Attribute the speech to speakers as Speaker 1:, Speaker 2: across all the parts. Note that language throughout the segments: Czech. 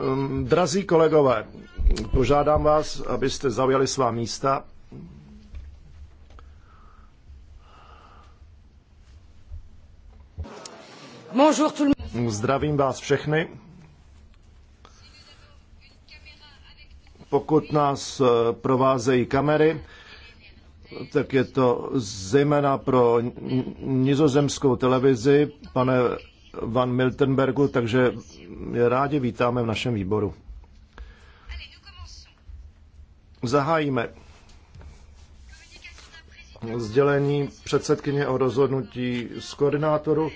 Speaker 1: Um, drazí kolegové, požádám vás, abyste zaujali svá místa. Zdravím vás všechny. Pokud nás eh, provázejí kamery, tak je to zejména pro nizozemskou televizi, pane Van Miltenbergu, takže je rádi vítáme v našem výboru. Zahájíme sdělení předsedkyně o rozhodnutí z koordinátoru.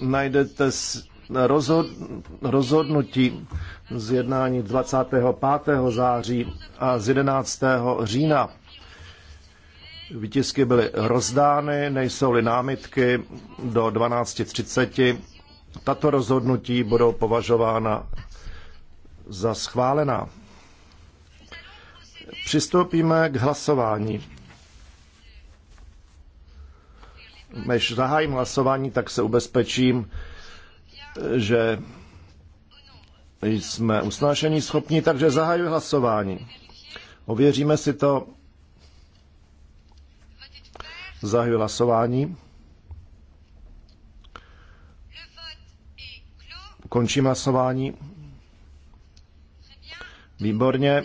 Speaker 1: Najdete s rozhod, rozhodnutí z jednání 25. září a z 11. října. Vytisky byly rozdány, nejsou-li námitky do 12.30. Tato rozhodnutí budou považována za schválená. Přistoupíme k hlasování. Než zahájím hlasování, tak se ubezpečím, že jsme usnášení schopní, takže zahajuji hlasování. Ověříme si to. Zahajuji hlasování. Končím hlasování. Výborně,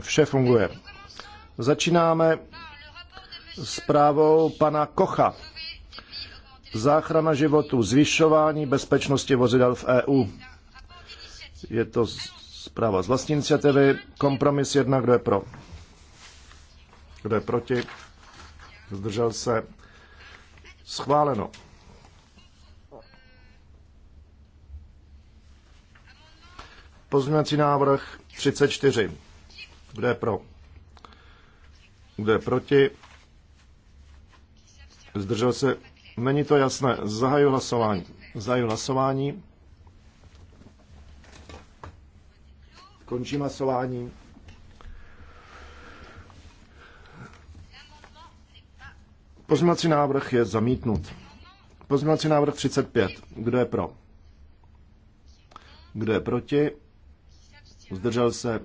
Speaker 1: vše funguje. Začínáme s právou pana Kocha záchrana životů, zvyšování bezpečnosti vozidel v EU. Je to zpráva z vlastní iniciativy, kompromis jedna, kdo je pro. Kdo je proti? Zdržel se. Schváleno. Pozměňovací návrh 34. Kdo je pro? Kdo je proti? Zdržel se Není to jasné. Zahaju hlasování. Zahaju hlasování. Končím hlasování. Pozměňovací návrh je zamítnut. Pozměňovací návrh 35. Kdo je pro? Kdo je proti? Zdržel se?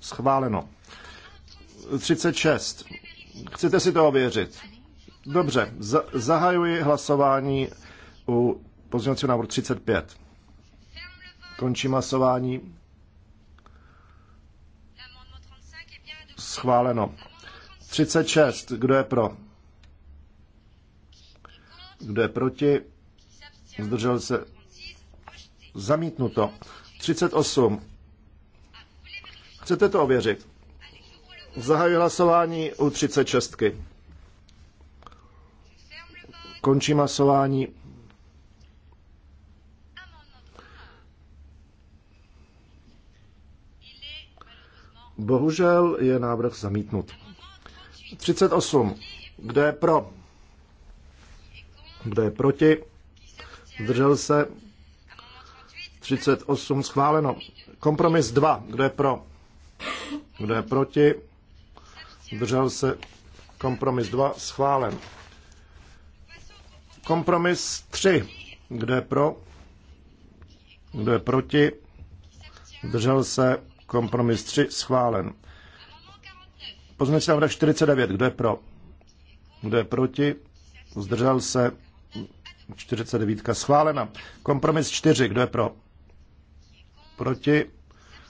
Speaker 1: Schváleno. 36. Chcete si to ověřit? Dobře, zahajuji hlasování u pozměňovacího návrhu 35. Končím hlasování. Schváleno. 36. Kdo je pro? Kdo je proti? Zdržel se. Zamítnuto. 38. Chcete to ověřit? Zahajuji hlasování u 36. Končím hlasování. Bohužel je návrh zamítnut. 38. Kdo je pro? Kdo je proti? Zdržel se? 38 schváleno. Kompromis 2. Kdo je pro? Kdo je proti? Zdržel se? Kompromis 2 schválen. Kompromis 3. Kdo je pro? Kdo je proti? Držel se kompromis 3 schválen. Pozměňovací návrh 49. Kdo je pro? Kdo je proti? Zdržel se 49. Schválena. Kompromis 4. Kdo je pro? Proti?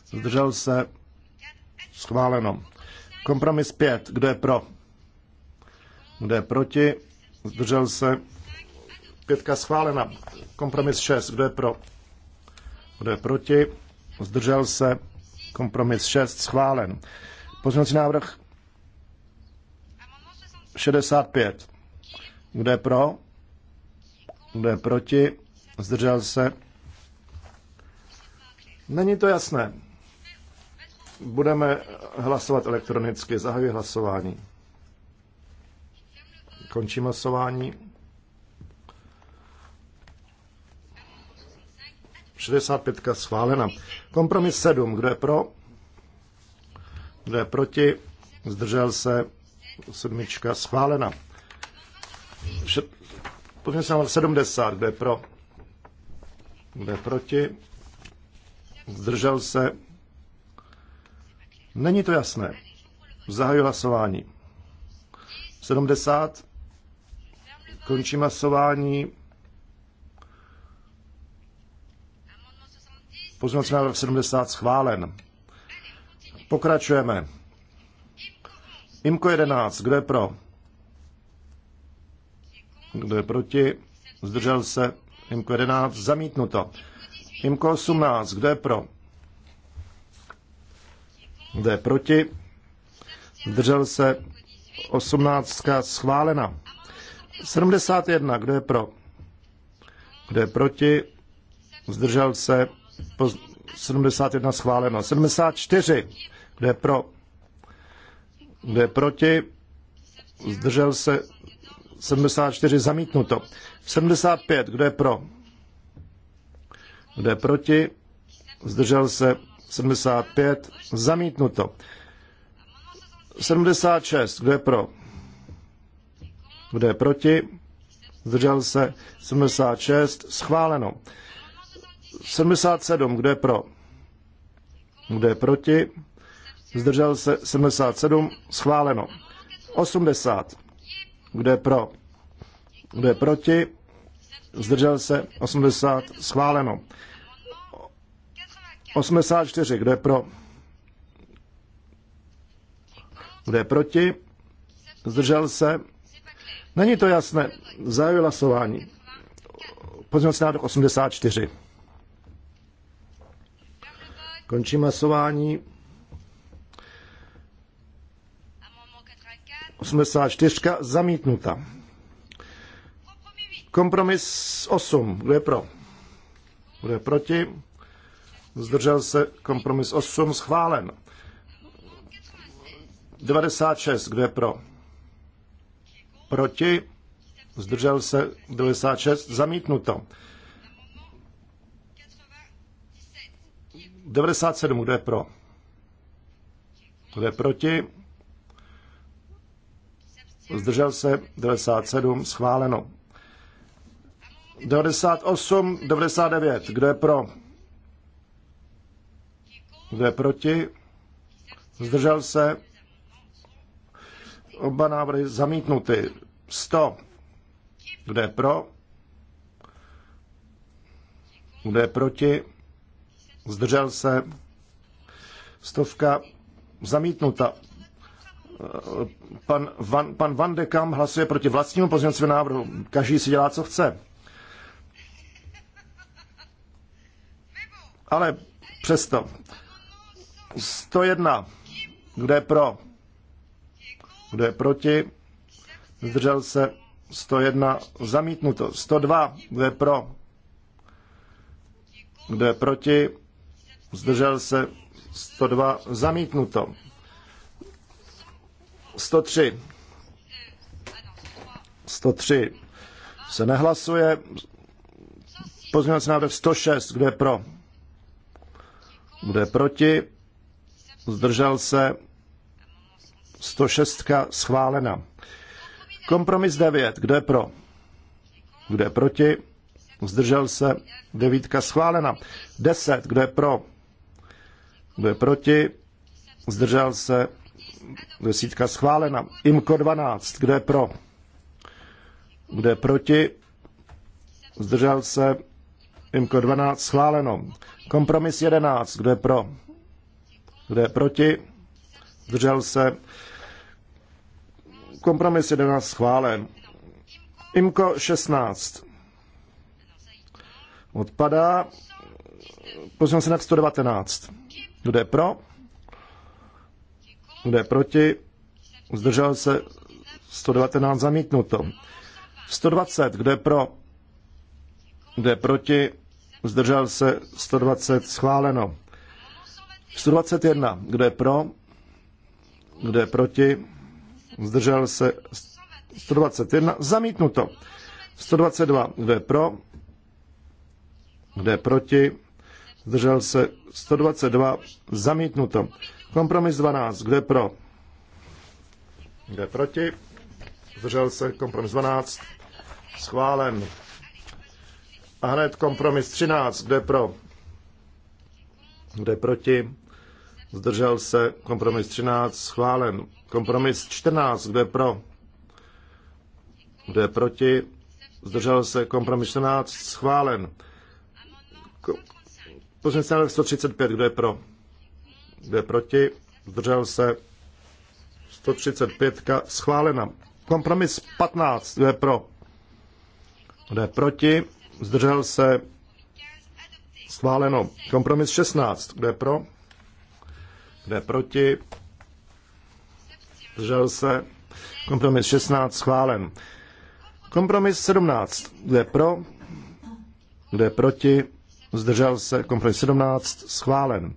Speaker 1: Zdržel se schváleno. Kompromis 5. Kdo je pro? Kdo je proti? Zdržel se Pětka schválena. Kompromis 6. Kdo je pro? Kdo je proti? Zdržel se. Kompromis 6 schválen. Pozměňovací návrh 65. Kdo je pro? Kdo je proti? Zdržel se. Není to jasné. Budeme hlasovat elektronicky. Zahajuji hlasování. Končím hlasování. 65 schválena. Kompromis 7. Kdo je pro? Kdo je proti? Zdržel se. Sedmička schválena. Pojďme se na 70. Kdo je pro? Kdo je proti? Zdržel se. Není to jasné. Zahajuji hlasování. 70. Končím hlasování. Pozměňovací návrh 70 schválen. Pokračujeme. Imko 11, kdo je pro? Kdo je proti? Zdržel se. Imko 11, zamítnuto. Imko 18, kdo je pro? Kdo je proti? Zdržel se. 18 schválena. 71, kdo je pro? Kdo je proti? Zdržel se. 71 schváleno. 74, kde je pro, kde je proti, zdržel se 74 zamítnuto. 75, kdo je pro? Kdo je proti? Zdržel se 75 zamítnuto. 76, kdo je pro? Kdo je proti? Zdržel se 76 schváleno. 77, kdo je pro? Kdo je proti? Zdržel se 77, schváleno. 80, kdo je pro? Kdo je proti? Zdržel se 80, schváleno. 84, kdo je pro? Kdo je proti? Zdržel se? Není to jasné. Zahajuji hlasování. Pozměňovací návrh 84. Končím hlasování. 84. Zamítnuta. Kompromis 8. Kdo je pro? Kdo je proti? Zdržel se kompromis 8. Schválen. 96. Kdo je pro? Proti? Zdržel se 96. Zamítnuto. 97, kdo je pro? Kdo je proti? Zdržel se 97, schváleno. 98, 99, kdo je pro? Kdo je proti? Zdržel se? Oba návrhy zamítnuty. 100. Kdo je pro? Kdo je proti? zdržel se, stovka zamítnuta. Pan Van, pan Van de Kam hlasuje proti vlastnímu pozměňovacímu návrhu. Každý si dělá, co chce. Ale přesto. 101. Kdo je pro? Kdo je proti? Zdržel se 101. Zamítnuto. 102. Kdo je pro? Kdo je proti? zdržel se 102, zamítnuto. 103. 103 se nehlasuje. Pozměňovací návrh 106, kdo je pro? Kdo je proti? Zdržel se 106 schválena. Kompromis 9, kdo je pro? Kdo je proti? Zdržel se 9 schválena. 10, kdo je pro? Kdo je proti? Zdržel se? Desítka schválena. IMKO 12. Kdo je pro? Kdo je proti? Zdržel se? IMKO 12. Schváleno. Kompromis 11. Kdo je pro? Kdo je proti? Zdržel se? Kompromis 11. Schválen. IMKO 16. Odpadá. Pozvím se na 119. Kdo je pro? Kdo je proti? Zdržel se 119 zamítnuto. 120. Kdo je pro? Kdo je proti? Zdržel se 120 schváleno. 121. Kdo je pro? Kdo je proti? Zdržel se 121. Zamítnuto. 122. Kdo je pro? Kdo je proti? zdržel se 122, zamítnuto. Kompromis 12, kde pro? Kde proti? Zdržel se kompromis 12, schválen. A hned kompromis 13, kde pro? Kde proti? Zdržel se kompromis 13, schválen. Kompromis 14, kde pro? Kde proti? Zdržel se kompromis 14, schválen Pozměňovací návrh 135, kdo je pro? Kdo je proti? Zdržel se 135, schválena. Kompromis 15, kdo je pro? Kdo je proti? Zdržel se schváleno. Kompromis 16, kdo je pro? Kdo je proti? Zdržel se. Kompromis 16 schválen. Kompromis 17. Kdo je pro? Kdo je proti? zdržel se, kompromis 17, schválen.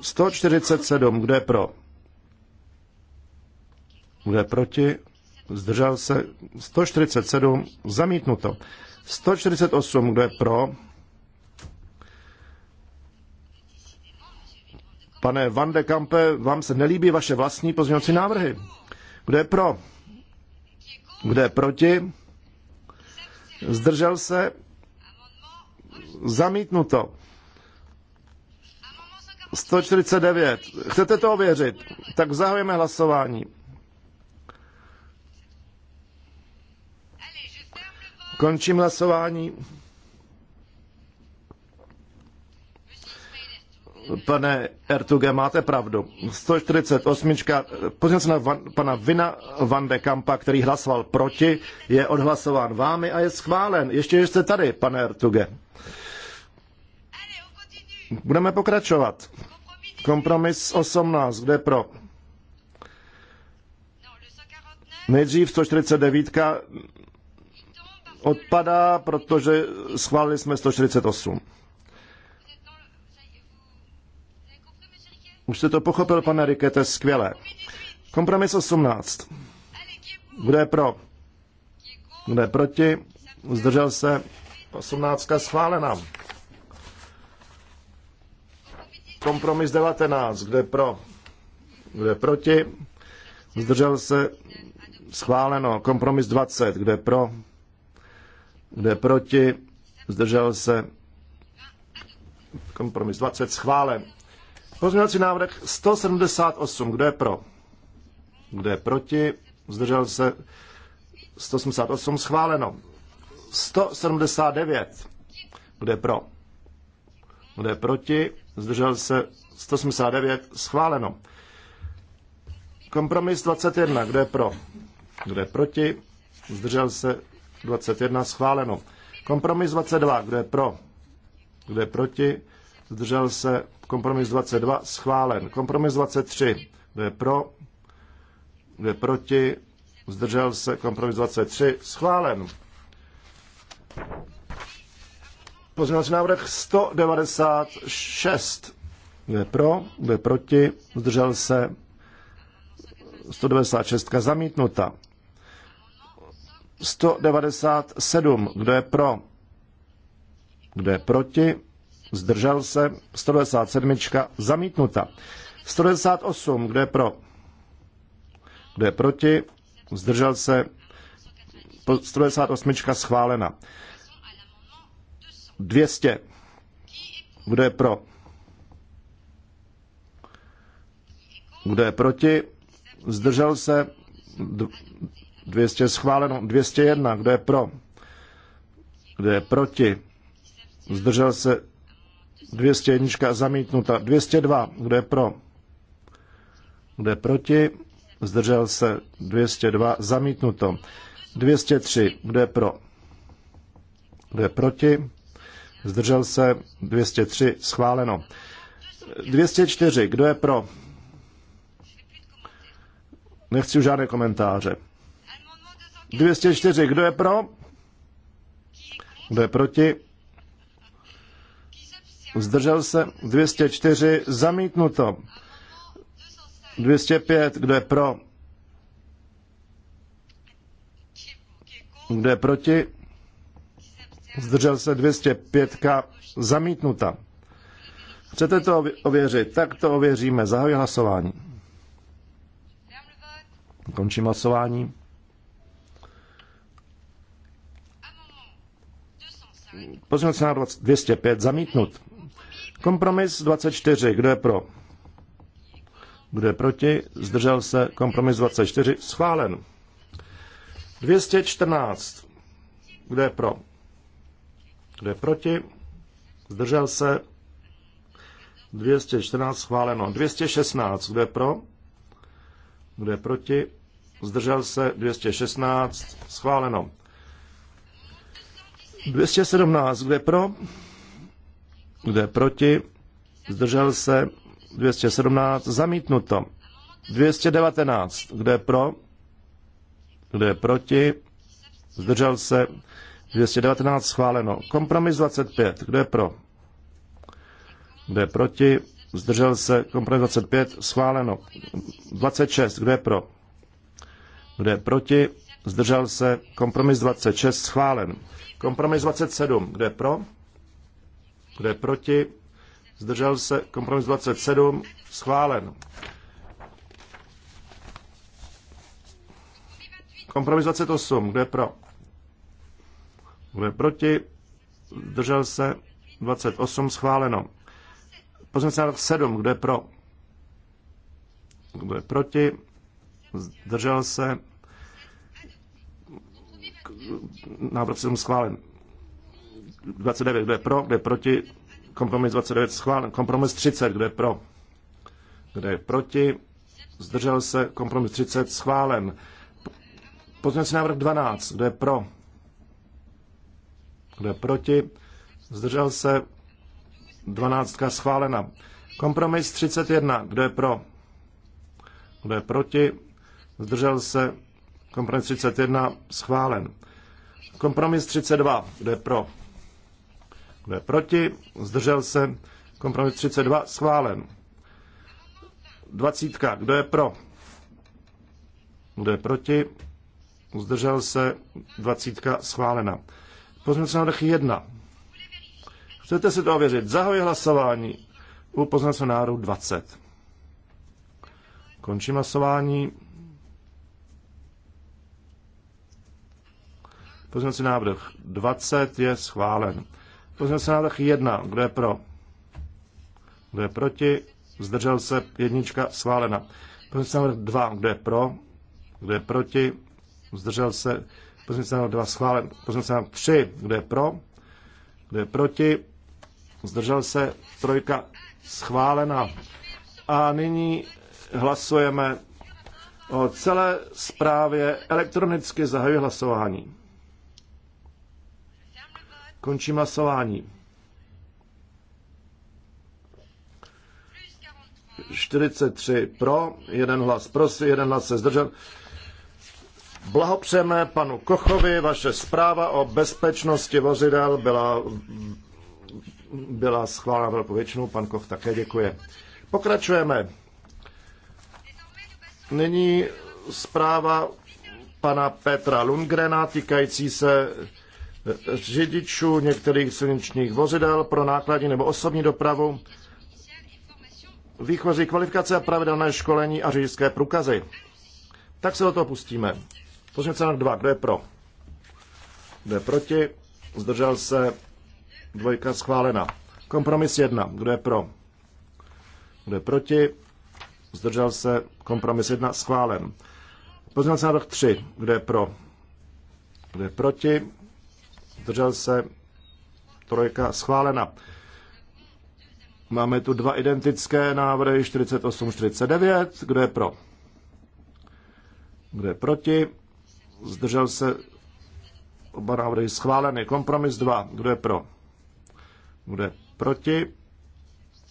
Speaker 1: 147, kdo je pro? Kdo je proti? Zdržel se 147, zamítnuto. 148, kdo je pro? Pane Van de Kampe, vám se nelíbí vaše vlastní pozměňovací návrhy. Kdo je pro? Kdo je proti? Zdržel se? Zamítnuto. 149. Chcete to ověřit? Tak zahajeme hlasování. Končím hlasování. Pane Ertuge, máte pravdu. 148. Pozměnce na van, pana Vina Van de Kampa, který hlasoval proti, je odhlasován vámi a je schválen. Ještě, jste tady, pane Ertuge. Budeme pokračovat. Kompromis 18, kde pro? Nejdřív 149 odpadá, protože schválili jsme 148. Už jste to pochopil, pane Rikete, skvěle. Kompromis 18. Kdo je pro? Kdo je proti? Zdržel se? 18. schválená. Kompromis 19. Kdo je pro? Kdo je proti? Zdržel se? Schváleno. Kompromis 20. Kdo je pro? Kdo je proti? Zdržel se? Kompromis 20. Schválen. Pozměňovací návrh 178. Kdo je pro? Kdo je proti? Zdržel se 188. Schváleno. 179. Kdo je pro? Kdo je proti? Zdržel se 189. Schváleno. Kompromis 21. Kdo je pro? Kdo je proti? Zdržel se 21. Schváleno. Kompromis 22. Kdo je pro? Kdo je proti? zdržel se, kompromis 22 schválen. Kompromis 23, kdo je pro, kdo je proti, zdržel se, kompromis 23 schválen. Pozměňovací návrh 196. Kdo je pro, kdo je proti, zdržel se 196. Zamítnuta. 197. Kdo je pro? Kdo je proti? zdržel se, 197 zamítnuta. 198, kde je pro, kde je proti, zdržel se, 198 schválena. 200, kdo je pro, kdo je proti, zdržel se, 200 schváleno, 201, kdo je pro, kdo je proti, zdržel se 201 zamítnuta. 202, kdo je pro? Kdo je proti? Zdržel se 202 zamítnuto. 203, kdo je pro? Kdo je proti? Zdržel se 203 schváleno. 204, kdo je pro? Nechci už žádné komentáře. 204, kdo je pro? Kdo je proti? zdržel se, 204, zamítnuto, 205, kdo je pro, kdo je proti, zdržel se 205, zamítnuta. Chcete to ověřit? Tak to ověříme. Zahajuji hlasování. Končím hlasování. 205, zamítnut. Kompromis 24. Kdo je pro? Kdo je proti? Zdržel se. Kompromis 24. Schválen. 214. Kdo je pro? Kdo je proti? Zdržel se. 214 schváleno. 216. Kdo je pro? Kdo je proti? Zdržel se. 216 schváleno. 217. Kdo je pro? Kdo je proti? Zdržel se? 217. Zamítnuto. 219. Kdo je pro? Kdo je proti? Zdržel se? 219. Schváleno. Kompromis 25. Kdo je pro? Kdo je proti? Zdržel se? Kompromis 25. Schváleno. 26. Kdo je pro? Kdo je proti? Zdržel se? Kompromis 26. Schválen. Kompromis 27. Kdo je pro? Kdo je proti? Zdržel se. Kompromis 27. Schválen. Kompromis 28. Kdo je pro? Kdo je proti? Zdržel se. 28. Schváleno. Pozměnce návrh 7. Kdo je pro? Kdo je proti? Zdržel se. Návrh 7 schválen. 29, kdo je pro, kdo je proti, kompromis 29 schválen, kompromis 30, kdo je pro, kdo je proti, zdržel se, kompromis 30 schválen. Pozměňovací návrh 12, kdo je pro, kdo je proti, zdržel se, 12 schválena. Kompromis 31, kdo je pro, kdo je proti, zdržel se, kompromis 31 schválen. Kompromis 32, kdo je pro, kdo je proti? Zdržel se. Kompromis 32 schválen. 20. Kdo je pro? Kdo je proti? Zdržel se. 20. schválena. Pozměnce návrh 1. Chcete si to ověřit? Zahoj hlasování u pozměnce návrhu 20. Končím hlasování. Pozměnce návrh 20 je schválen. Pozměňovací návrh 1. Kdo je pro? Kdo je proti? Zdržel se jednička schválena. Pozměňovací návrh 2. Kdo je pro? Kdo je proti? Zdržel se pozměňovací návrh 2 schválen. Pozměňovací návrh 3. Kdo je pro? Kdo je proti? Zdržel se trojka schválena. A nyní hlasujeme o celé zprávě. Elektronicky zahajuje hlasování. Končím hlasování. 43 pro, jeden hlas prosí, jeden hlas se zdržel. Blahopřejeme panu Kochovi, vaše zpráva o bezpečnosti vozidel byla, byla schválena velkou většinou, pan Koch také děkuje. Pokračujeme. Nyní zpráva pana Petra Lundgrena týkající se řidičů některých silničních vozidel pro nákladní nebo osobní dopravu, výchozí kvalifikace, pravidelné školení a řidičské průkazy. Tak se do toho pustíme. Pozměnce na dva. Kdo je pro? Kdo je proti? Zdržel se. Dvojka schválena. Kompromis jedna. Kdo je pro? Kdo je proti? Zdržel se. Kompromis jedna schválen. Pozměnce na tři. Kdo je pro? Kdo je proti? zdržel se, trojka schválena. Máme tu dva identické návrhy, 48, 49. Kdo je pro? Kdo je proti? Zdržel se oba návrhy schváleny. Kompromis 2. Kdo je pro? Kdo je proti?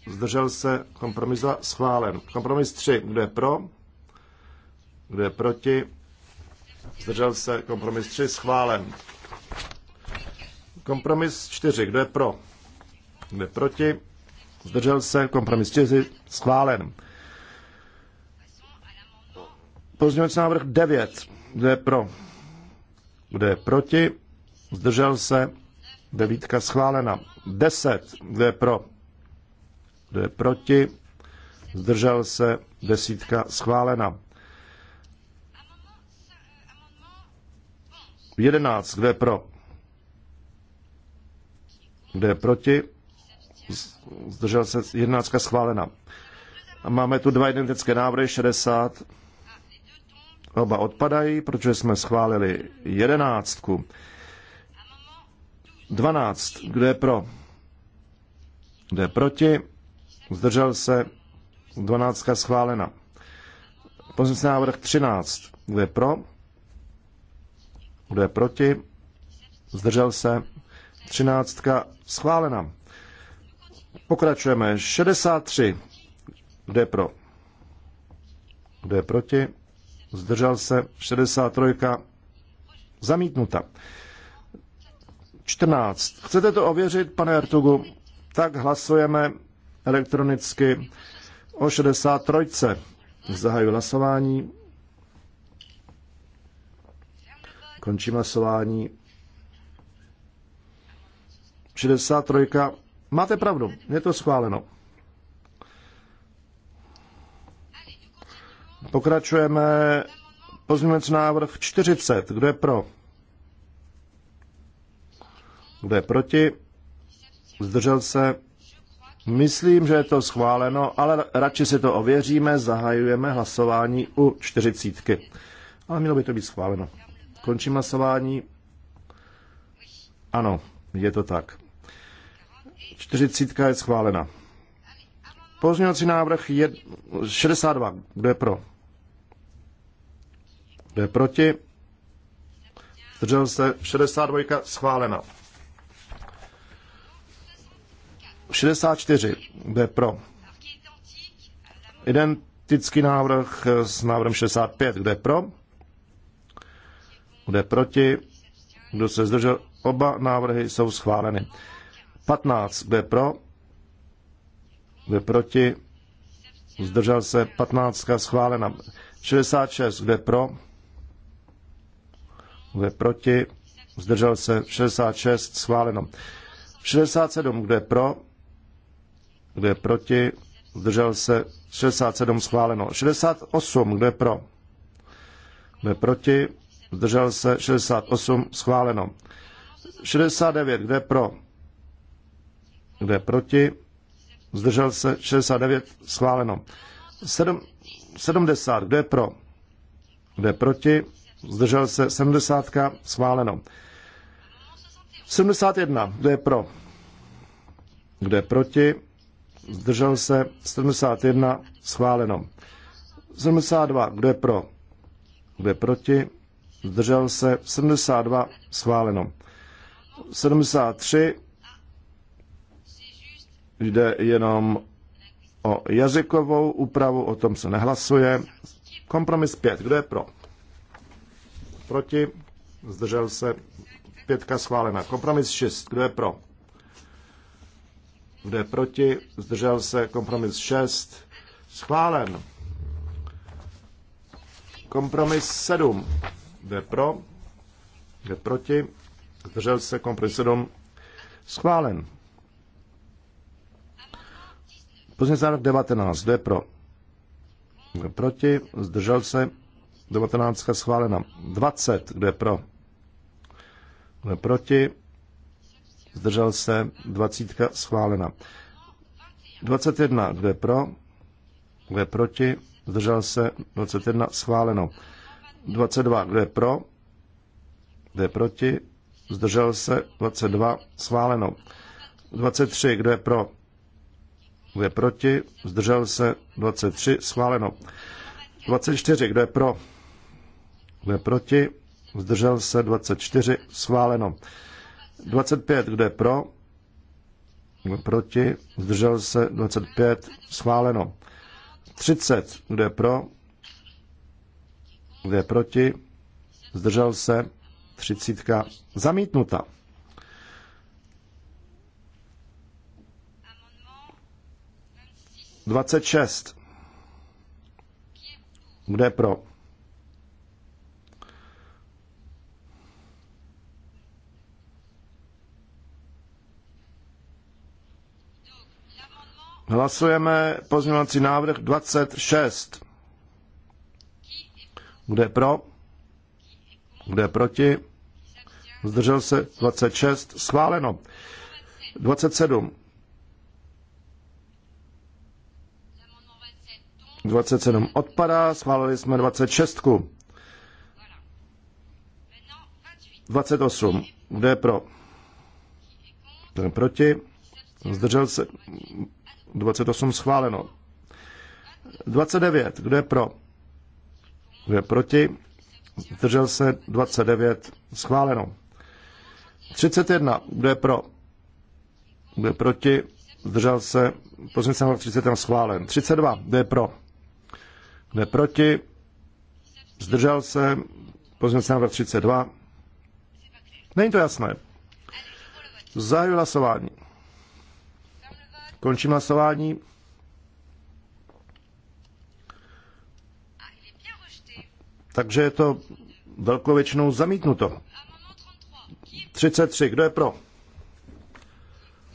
Speaker 1: Zdržel se kompromis 2 schválen. Kompromis 3. Kdo je pro? Kdo je proti? Zdržel se kompromis 3 schválen. Kompromis 4. Kdo je pro? Kdo je proti? Zdržel se. Kompromis 4. Schválen. Pozměňovací návrh 9. Kdo je pro? Kdo je proti? Zdržel se. Devítka schválena. 10. Kdo je pro? Kdo je proti? Zdržel se. Desítka schválena. 11. Kdo je pro? Kdo je proti? Zdržel se 11 schválena. A máme tu dva identické návrhy, 60. Oba odpadají, protože jsme schválili jedenáctku. 12. Kdo je pro? Kdo je proti? Zdržel se 12 schválena. Pozice návrh 13. Kdo je pro? Kdo je proti? Zdržel se? Třináctka schválena. Pokračujeme. 63. Kdo je pro? Kdo je proti? Zdržel se. 63. Zamítnuta. 14. Chcete to ověřit, pane Ertugu? Tak hlasujeme elektronicky o 63. Zahajuji hlasování. Končím hlasování. 63. Máte pravdu, je to schváleno. Pokračujeme pozměnec návrh 40. Kdo je pro? Kdo je proti? Zdržel se? Myslím, že je to schváleno, ale radši si to ověříme, zahajujeme hlasování u 40. Ale mělo by to být schváleno. Končím hlasování. Ano, je to tak. 40 je schválena. Pozměňovací návrh je 62. Kdo je pro? Kdo je proti? Zdržel se 62. Schválena. 64. Kdo je pro? Identický návrh s návrhem 65. Kdo je pro? Kdo je proti? Kdo se zdržel? Oba návrhy jsou schváleny. 15 B pro, B proti, zdržel se 15 schválena. 66 kde pro, kde proti, zdržel se 66 schváleno. 67 kde pro, kde proti, zdržel se 67 schváleno. 68 kde pro, kde proti, zdržel se 68 schváleno. 69 kde pro, kdo je proti? Zdržel se 69. Schváleno. 7, 70. Kdo je pro? Kdo je proti? Zdržel se 70. Schváleno. 71. Kdo je pro? Kdo je proti? Zdržel se 71. Schváleno. 72. Kdo je pro? Kdo je proti? Zdržel se 72. Schváleno. 73 Jde jenom o jazykovou úpravu, o tom se nehlasuje. Kompromis 5. Kdo je pro? Proti? Zdržel se. Pětka schválena. Kompromis 6. Kdo je pro? Kdo je proti? Zdržel se. Kompromis 6. Schválen. Kompromis 7. Kdo je pro? Kdo je proti? Zdržel se. Kompromis 7. Schválen. Pozměňovací návrh 19. Kdo je pro? Proti? Zdržel se? 19. Schválena. 20. Kdo je pro? Kdo je proti? Zdržel se? 20. Schválena. 21. Kdo je pro? Kdo je proti? Zdržel se? 21. Schváleno. 22. Kdo je pro? Kdo je proti? Zdržel se? 22. Schváleno. 23. Kdo je pro? Kdo je proti? Zdržel se 23. Schváleno. 24. Kdo je pro? Kdo je proti? Zdržel se 24. Schváleno. 25. Kdo je pro? Kdo je proti? Zdržel se 25. Schváleno. 30. Kdo je pro? Kdo je proti? Zdržel se 30. Zamítnuta. 26. Kde pro? Hlasujeme pozměňovací návrh 26. Kde pro? Kde proti? Zdržel se 26. Schváleno. 27. 27 odpadá, schválili jsme 26. 28. Kdo je pro? Ten proti. Zdržel se. 28 schváleno. 29. Kdo je pro? Kdo je proti? Zdržel se. 29 schváleno. 31. Kdo je pro? Kdo je proti? Zdržel se. Pozměnce 30 schválen. 32. Kdo je pro? Kdo je proti? Zdržel se. Pozměňovací na 32. Není to jasné. Zahajuji hlasování. Končím hlasování. Takže je to velkou většinou zamítnuto. 33. Kdo je pro?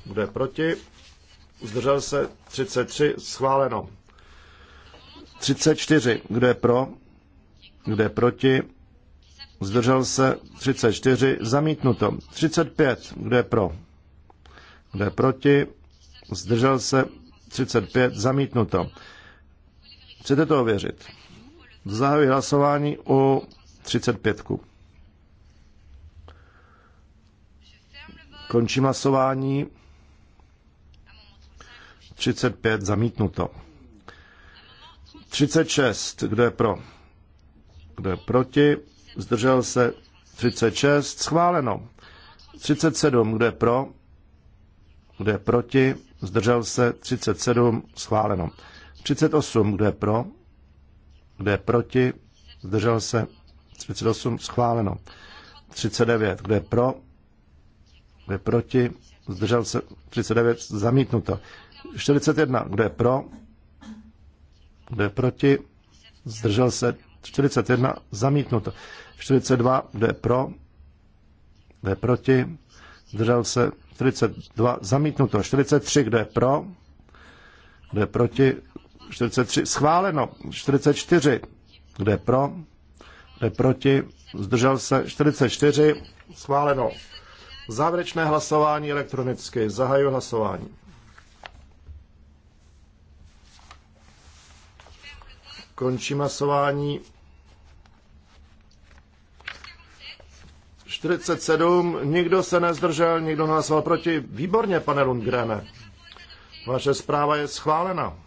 Speaker 1: Kdo je proti? Zdržel se 33. Schváleno. 34. Kdo je pro? Kdo je proti? Zdržel se 34. Zamítnuto. 35. Kdo je pro? Kdo je proti? Zdržel se 35. Zamítnuto. Chcete to ověřit? Zahajuji hlasování o 35. Končím hlasování. 35 zamítnuto. 36, kdo je pro? Kdo je proti? Zdržel se 36, schváleno. 37, kdo je pro? Kdo je proti? Zdržel se 37, schváleno. 38, kdo je pro? Kdo je proti? Zdržel se 38, schváleno. 39, kdo je pro? Kdo je proti? Zdržel se 39, zamítnuto. 41, kdo je pro? kdo je proti, zdržel se 41, zamítnuto. 42, kdo je pro, kdo je proti, zdržel se 42, zamítnuto. 43, kdo je pro, kdo je proti, 43, schváleno. 44, kdo je pro, kdo je proti, zdržel se 44, schváleno. Závěrečné hlasování elektronicky. Zahajuji hlasování. Končím hlasování. 47, nikdo se nezdržel, nikdo hlasoval proti. Výborně, pane Lundgrene. Vaše zpráva je schválena.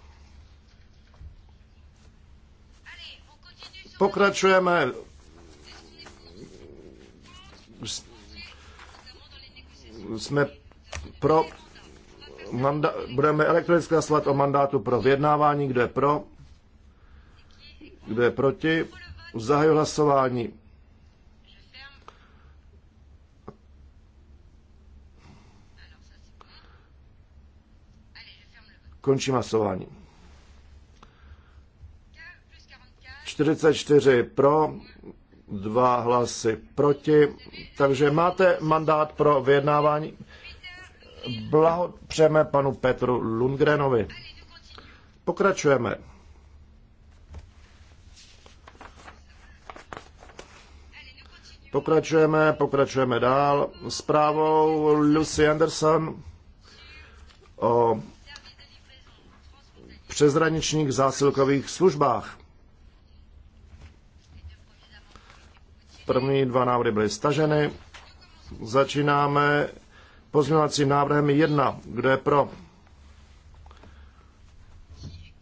Speaker 1: Pokračujeme jsme pro manda, budeme elektronicky hlasovat o mandátu pro vyjednávání, kdo je pro, kdo je proti? zahaj hlasování. Končím hlasování. 44 pro, dva hlasy proti, takže máte mandát pro vyjednávání. Blahopřejeme panu Petru Lundgrenovi. Pokračujeme. Pokračujeme, pokračujeme dál. Zprávou Lucy Anderson o přezraničních zásilkových službách. První dva návrhy byly staženy. Začínáme pozměňovacím návrhem 1. Kdo je pro?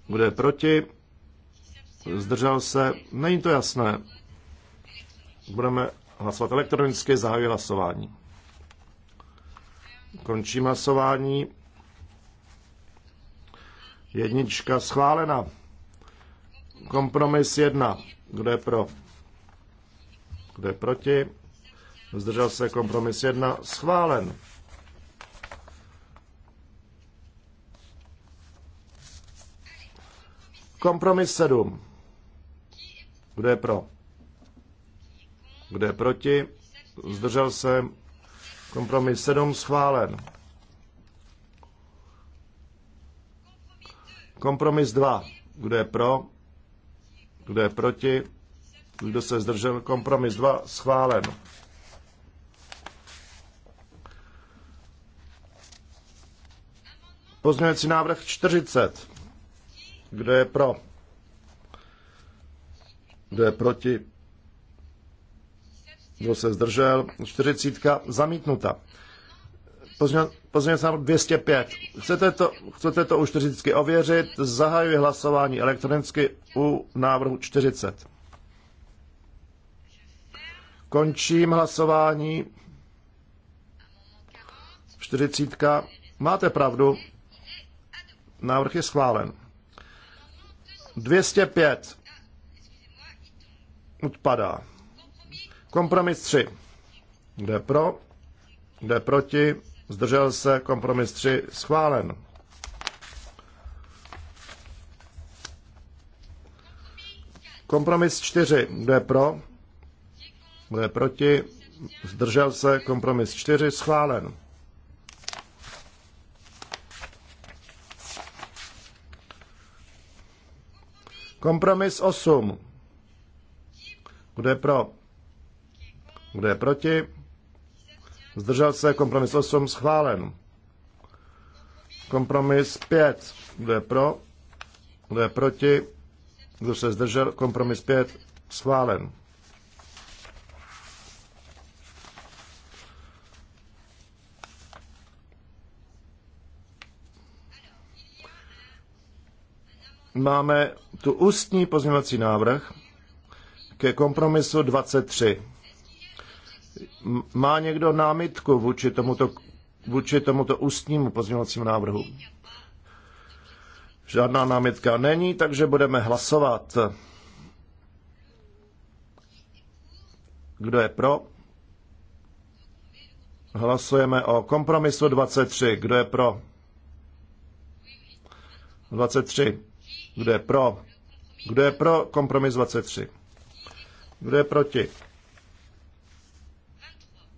Speaker 1: Kdo je proti? Zdržel se? Není to jasné. Budeme hlasovat elektronicky, zahajuji hlasování. Končím hlasování. Jednička schválena. Kompromis jedna. Kdo je pro? Kdo je proti? Zdržel se kompromis jedna. Schválen. Kompromis sedm. Kdo je pro? Kdo je proti? Zdržel se. Kompromis 7 schválen. Kompromis 2. Kdo je pro? Kdo je proti? Kdo se zdržel? Kompromis 2 schválen. Pozměňující návrh 40. Kdo je pro? Kdo je proti? kdo se zdržel, 40 zamítnuta. Pozměňovací návrh 205. Chcete to, chcete to u 40 ověřit? Zahajuji hlasování elektronicky u návrhu 40. Končím hlasování. 40. Máte pravdu. Návrh je schválen. 205. Odpadá. Kompromis 3. Kdo pro? Kdo proti? Zdržel se. Kompromis 3 schválen. Kompromis 4. Kdo pro? Kdo proti? Zdržel se. Kompromis 4 schválen. Kompromis 8. Kde pro? Kdo je proti? Zdržel se. Kompromis 8 schválen. Kompromis 5. Kdo je pro? Kdo je proti? Kdo se zdržel? Kompromis 5 schválen. Máme tu ústní pozměňovací návrh ke kompromisu 23. Má někdo námitku vůči tomuto, vůči tomuto ústnímu pozměňovacímu návrhu? Žádná námitka není, takže budeme hlasovat. Kdo je pro? Hlasujeme o kompromisu 23. Kdo je pro? 23. Kdo je pro? Kdo je pro kompromis 23? Kdo je proti?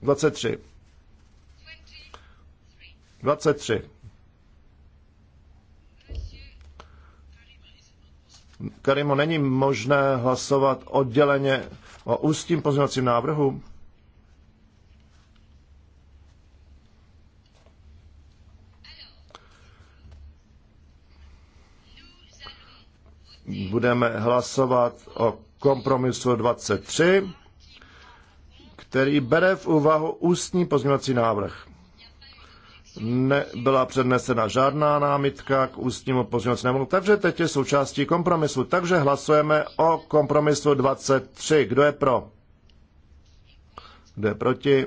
Speaker 1: 23. 23. Karimo, není možné hlasovat odděleně o ústním pozměňovacím návrhu? Budeme hlasovat o kompromisu 23 který bere v úvahu ústní pozměňovací návrh. Nebyla přednesena žádná námitka k ústnímu pozměňovacímu, takže teď je součástí kompromisu. Takže hlasujeme o kompromisu 23. Kdo je pro? Kdo je proti?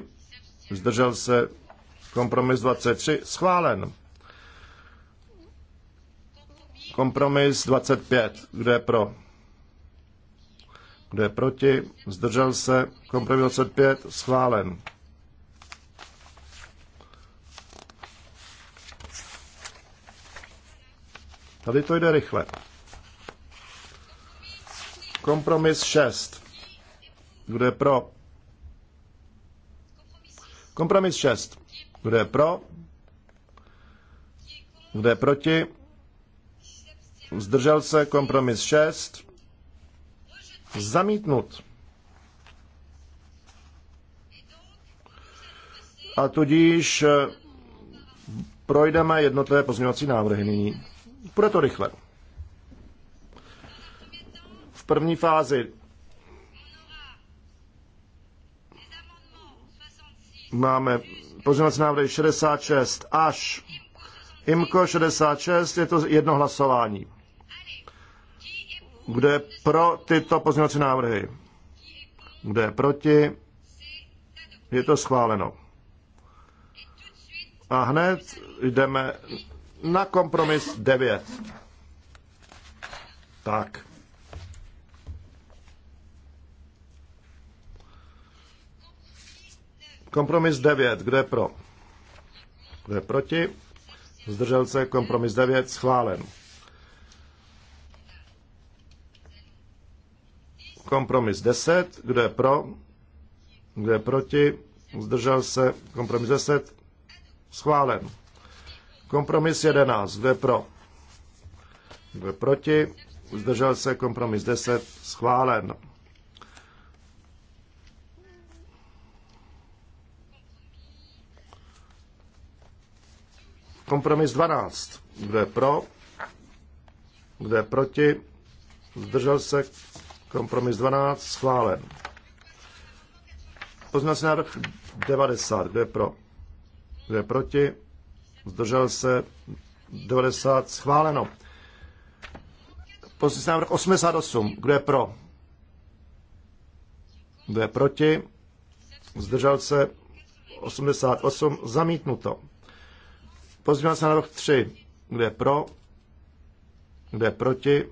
Speaker 1: Zdržel se kompromis 23. Schválen. Kompromis 25. Kdo je pro? Kdo je proti? Zdržel se. Kompromis 25. Schválen. Tady to jde rychle. Kompromis 6. Kdo je pro? Kompromis 6. Kdo je pro? Kdo je proti? Zdržel se kompromis 6 zamítnut. A tudíž eh, projdeme jednotlivé pozměňovací návrhy nyní. Bude to rychle. V první fázi máme pozměňovací návrhy 66 až IMKO 66, je to jedno hlasování. Kdo je pro tyto pozměňovací návrhy? Kdo je proti? Je to schváleno. A hned jdeme na kompromis 9. Tak. Kompromis 9. Kdo je pro? Kdo je proti? Zdržel se kompromis 9 schválen. Kompromis 10. Kdo je pro? Kdo je proti? Zdržel se. Kompromis 10. Schválen. Kompromis 11. Kdo je pro? Kdo je proti? Zdržel se. Kompromis 10. Schválen. Kompromis 12. Kdo je pro? Kdo je proti? Zdržel se. Kompromis 12 schválen. Pozměňovací návrh 90. Kdo je pro? Kdo je proti? Zdržel se 90. Schváleno. Pozměňovací návrh 88. Kdo je pro? Kdo je proti? Zdržel se 88. Zamítnuto. Pozměňovací návrh 3. Kdo je pro? Kdo je proti?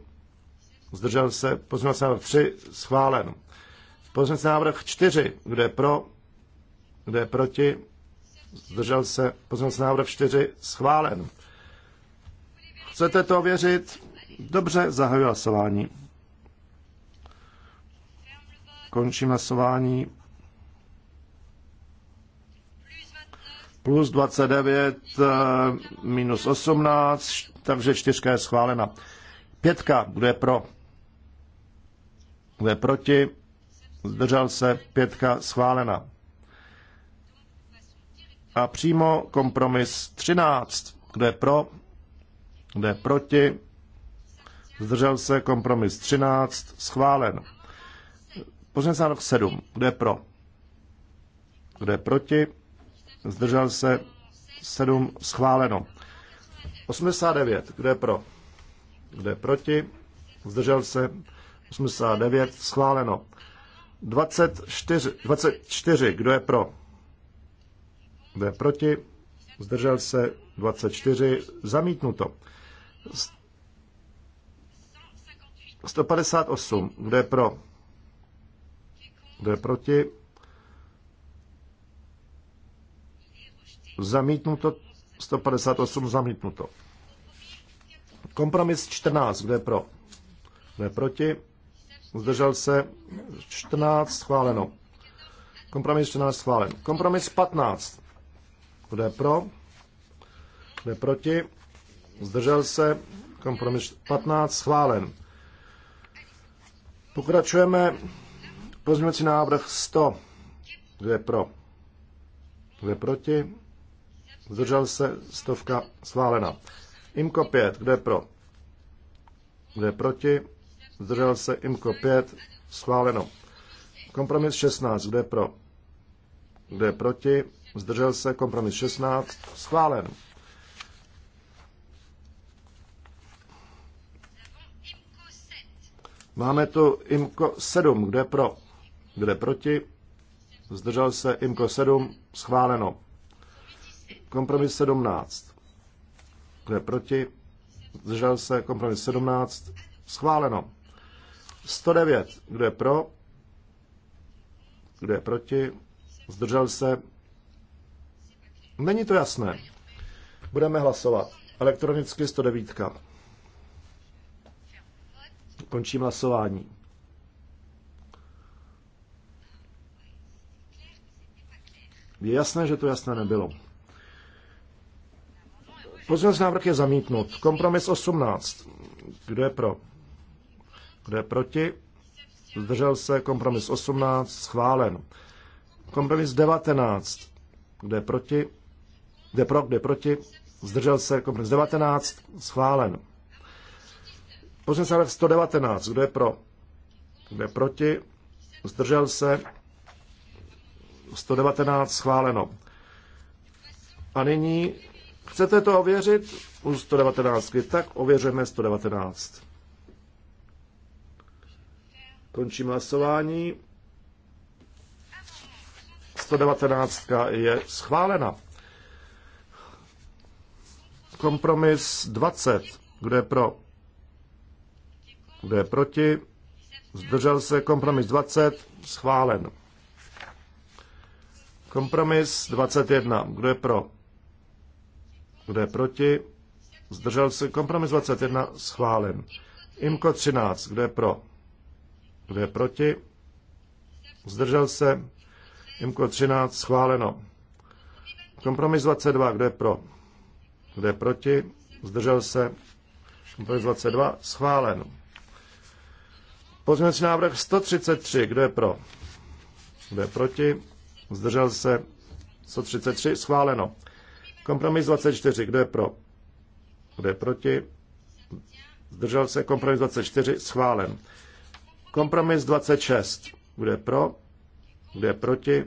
Speaker 1: zdržel se, pozměňovací návrh 3 schválen. Pozměňovací návrh 4, kdo je pro, kdo je proti, zdržel se, pozměňovací návrh 4 schválen. Chcete to ověřit? Dobře, zahajuji hlasování. Končím hlasování. Plus 29, eh, minus 18, takže čtyřka je schválena. Pětka kdo je pro. Kdo je proti? Zdržel se. Pětka schválena. A přímo kompromis 13. Kdo je pro? Kdo je proti? Zdržel se. Kompromis 13. Schválen. Pozměnce 7. Kdo je pro? Kdo je proti? Zdržel se. 7. Schváleno. 89. Kdo je pro? Kdo je proti? Zdržel se. 89 schváleno. 24, 24 kdo je pro? Kdo je proti? Zdržel se 24, zamítnuto. 158, kdo je pro? Kdo je proti? Zamítnuto 158, zamítnuto. Kompromis 14, kdo je pro? Kdo je proti? zdržel se 14, schváleno. Kompromis 14, schválen. Kompromis 15, kdo je pro, kdo je proti, zdržel se, kompromis 15, schválen. Pokračujeme, pozměňovací návrh 100, kdo je pro, kdo je proti, zdržel se, stovka schválena. IMKO 5, kdo je pro, kdo je proti, zdržel se, IMKO 5, schváleno. Kompromis 16, kde pro, kde proti, zdržel se, kompromis 16, schválen. Máme tu IMKO 7, kde pro, kde proti, zdržel se, IMKO 7, schváleno. Kompromis 17, kde proti, zdržel se, kompromis 17, schváleno. 109. Kdo je pro? Kdo je proti? Zdržel se? Není to jasné. Budeme hlasovat. Elektronicky 109. Končím hlasování. Je jasné, že to jasné nebylo. Pozměňovací návrh je zamítnut. Kompromis 18. Kdo je pro? Kdo je proti? Zdržel se. Kompromis 18. Schválen. Kompromis 19. Kdo je proti? Kdo je pro? Kdo je proti? Zdržel se. Kompromis 19. Schválen. Pozměn se 119. Kdo je pro? Kdo je proti? Zdržel se. 119 schváleno. A nyní chcete to ověřit u 119, tak ověřujeme 119. Končím hlasování. 119 je schválena. Kompromis 20. Kdo je pro? Kdo je proti? Zdržel se kompromis 20. Schválen. Kompromis 21. Kdo je pro? Kdo je proti? Zdržel se kompromis 21. Schválen. Imko 13. Kdo je pro? Kdo je proti? Zdržel se? Imko 13, schváleno. Kompromis 22, kdo je pro? Kdo je proti? Zdržel se? Kompromis 22, Schváleno. Pozměňovací návrh 133, kdo je pro? Kdo je proti? Zdržel se? 133, schváleno. Kompromis 24, kdo je pro? Kdo je proti? Zdržel se? Kompromis 24, schválen. Kompromis 26. Kdo je pro? Kdo je proti?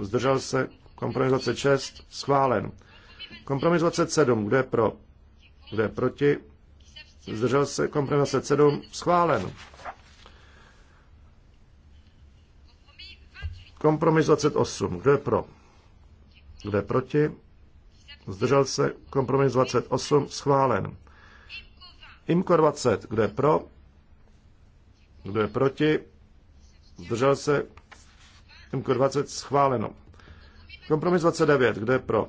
Speaker 1: Zdržel se? Kompromis 26. Schválen. Kompromis 27. Kdo je pro? Kdo je proti? Zdržel se? Kompromis 27. Schválen. Kompromis 28. Kdo je pro? Kdo je proti? Zdržel se? Kompromis 28. Schválen. IMKO 20. Kdo je pro? Kdo je proti? Zdržel se? mk 20 schváleno. Kompromis 29. Kdo je pro?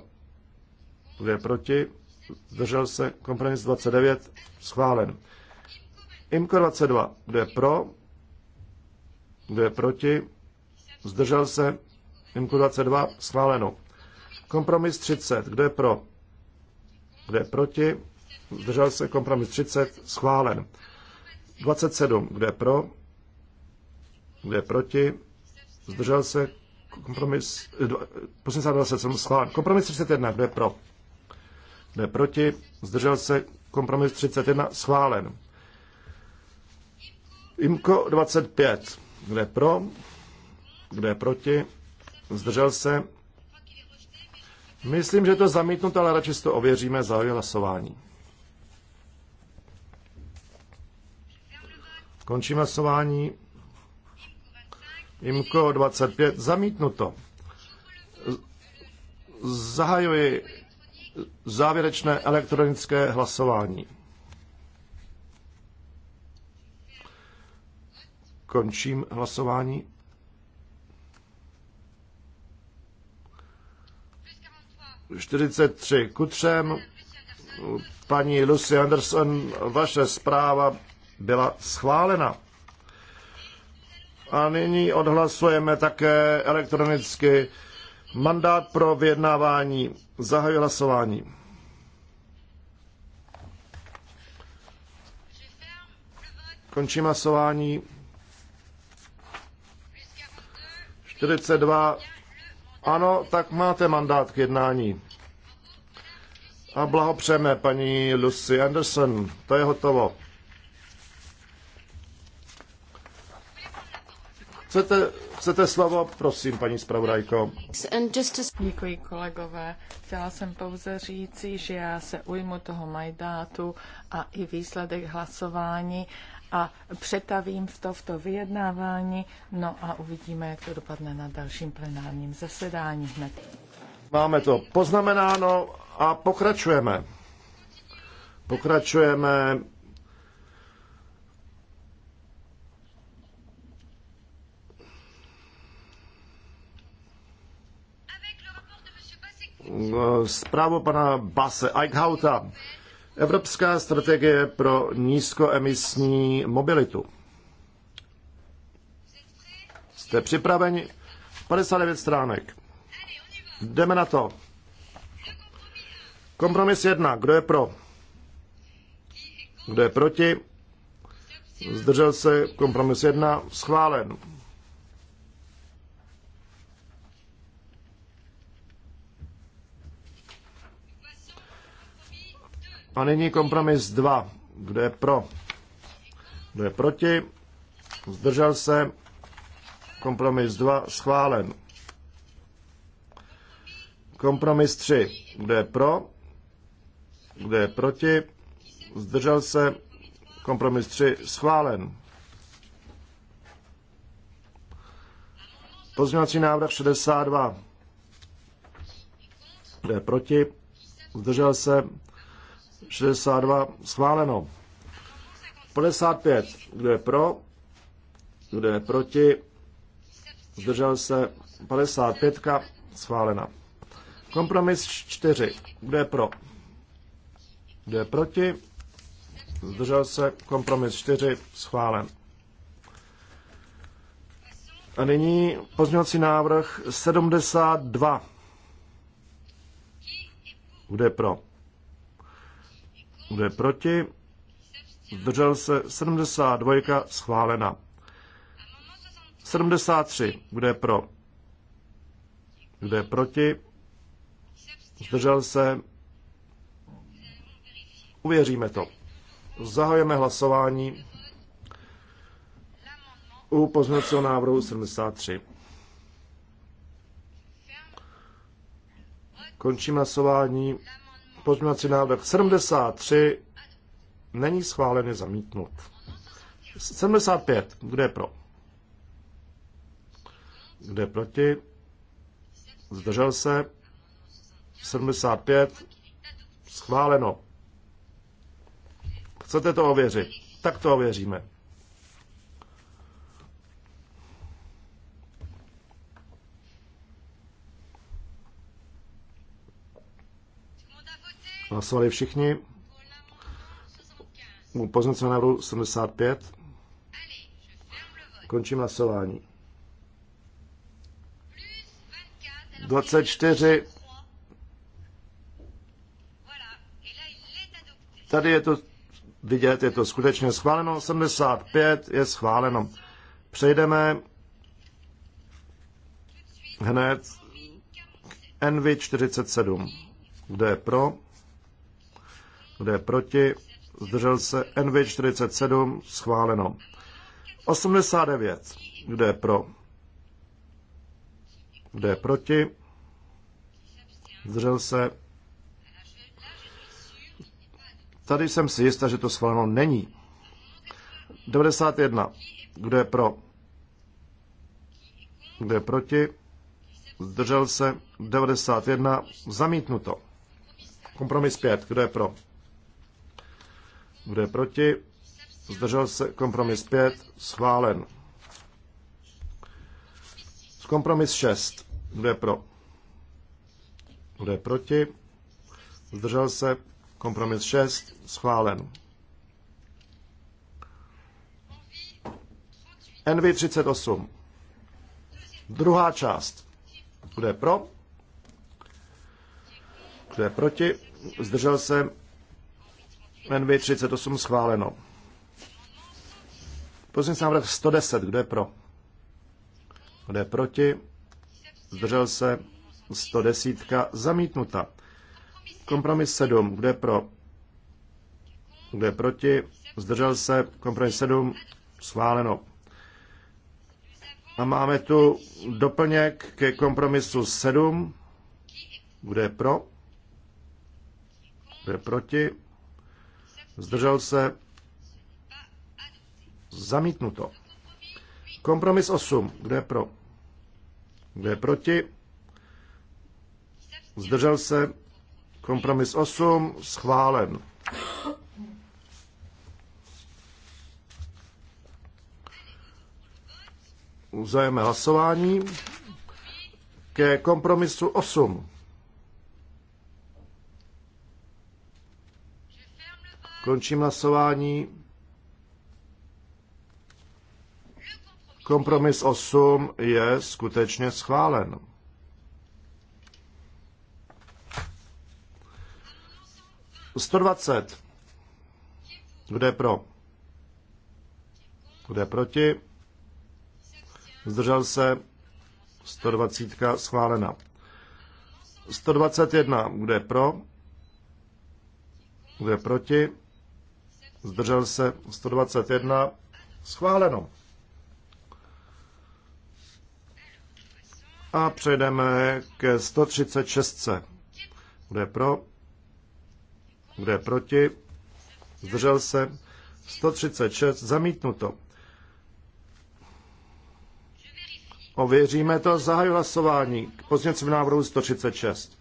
Speaker 1: Kdo je proti? Zdržel se? Kompromis 29 schválen. mk 22. Kdo je pro? Kdo je proti? Zdržel se? mk 22 schváleno. Kompromis 30. Kdo je pro? Kdo je proti? Zdržel se? Kompromis 30 schválen. 27. Kdo je pro? Kdo je proti? Zdržel se kompromis... Eh, Poslanec 27 schválen. Kompromis 31. Kdo je pro? Kdo je proti? Zdržel se kompromis 31 schválen. Imko 25. Kdo je pro? Kdo je proti? Zdržel se? Myslím, že to zamítnuto, ale radši si to ověříme. za hlasování. Končím hlasování. IMKO 25 zamítnuto. Zahajuji závěrečné elektronické hlasování. Končím hlasování. Čtyřicet tři ku třem. Paní Lucy Anderson, vaše zpráva byla schválena. A nyní odhlasujeme také elektronicky mandát pro vyjednávání. Zahajuji hlasování. Končím hlasování. 42. Ano, tak máte mandát k jednání. A blahopřejeme paní Lucy Anderson. To je hotovo. Chcete, chcete slovo? Prosím, paní zpravodajko.
Speaker 2: Děkuji, kolegové. Chtěla jsem pouze říci, že já se ujmu toho majdátu a i výsledek hlasování a přetavím v to, v to vyjednávání, no a uvidíme, jak to dopadne na dalším plenárním zasedání hned.
Speaker 1: Máme to poznamenáno a pokračujeme. Pokračujeme zprávu pana Base Eichhauta. Evropská strategie pro nízkoemisní mobilitu. Jste připraveni? 59 stránek. Jdeme na to. Kompromis 1. Kdo je pro? Kdo je proti? Zdržel se kompromis 1. Schválen. A nyní kompromis 2. Kdo je pro? Kdo je proti? Zdržel se? Kompromis 2 schválen. Kompromis 3. Kdo je pro? Kdo je proti? Zdržel se? Kompromis 3 schválen. Pozměňovací návrh 62. Kdo je proti? Zdržel se? 62 schváleno. 55, kdo je pro, kdo je proti, zdržel se 55, schválena. Kompromis 4, kdo je pro, kdo je proti, zdržel se kompromis 4, schválen. A nyní pozměňovací návrh 72. Kde je pro? Kdo je proti? Zdržel se 72. Schválena. 73. Kdo je pro? Kdo je proti? Zdržel se? Uvěříme to. Zahajeme hlasování u pozměňovacího návrhu 73. Končím hlasování. Pozměňovací návrh 73 není schválen, je zamítnut. 75. kde je pro? Kde je proti? Zdržel se? 75. Schváleno. Chcete to ověřit? Tak to ověříme. Hlasovali všichni. U poznaceného návrhu 75. Končím hlasování. 24. Tady je to vidět, je to skutečně schváleno. 75 je schváleno. Přejdeme hned NV47. Kdo je pro? Kdo je proti? Zdržel se NV 47. Schváleno. 89. Kdo je pro? Kdo je proti? Zdržel se. Tady jsem si jistá, že to schváleno není. 91. Kdo je pro? Kdo je proti? Zdržel se. 91. Zamítnuto. Kompromis 5. Kdo je pro? Kdo je proti? Zdržel se kompromis 5, schválen. Kompromis 6. Kdo je pro? Kdo je proti? Zdržel se kompromis 6, schválen. NV 38. Druhá část. Kdo je pro? Kdo je proti? Zdržel se NV 38 schváleno. Pozměňovací návrh 110, kdo je pro? Kdo je proti? Zdržel se 110, zamítnuta. Kompromis 7, kdo je pro? Kdo je proti? Zdržel se kompromis 7, schváleno. A máme tu doplněk ke kompromisu 7, kdo je pro? Kdo je proti? zdržel se, zamítnuto. Kompromis 8, kdo je pro, kdo je proti, zdržel se, kompromis 8, schválen. Uzajeme hlasování ke kompromisu 8. Končím hlasování. Kompromis 8 je skutečně schválen. Sto dvacet. Kdo je pro? Kdo je proti? Zdržel se. 120 schválena. 121. Kdo je pro? Kdo je proti? zdržel se 121, schváleno. A přejdeme ke 136. Kdo je pro? Kdo je proti? Zdržel se 136, zamítnuto. Ověříme to, zahaju hlasování k pozněcím návrhu 136.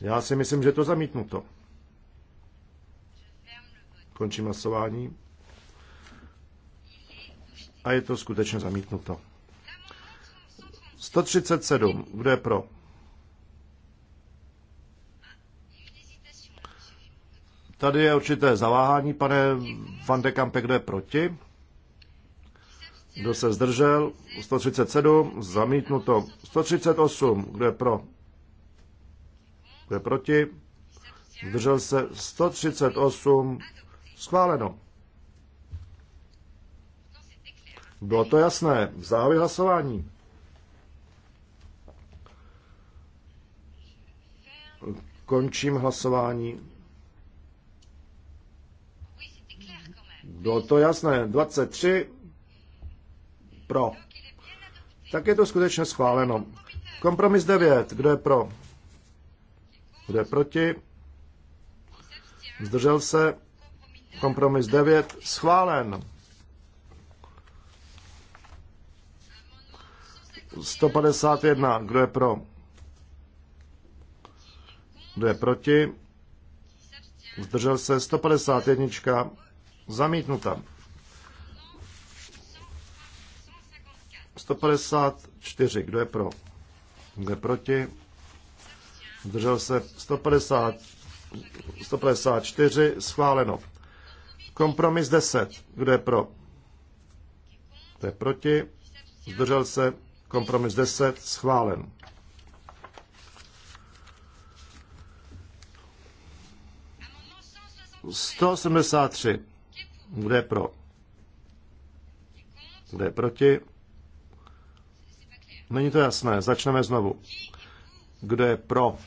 Speaker 1: Já si myslím, že to zamítnuto. Končím hlasování. A je to skutečně zamítnuto. 137. Kdo je pro? Tady je určité zaváhání, pane Van de Kampe, kdo je proti? Kdo se zdržel? 137, zamítnuto. 138, kdo je pro? Kdo je proti? Zdržel se 138, Schváleno. Bylo to jasné. Zahajuji hlasování. Končím hlasování. Bylo to jasné. 23 pro. Tak je to skutečně schváleno. Kompromis 9. Kdo je pro? Kdo je proti? Zdržel se? Kompromis 9 schválen. 151. Kdo je pro? Kdo je proti? Zdržel se 151. Zamítnuta. 154. Kdo je pro? Kdo je proti? Zdržel se 150, 154. Schváleno. Kompromis 10. Kdo je pro? Kdo je proti? Zdržel se. Kompromis 10. Schválen. Sto sedmdesát tři. Kdo je pro? Kdo je proti? Není to jasné. Začneme znovu. Kdo je pro?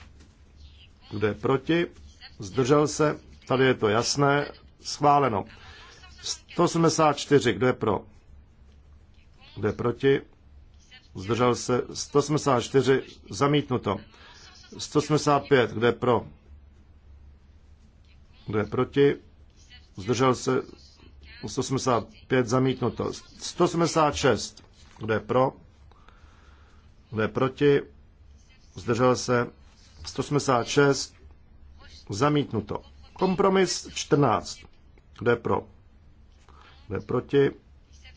Speaker 1: Kdo je proti? Zdržel se? Tady je to jasné. Schváleno. 184, kdo je pro? Kdo je proti? Zdržel se 184, zamítnuto. 185, kdo je pro? Kdo je proti? Zdržel se 185, zamítnuto. 186, kdo je pro? Kdo je proti? Zdržel se 186, zamítnuto. Kompromis 14. Kdo je pro? Kdo je proti?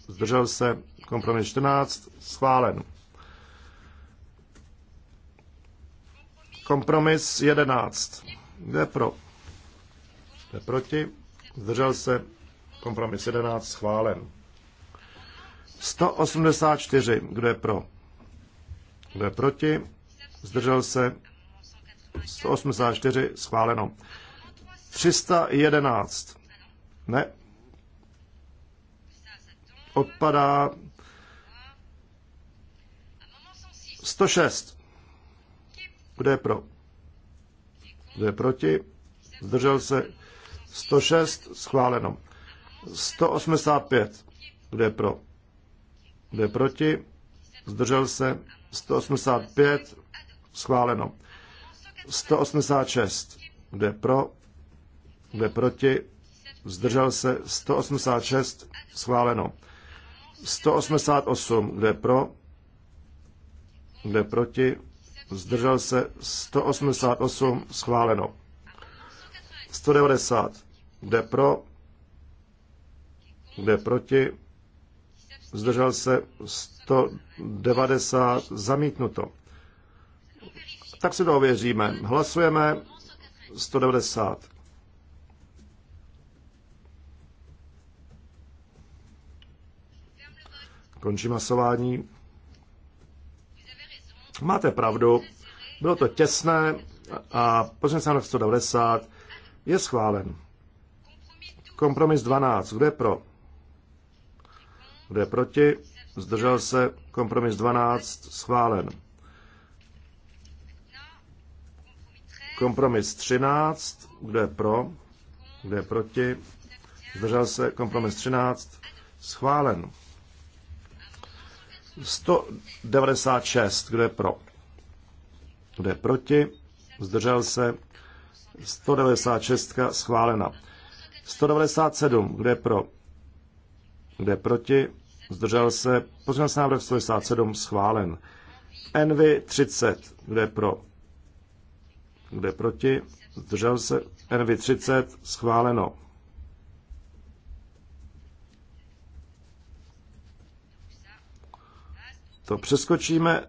Speaker 1: Zdržel se. Kompromis 14. Schválen. Kompromis 11. Kdo je pro? Kdo je proti? Zdržel se. Kompromis 11. Schválen. 184. Kdo je pro? Kdo je proti? Zdržel se. 184. Schváleno. 311. Ne. Odpadá 106. Kde je pro? Kde je proti? Zdržel se 106, schváleno. 185. Kde je pro? Kde je proti? Zdržel se 185, schváleno. 186. Kde je pro? Kde je proti? zdržel se 186, schváleno. 188, kde pro, kde proti, zdržel se 188, schváleno. 190, kde pro, kde proti, zdržel se 190, zamítnuto. Tak si to ověříme. Hlasujeme 190. Končím hlasování. Máte pravdu, bylo to těsné a pozměnce se 190 je schválen. Kompromis 12. Kdo je pro? Kdo je proti? Zdržel se. Kompromis 12. Schválen. Kompromis 13. Kdo je pro? Kdo je proti? Zdržel se. Kompromis 13. Schválen. 196, kdo je pro? Kdo je proti? Zdržel se. 196 schválena. 197, kdo je pro? Kdo je proti? Zdržel se. se návrh 197 schválen. NV 30, kdo je pro? Kdo je proti? Zdržel se. NV 30 schváleno. to přeskočíme.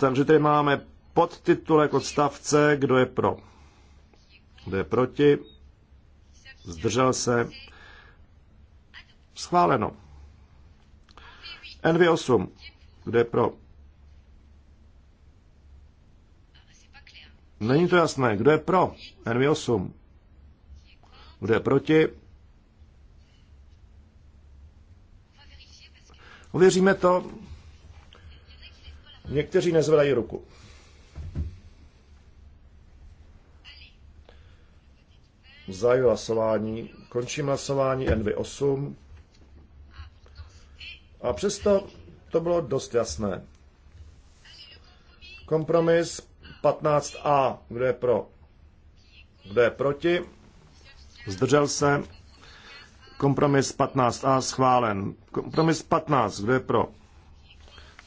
Speaker 1: Takže tady máme podtitulek jako odstavce, kdo je pro, kdo je proti, zdržel se, schváleno. NV8, kdo je pro, Není to jasné. Kdo je pro? NV8. Kdo je proti? Uvěříme to. Někteří nezvedají ruku. Zajím hlasování. Končím hlasování NV8. A přesto to bylo dost jasné. Kompromis 15a. Kdo je pro? Kdo je proti? zdržel se, kompromis 15a schválen. Kompromis 15, kdo je pro?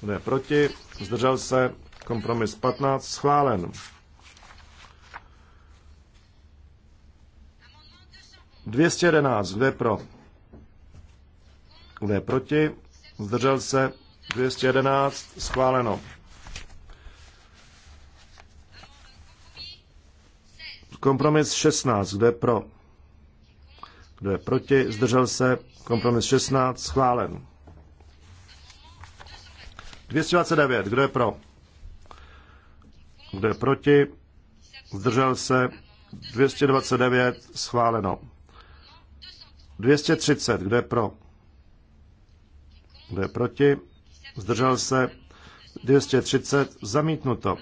Speaker 1: Kdo je proti? Zdržel se, kompromis 15 schválen. 211, kdo je pro? Kdo je proti? Zdržel se 211, schváleno. Kompromis 16, kdo je pro? Kdo je proti? Zdržel se. Kompromis 16. Schválen. 229. Kdo je pro? Kdo je proti? Zdržel se. 229. Schváleno. 230. Kdo je pro? Kdo je proti? Zdržel se. 230. Zamítnuto.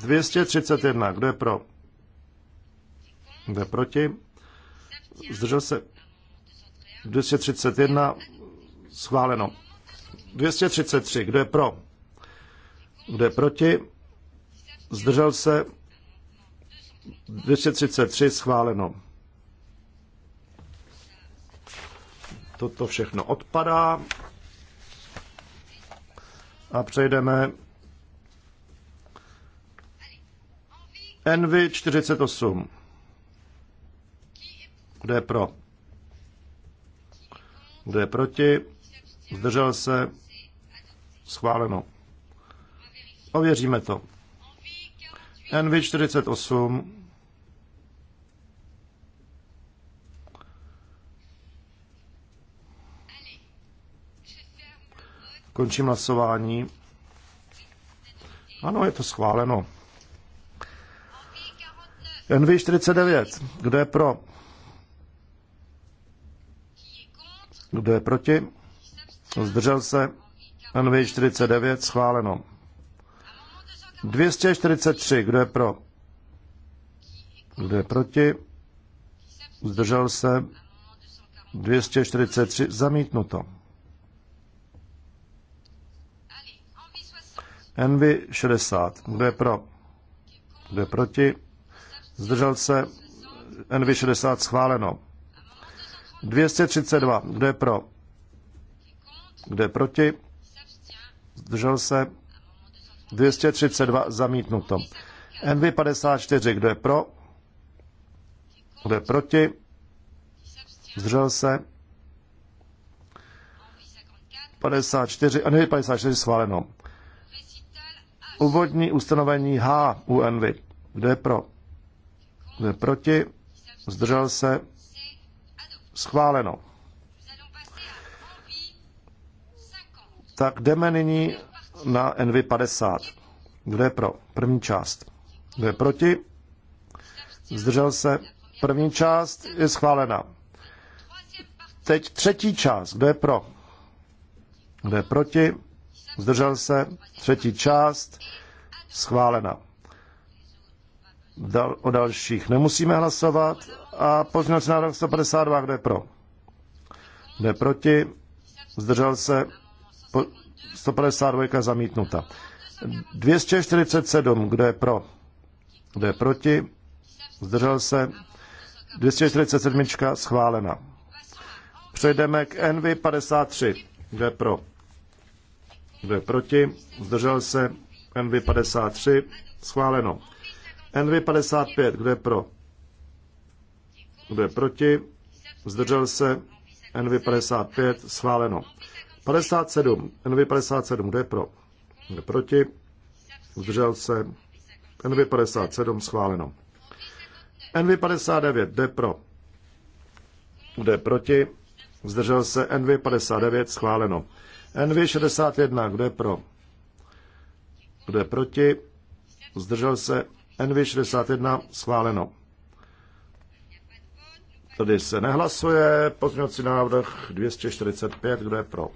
Speaker 1: 231. Kdo je pro? Kdo je proti? zdržel se 231, schváleno. 233, kdo je pro? Kdo je proti? Zdržel se 233, schváleno. Toto všechno odpadá. A přejdeme Envy 48. Kdo je pro? Kdo je proti? Zdržel se? Schváleno. Ověříme to. NV48. Končím hlasování. Ano, je to schváleno. NV49. Kdo je pro? Kdo je proti? Zdržel se? NV 49 schváleno. 243. Kdo je pro? Kdo je proti? Zdržel se? 243. Zamítnuto. NV 60. Kdo je pro? Kdo je proti? Zdržel se? NV 60 schváleno. 232. Kdo je pro? Kdo je proti? Zdržel se? 232. Zamítnuto. NV 54. Kdo je pro? Kdo je proti? Zdržel se? 54. NV 54 schváleno. Úvodní ustanovení H u NV. Kdo je pro? Kdo je proti? Zdržel se? Schváleno. Tak jdeme nyní na NV 50. Kdo je pro? První část. Kdo je proti? Zdržel se. První část je schválena. Teď třetí část. Kdo je pro? Kdo je proti? Zdržel se. Třetí část schválena. Dal, o dalších nemusíme hlasovat a pozměňovací návrh 152, kdo je pro? Kdo je proti? Zdržel se? 152 zamítnuta. 247, kdo je pro? Kdo je proti? Zdržel se? 247 schválena. Přejdeme k NV 53. Kdo je pro? Kdo je proti? Zdržel se? NV 53. Schváleno. NV 55. Kdo je pro? Kdo je proti? Zdržel se? NV55 schváleno. 57. NV57. Kdo je pro? Kdo je proti? Zdržel se? NV57 schváleno. NV59. Kdo je pro? Kdo je proti? Zdržel se? NV59 schváleno. NV61. Kdo je pro? Kdo je proti? Zdržel se? NV61 schváleno. Tady se nehlasuje. Pozměňovací návrh 245. Kdo je pro?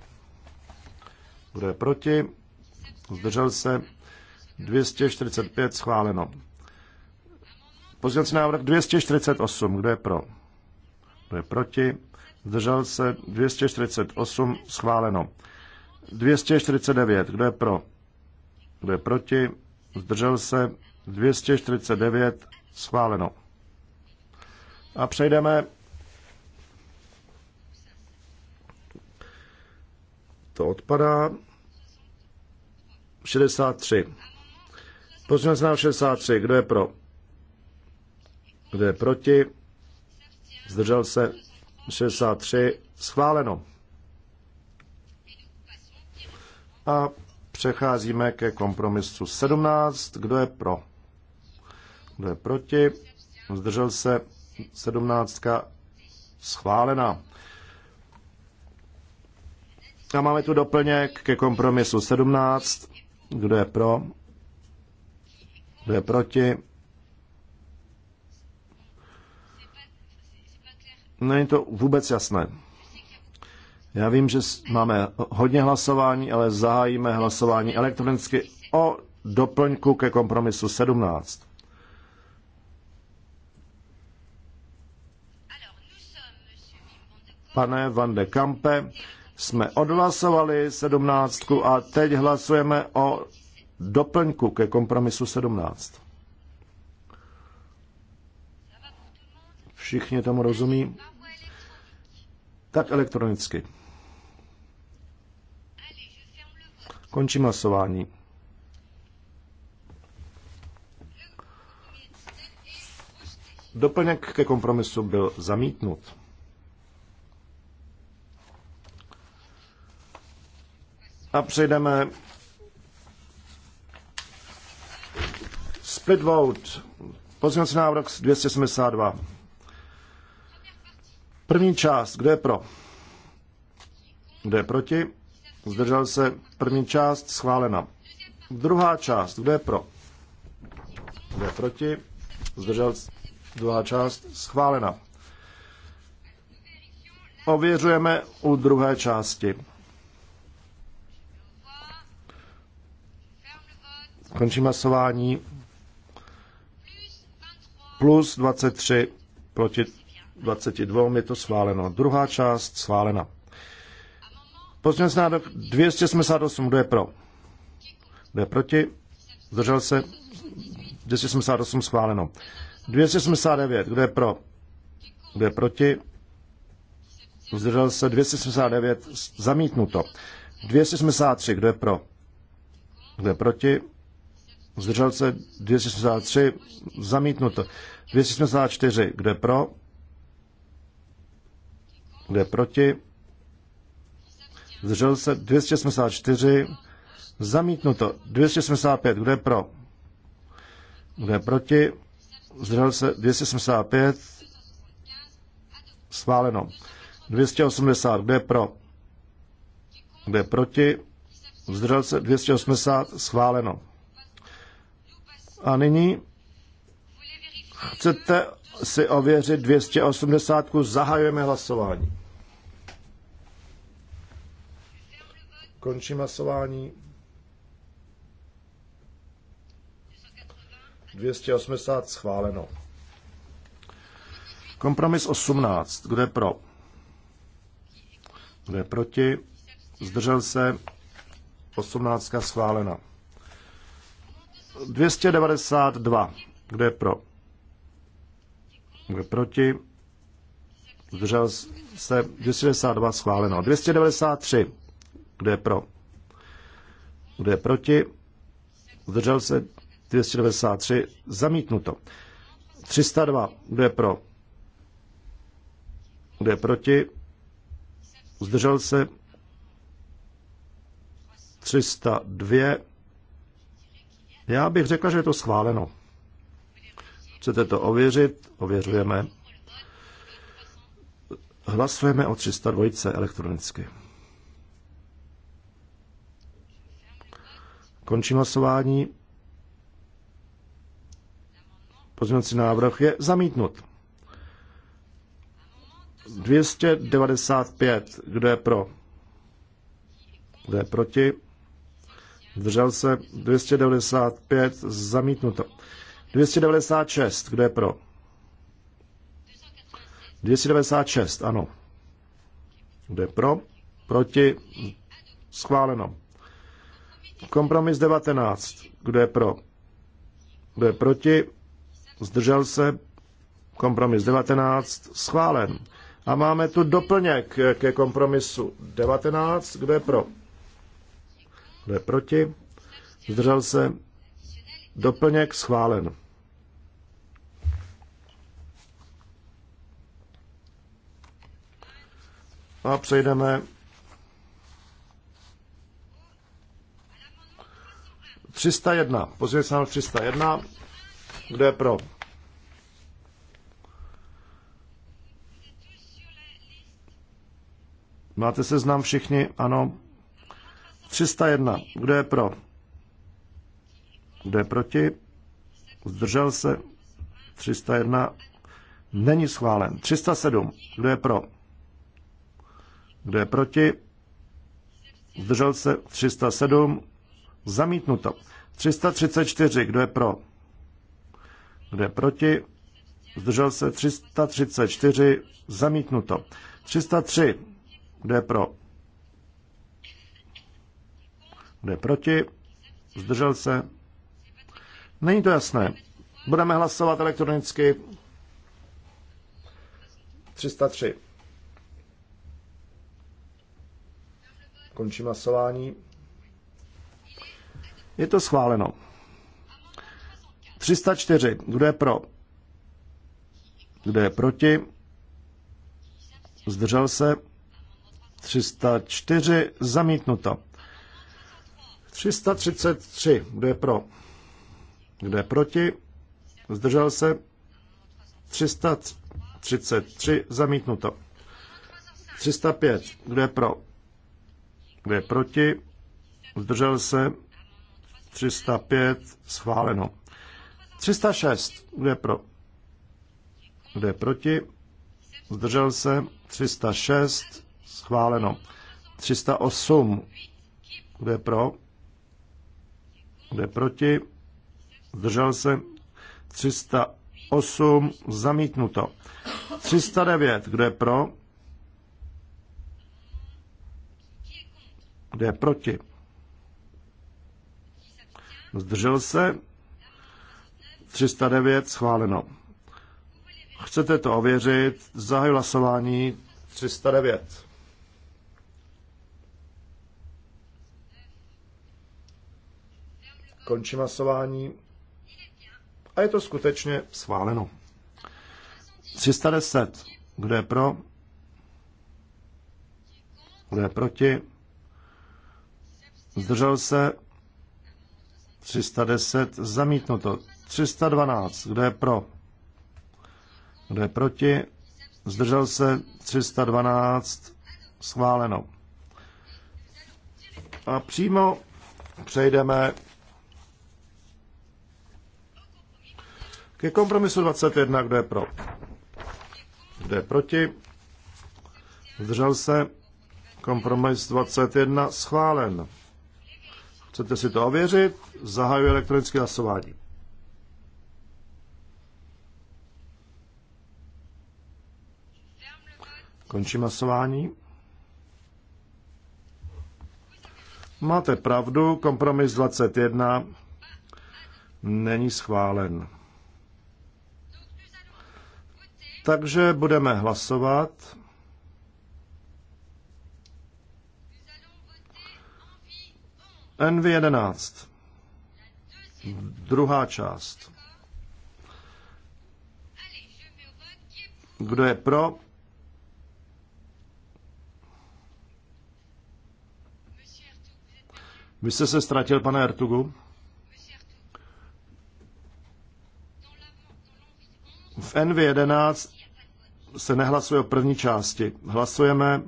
Speaker 1: Kdo je proti? Zdržel se. 245 schváleno. Pozměňovací návrh 248. Kdo je pro? Kdo je proti? Zdržel se. 248 schváleno. 249. Kdo je pro? Kdo je proti? Zdržel se. 249 schváleno. A přejdeme to odpadá. 63. Pozměňovací se 63. Kdo je pro? Kdo je proti? Zdržel se 63. Schváleno. A přecházíme ke kompromisu 17. Kdo je pro? Kdo je proti? Zdržel se 17 schválena. A máme tu doplněk ke kompromisu 17. Kdo je pro? Kdo je proti? Není to vůbec jasné. Já vím, že máme hodně hlasování, ale zahájíme hlasování elektronicky o doplňku ke kompromisu 17. pane Van de Kampe, jsme odhlasovali sedmnáctku a teď hlasujeme o doplňku ke kompromisu sedmnáct. Všichni tomu rozumí? Tak elektronicky. Končím hlasování. Doplněk ke kompromisu byl zamítnut. a přejdeme split vote. Pozměnce návrh 272. První část, kdo je pro? Kdo je proti? Zdržel se první část, schválena. Druhá část, kdo je pro? Kdo je proti? Zdržel se druhá část, schválena. Ověřujeme u druhé části. Končím hlasování. Plus 23 proti 22 je to schváleno. Druhá část schválena. se návrh 278, kdo je pro? Kdo je proti? Zdržel se? 278 schváleno. 279, kdo je pro? Kdo je proti? Zdržel se 279, zamítnuto. 273, kdo je pro? Kdo je proti? zdržel se 273, zamítnuto. 274, kde pro, kde proti, zdržel se 274, zamítnuto. 275, kde pro, kde proti, zdržel se 275, schváleno. 280, kde pro, kde proti, zdržel se 280, schváleno. A nyní chcete si ověřit 280. Zahajujeme hlasování. Končím hlasování. 280 schváleno. Kompromis 18. Kdo je pro? Kdo je proti? Zdržel se. 18 schválena. 292. Kdo je pro? Kdo je proti? Zdržel se 292 schváleno. 293. Kdo je pro? Kdo je proti? Zdržel se 293. Zamítnuto. 302. Kdo je pro? Kdo je proti? Zdržel se 302. Já bych řekl, že je to schváleno. Chcete to ověřit? Ověřujeme. Hlasujeme o 302 elektronicky. Končím hlasování. Pozměňovací návrh je zamítnut. 295. Kdo je pro? Kdo je proti? Zdržel se 295, zamítnuto. 296, kdo je pro? 296, ano. Kdo je pro? Proti? Schváleno. Kompromis 19, kdo je pro? Kdo je proti? Zdržel se? Kompromis 19, schválen. A máme tu doplněk ke kompromisu 19, kdo je pro? Kdo je proti? Zdržel se? Doplněk schválen. A přejdeme 301. Pozvěc jsem 301. Kdo je pro? Máte seznam všichni? Ano. 301. Kdo je pro? Kdo je proti? Zdržel se? 301. Není schválen. 307. Kdo je pro? Kdo je proti? Zdržel se? 307. Zamítnuto. 334. Kdo je pro? Kdo je proti? Zdržel se 334, zamítnuto. 303, kdo je pro? Kdo je proti? Zdržel se? Není to jasné. Budeme hlasovat elektronicky. 303. Končím hlasování. Je to schváleno. 304. Kdo je pro? Kdo je proti? Zdržel se? 304. Zamítnuto. 333. Kdo je pro? Kdo je proti? Zdržel se? 333. Zamítnuto. 305. Kdo je pro? Kdo je proti? Zdržel se? 305. Schváleno. 306. Kdo je pro? Kdo je proti? Zdržel se? 306. Schváleno. 308. Kdo je pro? Kdo je proti? Zdržel se. 308. Zamítnuto. 309. Kdo je pro? Kdo je proti? Zdržel se. 309. Schváleno. Chcete to ověřit? Zahaj hlasování 309. Končím hlasování. A je to skutečně schváleno. 310. Kdo je pro? Kdo je proti? Zdržel se? 310. Zamítnuto. 312. Kdo je pro? Kdo je proti? Zdržel se 312. Schváleno. A přímo přejdeme Ke kompromisu 21, kdo je pro? Kdo je proti? Zdržel se? Kompromis 21 schválen. Chcete si to ověřit? Zahajuji elektronické hlasování. Končím hlasování. Máte pravdu, kompromis 21 není schválen. Takže budeme hlasovat. NV11. Druhá část. Kdo je pro? Vy jste se ztratil, pane Ertugu? V NV11 se nehlasuje o první části. Hlasujeme.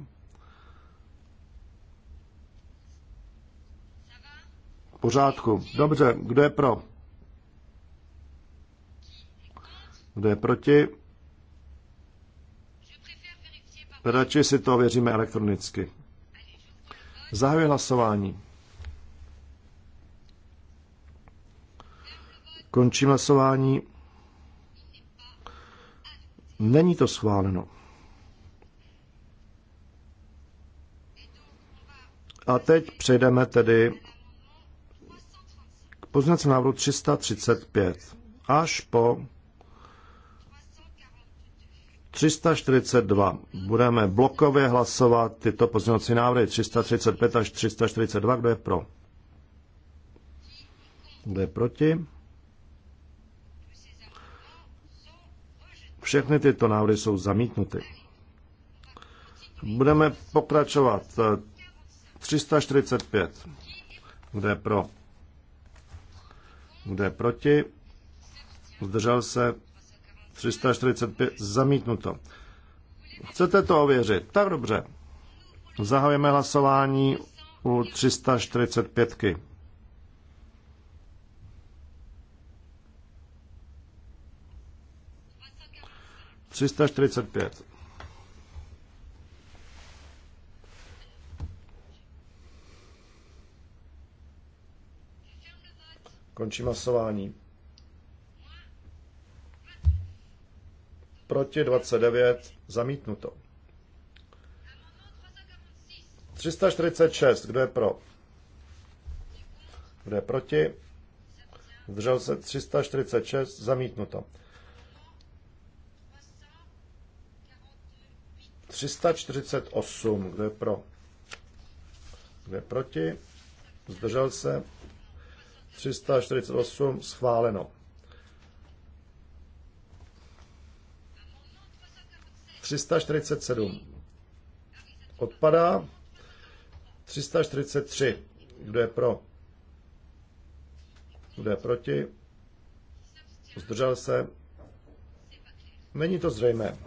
Speaker 1: V pořádku. Dobře, kdo je pro? Kdo je proti? Radši si to věříme elektronicky. Zahajuji hlasování. Končím hlasování. Není to schváleno. A teď přejdeme tedy k poznacím návrhu 335 až po 342. Budeme blokově hlasovat tyto pozměňovací návrhy 335 až 342. Kdo je pro? Kdo je proti? Všechny tyto návrhy jsou zamítnuty. Budeme pokračovat. 345. Eh, Kde je pro? Kde je proti? Zdržel se 345. Zamítnuto. Chcete to ověřit? Tak dobře. Zahajeme hlasování u 345. -ky. 345. Končím hlasování. Proti 29, zamítnuto. 346, kdo je pro? Kdo je proti? Zdržel se 346, zamítnuto. 348. Kdo je pro? Kdo je proti? Zdržel se? 348. Schváleno. 347. Odpadá. 343. Kdo je pro? Kdo je proti? Zdržel se? Není to zřejmé.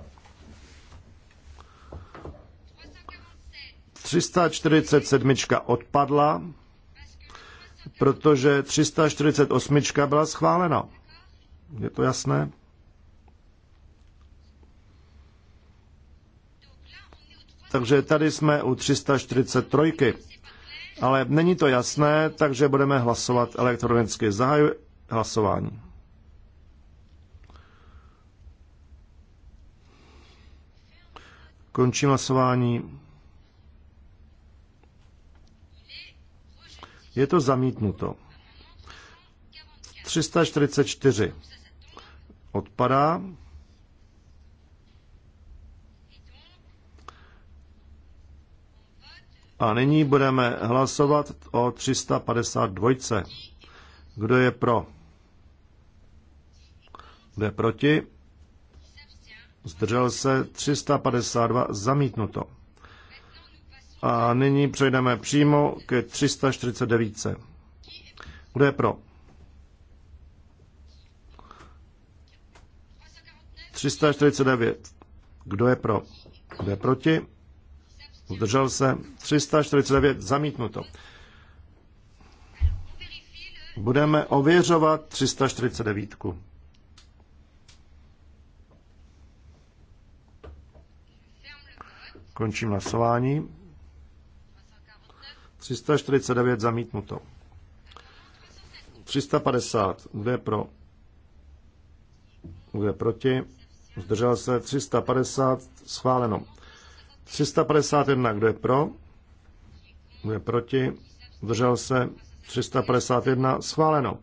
Speaker 1: 347 odpadla, protože 348 byla schválena. Je to jasné? Takže tady jsme u 343. Ale není to jasné, takže budeme hlasovat elektronicky. Zahaj hlasování. Končím hlasování. Je to zamítnuto. 344 odpadá. A nyní budeme hlasovat o 352. Kdo je pro? Kdo je proti? Zdržel se 352 zamítnuto. A nyní přejdeme přímo k 349. Kdo je pro? 349. Kdo je pro? Kdo je proti? Zdržel se. 349. Zamítnuto. Budeme ověřovat 349. Končím hlasování. 349 zamítnuto. 350, kdo je pro? Kdo je proti? Zdržel se 350, schváleno. 351, kdo je pro? Kdo je proti? Zdržel se 351, schváleno.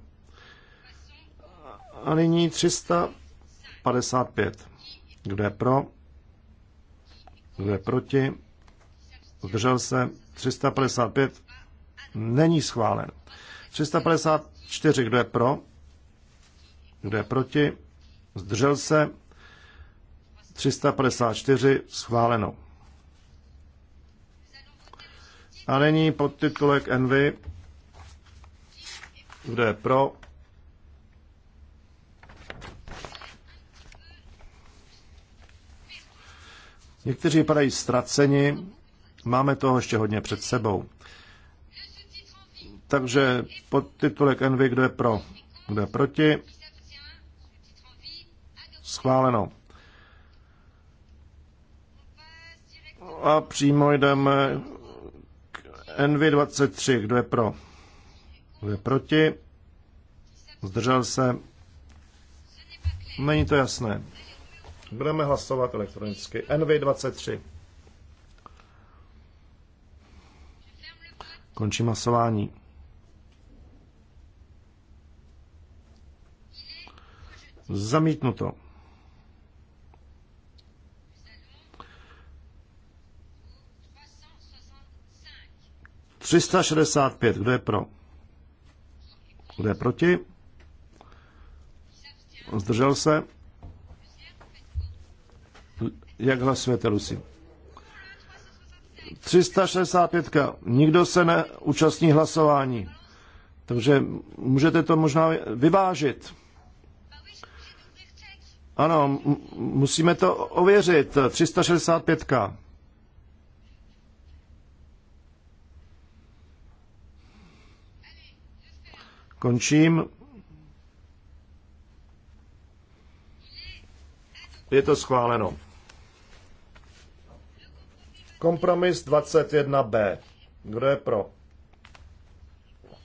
Speaker 1: A nyní 355. Kdo je pro? Kdo je proti? zdržel se 355, není schválen. 354, kdo je pro, kdo je proti, zdržel se 354, schváleno. A nyní podtitulek Envy, kdo je pro, Někteří padají ztraceni, Máme toho ještě hodně před sebou. Takže pod titulek Envy, kdo je pro, kdo je proti, schváleno. A přímo jdeme k NV23. Kdo je pro? Kdo je proti? Zdržel se? Není to jasné. Budeme hlasovat elektronicky. NV23. Končím hlasování. Zamítnuto. Třista šedesát pět. Kdo je pro? Kdo je proti? Zdržel se? Jak hlasujete, Lucy? 365. Nikdo se neúčastní hlasování. Takže můžete to možná vyvážit. Ano, musíme to ověřit. 365. Končím. Je to schváleno. Kompromis 21b. Kdo je pro?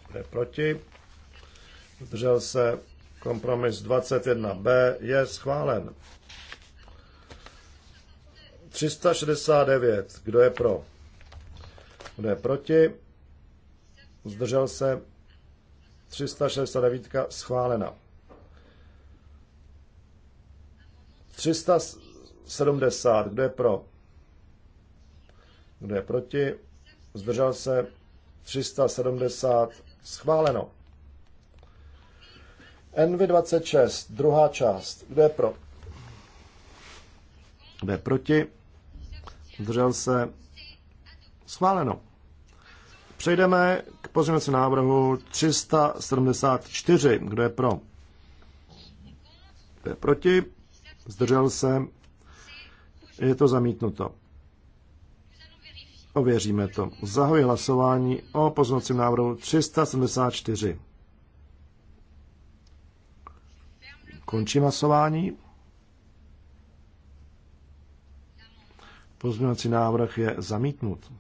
Speaker 1: Kdo je proti? Zdržel se. Kompromis 21b je schválen. 369. Kdo je pro? Kdo je proti? Zdržel se. 369 schválena. 370. Kdo je pro? Kdo je proti? Zdržel se 370 schváleno. NV26, druhá část. Kdo je pro? Kdo je proti? Zdržel se schváleno. Přejdeme k pozměňovacímu návrhu 374. Kdo je pro? Kdo je proti? Zdržel se. Je to zamítnuto. Ověříme to. Zahoj hlasování o pozornacím návrhu 374. Končím hlasování. Pozměňovací návrh je zamítnut.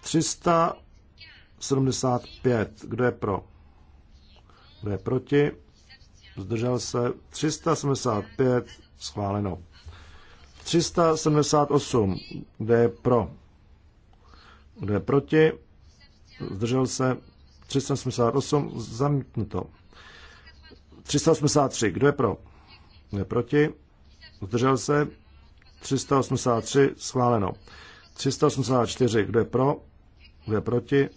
Speaker 1: 375. Kdo je pro? Kdo je proti? Zdržel se. 375. Schváleno. 378, kde je pro, kde je proti, zdržel se 378, zamítnuto. 383, kdo je pro, kdo je proti, zdržel se 383, schváleno. 384, kdo je pro, kdo je proti,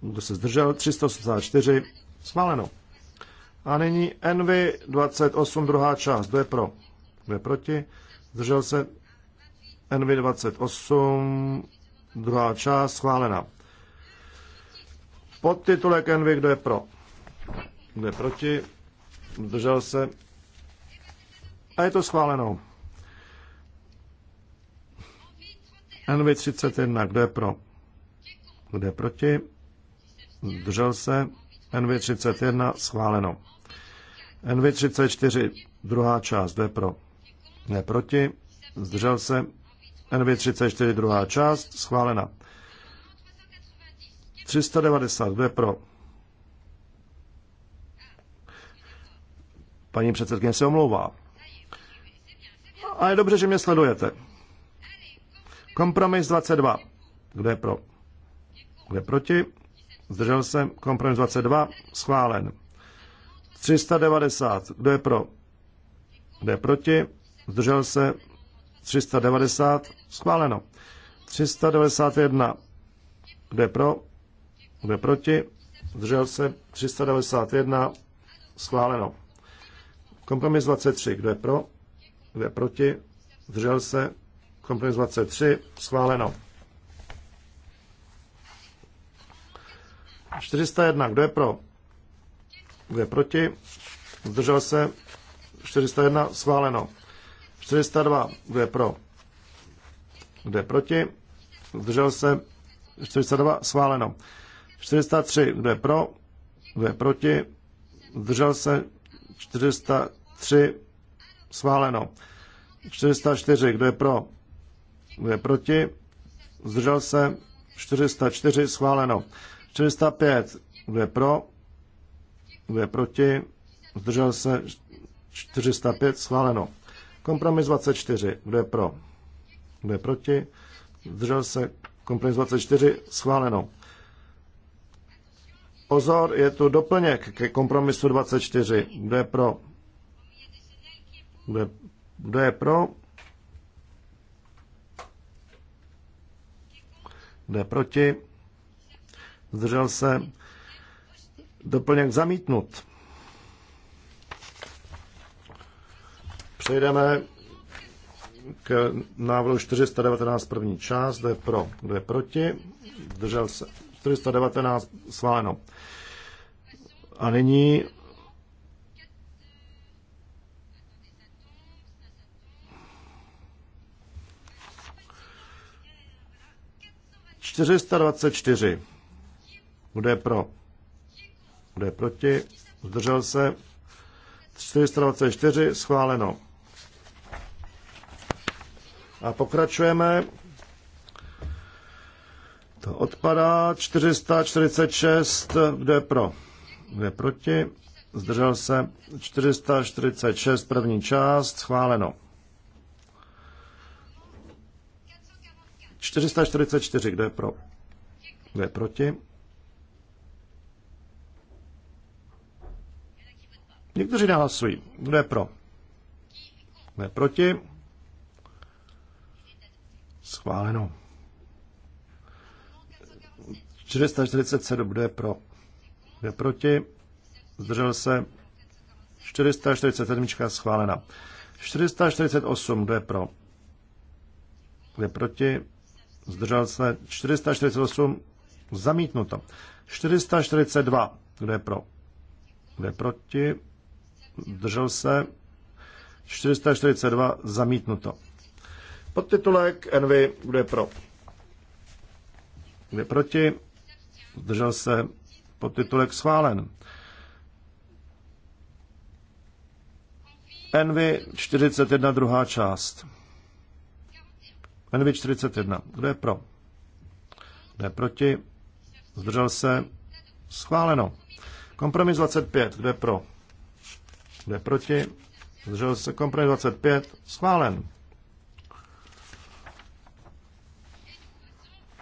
Speaker 1: kdo se zdržel, 384, schváleno. A nyní NV 28, druhá část, kdo je pro, kdo je proti, zdržel se NV28, druhá část schválena. Podtitulek NV, kdo je pro? Kdo je proti? Zdržel se. A je to schváleno. NV31, kdo je pro? Kdo je proti? Zdržel se. NV31, schváleno. NV34, druhá část, kdo je pro? ne proti, zdržel se, NV34 druhá část, schválena. 390. Kdo je pro. Paní předsedkyně se omlouvá. A je dobře, že mě sledujete. Kompromis 22. Kdo je pro? Kdo je proti? Zdržel se. Kompromis 22. Schválen. 390. Kdo je pro? Kdo je proti? zdržel se 390, schváleno. 391, kdo je pro, kdo je proti, zdržel se 391, schváleno. Kompromis 23, kdo je pro, kdo je proti, zdržel se, kompromis 23, schváleno. 401, kdo je pro, kdo je proti, zdržel se, 401, schváleno. 402, kdo je pro? Kdo je proti? Zdržel se 402, schváleno. 403, kdo je pro? Kdo je proti? Zdržel se 403, schváleno. 404, kdo je pro? Kdo je proti? Zdržel se 404, schváleno. 405, kdo je pro? Kdo je proti? Zdržel se 405, schváleno. Kompromis 24. Kdo je pro? Kdo je proti? Zdržel se. Kompromis 24. Schváleno. Pozor, je tu doplněk ke kompromisu 24. Kdo je pro? Kdo je, kdo je pro? Kdo je proti? Zdržel se. Doplněk zamítnut. Přejdeme k návrhu 419 první část, kde je pro, kde je proti, držel se 419 sváno. A nyní Čtyřista dvacet čtyři. Kde je pro? Kde je proti? Zdržel se. 424 schváleno. A pokračujeme. To odpadá. 446, kdo je pro? Kdo je proti? Zdržel se. 446, první část, schváleno. 444, kdo je pro? Kdo je proti? Někteří nehlasují. Kdo je pro? Kdo je proti? Schváleno. 447, bude je pro? Bude je proti? Zdržel se. 447 schválena. 448, bude je pro? Bude je proti? Zdržel se. 448 zamítnuto. 442, kdo je pro? Kdo je proti? Zdržel se. 442 zamítnuto. Podtitulek Envy, kdo je pro? Kdo je proti? Zdržel se podtitulek schválen. Envy 41, druhá část. Envy 41, kdo je pro? Kdo je proti? Zdržel se schváleno. Kompromis 25, kdo je pro? Kdo je proti? Zdržel se kompromis 25, schválen.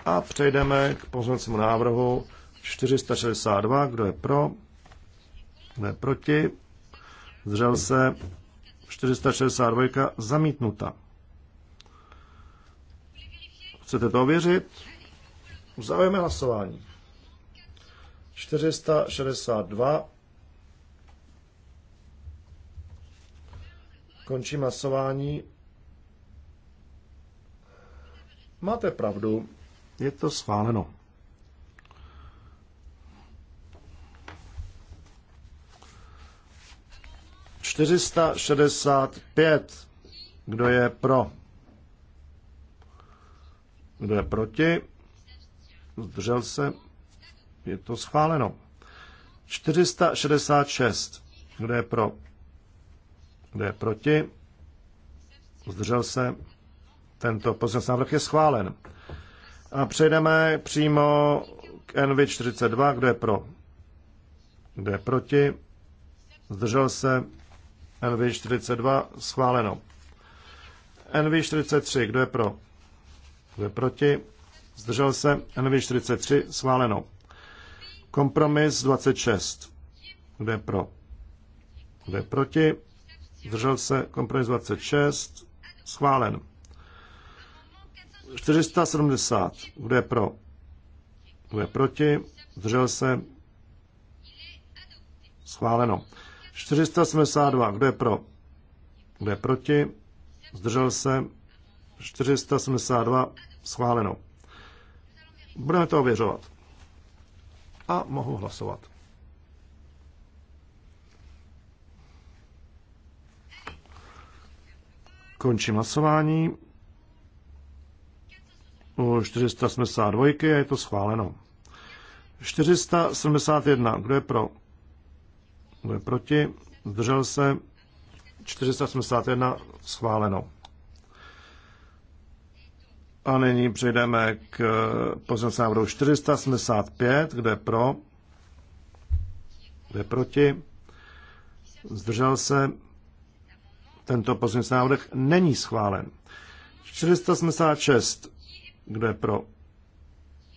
Speaker 1: A přejdeme k pozornicímu návrhu 462. Kdo je pro? Kdo je proti? Zřel se 462 zamítnuta. Chcete to ověřit? Zaujeme hlasování. 462. Končím hlasování. Máte pravdu. Je to schváleno. Čtyřista šedesát pět. Kdo je pro? Kdo je proti? Zdržel se? Je to schváleno. 466. Kdo je pro? Kdo je proti? Zdržel se? Tento pozměňovací návrh je schválen. A přejdeme přímo k NV42, kdo je pro. Kdo je proti? Zdržel se NV42, schváleno. NV43, kdo je pro? Kdo je proti? Zdržel se NV43, schváleno. Kompromis 26, kdo je pro? Kdo je proti? Zdržel se kompromis 26, schválen. 470. Kdo je pro? Kdo je proti? Zdržel se? Schváleno. 472. Kdo je pro? Kdo je proti? Zdržel se? 472. Schváleno. Budeme to ověřovat. A mohu hlasovat. Končím hlasování u 472 a je to schváleno. 471, kdo je pro? Kdo je proti? Zdržel se? 471 schváleno. A nyní přejdeme k pozornosti návrhu 475, kde pro, kde proti, zdržel se, tento pozornosti návrh není schválen. 476 kdo je pro?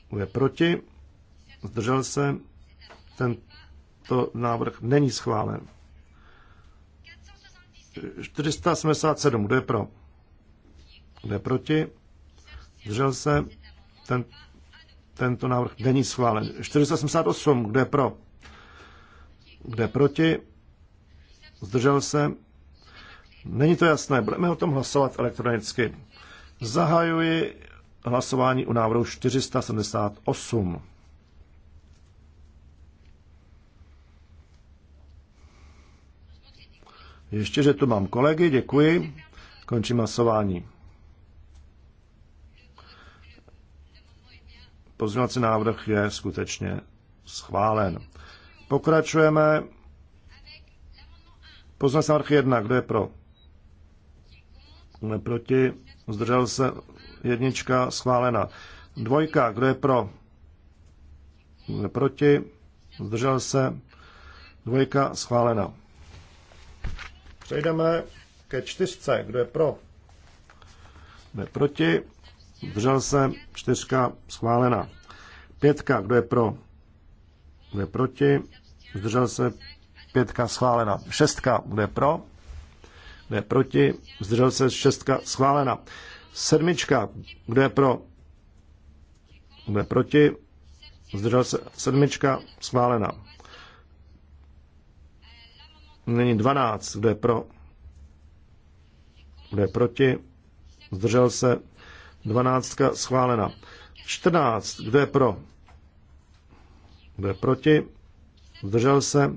Speaker 1: Kdo je proti? Zdržel se? Tento návrh není schválen. 477. Kdo je pro? Kdo je proti? Zdržel se? Ten, tento návrh není schválen. 478. Kdo je pro? Kdo je proti? Zdržel se? Není to jasné. Budeme o tom hlasovat elektronicky. Zahajuji hlasování u návrhu 478. Ještě, že tu mám kolegy, děkuji. Končím hlasování. Pozměňovací návrh je skutečně schválen. Pokračujeme. Pozměňovací návrh 1. Kdo je pro? Proti. Zdržel se Jednička schválena. Dvojka, kdo je pro? Kdo je proti? Zdržel se. Dvojka schválena. Přejdeme ke čtyřce. Kdo je pro? Kdo je proti? Zdržel se. Čtyřka schválena. Pětka. Kdo je pro? Kdo je proti? Zdržel se. Pětka schválena. Šestka. Kdo je pro? Kdo je proti? Zdržel se. Šestka schválena. Sedmička, kdo je pro? Kdo je proti? Zdržel se sedmička, schválena. Není dvanáct, kdo je pro? Kdo je proti? Zdržel se Dvanáctka, schválena. Čtrnáct, kdo je pro? Kdo je proti? Zdržel se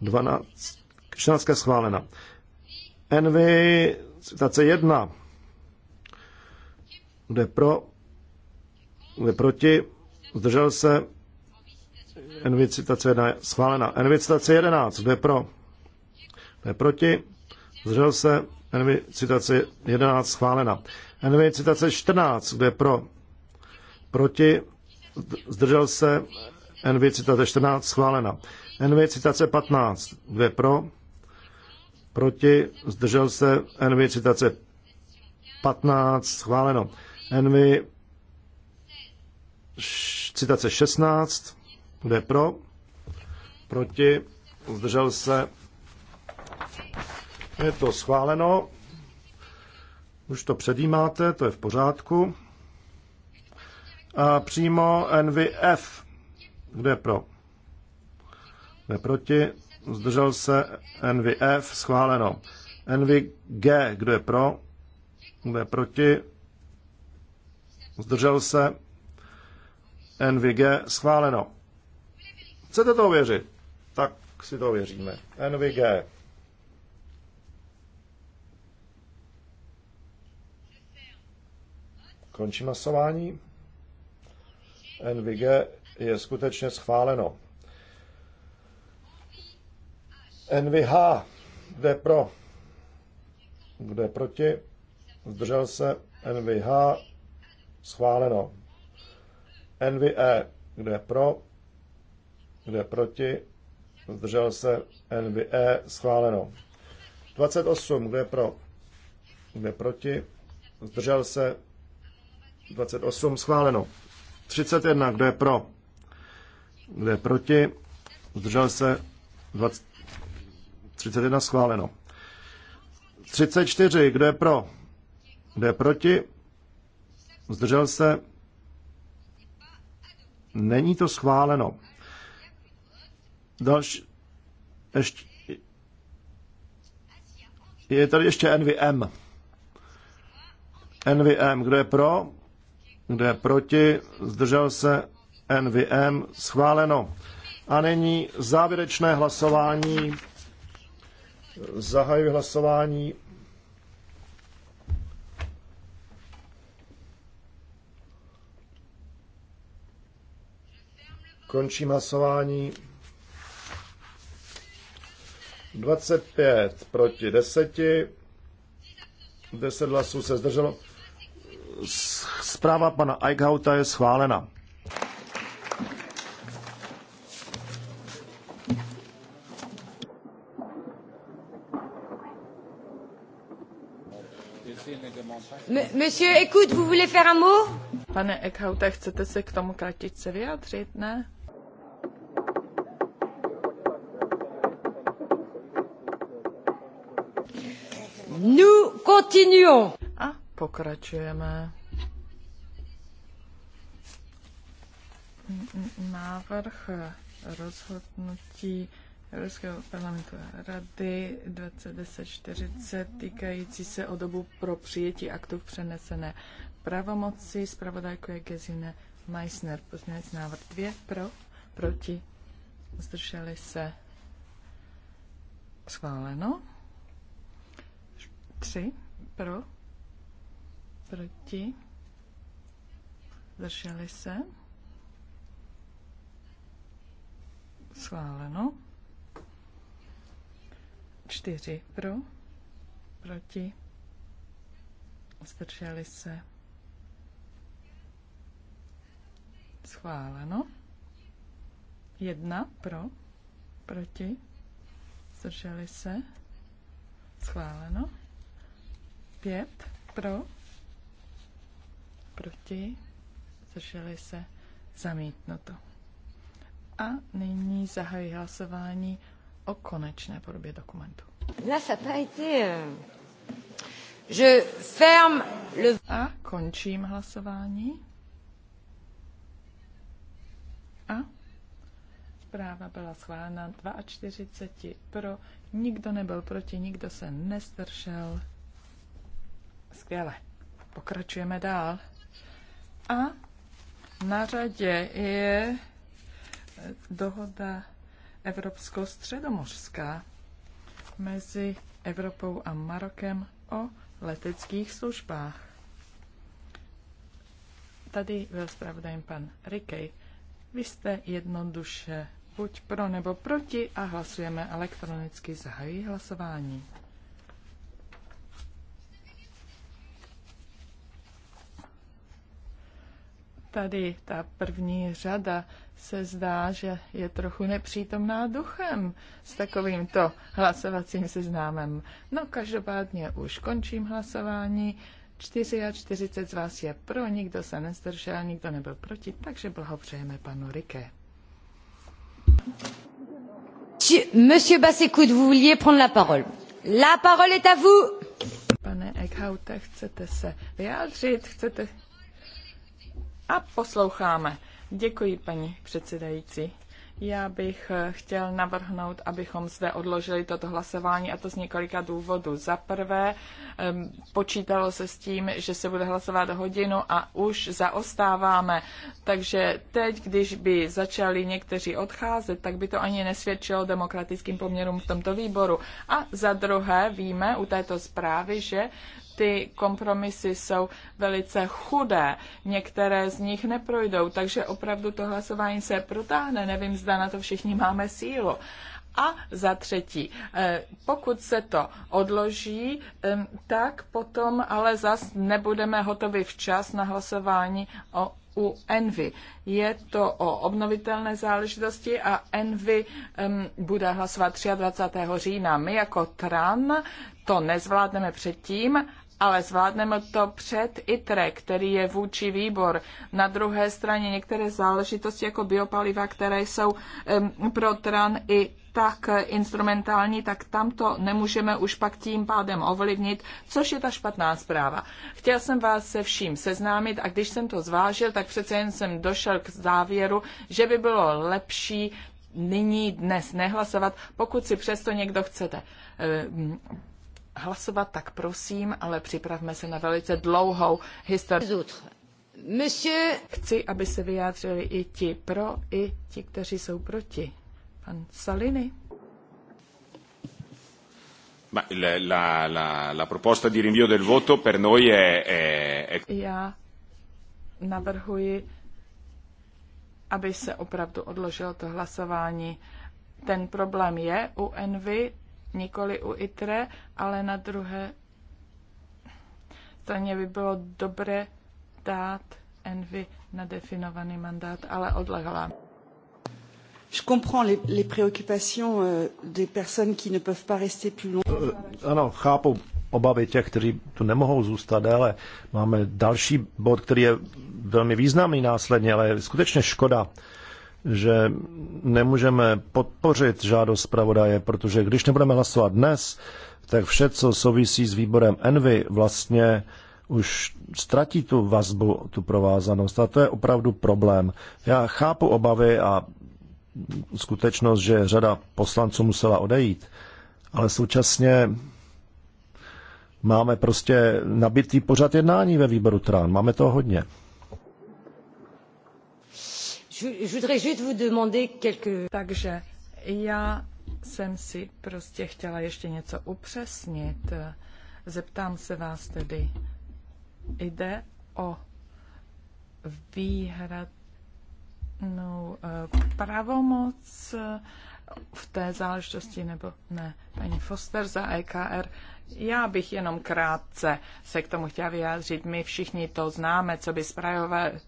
Speaker 1: 12, schválena. NV citace jedna kdo je pro, kdo je proti, zdržel se, NV citace 1 je schválena. NV citace 11, je pro, kdo je proti, zdržel se, NV citace 11 schválena. NV citace 14, je pro, proti, zdržel se, NV citace 14 schválena. NV citace 15, je pro, proti, zdržel se, NV citace 15 schváleno. Envy citace 16, kde pro, proti, zdržel se, je to schváleno, už to předjímáte, to je v pořádku. A přímo NVF, kde pro, kde proti, zdržel se NVF, schváleno. NVG, kdo je pro, kdo je proti, zdržel se, NVG schváleno. Chcete to ověřit? Tak si to ověříme. NVG. Končím hlasování. NVG je skutečně schváleno. NVH, jde pro, kde proti, zdržel se NVH, Schváleno. NVE, kdo je pro, kdo je proti, zdržel se NVE, schváleno. 28, kdo je pro, kdo je proti, zdržel se 28, schváleno. 31, kdo je pro, kdo je proti, zdržel se 20, 31, schváleno. 34, kdo je pro, kdo je proti, zdržel se, není to schváleno. Další, ještě, je tady ještě NVM. NVM, kdo je pro, kdo je proti, zdržel se, NVM, schváleno. A nyní závěrečné hlasování. Zahajuji hlasování. Končím hlasování. 25 proti 10. 10 hlasů se zdrželo. Zpráva pana Eichhauta je schválena.
Speaker 2: Monsieur, écoute, vous voulez faire un mot? Pane Eckhaute, chcete se k tomu kratičce vyjádřit, ne? Nous continuons. A pokračujeme. Návrh rozhodnutí Evropského parlamentu Rady 2010-40 týkající se o dobu pro přijetí aktu v přenesené pravomoci. Spravodajku je Gesine Meissner. Pozměnec návrh 2 pro, proti. Zdrželi se. Schváleno. 3 pro, proti, zdrželi se, schváleno, 4 pro, proti, zdrželi se, schváleno, 1 pro, proti, zdrželi se, schváleno, 5 pro, proti, zdrželi se, zamítnuto. A nyní zahají hlasování o konečné podobě dokumentu.
Speaker 3: Là, ça a été... Euh, je
Speaker 2: ferme le... A končím hlasování. A zpráva byla schválena 42 pro, nikdo nebyl proti, nikdo se nestršel. Skvěle. Pokračujeme dál. A na řadě je dohoda Evropsko-středomořská mezi Evropou a Marokem o leteckých službách. Tady byl zpravodajem pan Rikej. Vy jste jednoduše buď pro nebo proti a hlasujeme elektronicky. Zahají hlasování. Tady ta první řada se zdá, že je trochu nepřítomná duchem s takovýmto hlasovacím seznámem. No každopádně už končím hlasování. 44 z vás je pro, nikdo se nezdržel, nikdo nebyl proti, takže blahopřejeme panu Rike.
Speaker 3: Monsieur Basekut, vous vouliez prendre la parole. La parole est à vous. Pane Eckhaute,
Speaker 2: chcete se vyjádřit? Chcete a posloucháme. Děkuji, paní předsedající. Já bych eh, chtěl navrhnout, abychom zde odložili toto hlasování a to z několika důvodů. Za prvé, počítalo se s tím, že se bude hlasovat hodinu a už zaostáváme. Takže teď, když by začali někteří odcházet, tak by to ani nesvědčilo demokratickým poměrům v tomto výboru. A za druhé, víme u této zprávy, že ty kompromisy jsou velice chudé, některé z nich neprojdou, takže opravdu to hlasování se protáhne, nevím, zda na to všichni máme sílu. A za třetí, eh, pokud se to odloží, tak potom ale zas nebudeme hotovi včas na hlasování o u Envy. Je to o obnovitelné záležitosti a Envy um, bude hlasovat 23. října. My jako TRAN to nezvládneme předtím ale zvládneme to před ITRE, který je vůči výbor. Na druhé straně některé záležitosti jako biopaliva, které jsou um, pro TRAN i tak instrumentální, tak tam to nemůžeme už pak tím pádem ovlivnit, což je ta špatná zpráva. Chtěl jsem vás se vším seznámit a když jsem to zvážil, tak přece jen jsem došel k závěru, že by bylo lepší nyní dnes nehlasovat, pokud si přesto někdo chcete hlasovat, tak prosím, ale připravme se na velice dlouhou historii. Monsieur... Chci, aby se vyjádřili i ti pro, i ti, kteří jsou proti. Pan Salini.
Speaker 3: la, la, la, la proposta di rinvio del voto per noi è, è, è...
Speaker 2: Já navrhuji, aby se opravdu odložilo to hlasování. Ten problém je u Envy, nikoli u ITRE, ale na druhé straně by bylo dobré dát Envy na definovaný mandát, ale
Speaker 3: odlehla. Je comprends les, les préoccupations euh, des personnes qui ne peuvent pas rester plus longtemps. Euh,
Speaker 1: Ano, chápu obavy těch, kteří tu nemohou zůstat déle. Máme další bod, který je velmi významný následně, ale je skutečně škoda, že nemůžeme podpořit žádost zpravodaje, protože když nebudeme hlasovat dnes, tak vše, co souvisí s výborem Envy, vlastně už ztratí tu vazbu, tu provázanost. A to je opravdu problém. Já chápu obavy a skutečnost, že řada poslanců musela odejít, ale současně máme prostě nabitý pořad jednání ve výboru TRAN. Máme toho hodně.
Speaker 2: Takže já jsem si prostě chtěla ještě něco upřesnit. Zeptám se vás tedy, jde o výhradnou eh, pravomoc eh, v té záležitosti nebo ne? Paní Foster za EKR. Já bych jenom krátce se k tomu chtěla vyjádřit. My všichni to známe, co by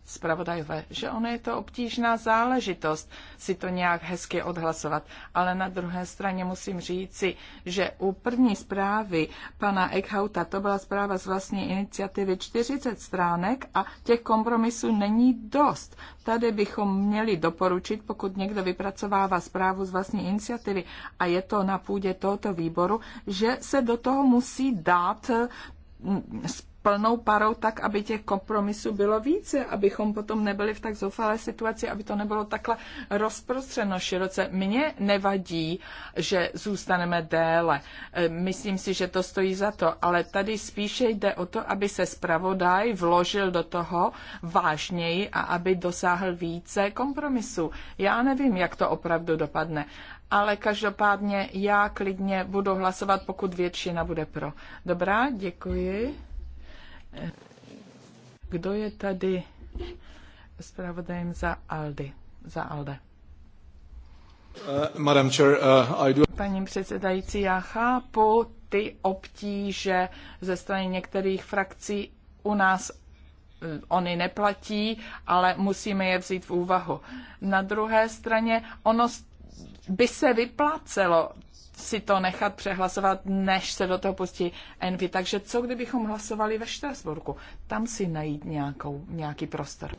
Speaker 2: zpravodajové, že ono je to obtížná záležitost si to nějak hezky odhlasovat. Ale na druhé straně musím říci, že u první zprávy pana Eckhouta, to byla zpráva z vlastní iniciativy 40 stránek a těch kompromisů není dost. Tady bychom měli doporučit, pokud někdo vypracovává zprávu z vlastní iniciativy a je to na půdě tohoto výboru, že se do toho musí dát mm, plnou parou tak, aby těch kompromisů bylo více, abychom potom nebyli v tak zoufalé situaci, aby to nebylo takhle rozprostřeno široce. Mně nevadí, že zůstaneme déle. E, myslím si, že to stojí za to, ale tady spíše jde o to, aby se zpravodaj vložil do toho vážněji a aby dosáhl více kompromisů. Já nevím, jak to opravdu dopadne ale každopádně já klidně budu hlasovat, pokud většina bude pro. Dobrá, děkuji. Kdo je tady zpravodajem za Aldi? Za Alde.
Speaker 3: Uh, Madam Chair, uh, I do...
Speaker 2: Paní předsedající, já chápu ty obtíže ze strany některých frakcí u nás uh, oni neplatí, ale musíme je vzít v úvahu. Na druhé straně ono by se vyplácelo si to nechat přehlasovat, než se do toho pustí Envy. Takže co kdybychom hlasovali ve Štrasburku? Tam si najít nějakou, nějaký prostor.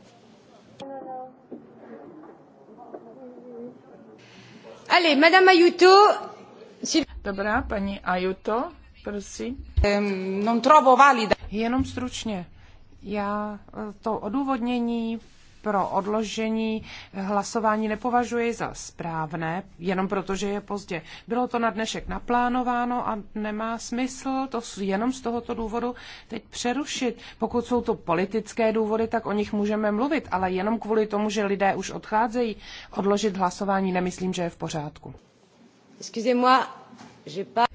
Speaker 3: Ale, Madame Ayuto.
Speaker 2: Dobrá, paní Ayuto, prosím. non trovo valida. Jenom
Speaker 4: stručně. Já eh, to odůvodnění pro odložení hlasování nepovažuji za správné, jenom protože je pozdě. Bylo to na dnešek naplánováno a nemá smysl to jenom z tohoto důvodu teď přerušit. Pokud jsou to politické důvody, tak o nich můžeme mluvit, ale jenom kvůli tomu, že lidé už odcházejí, odložit hlasování nemyslím, že je v pořádku.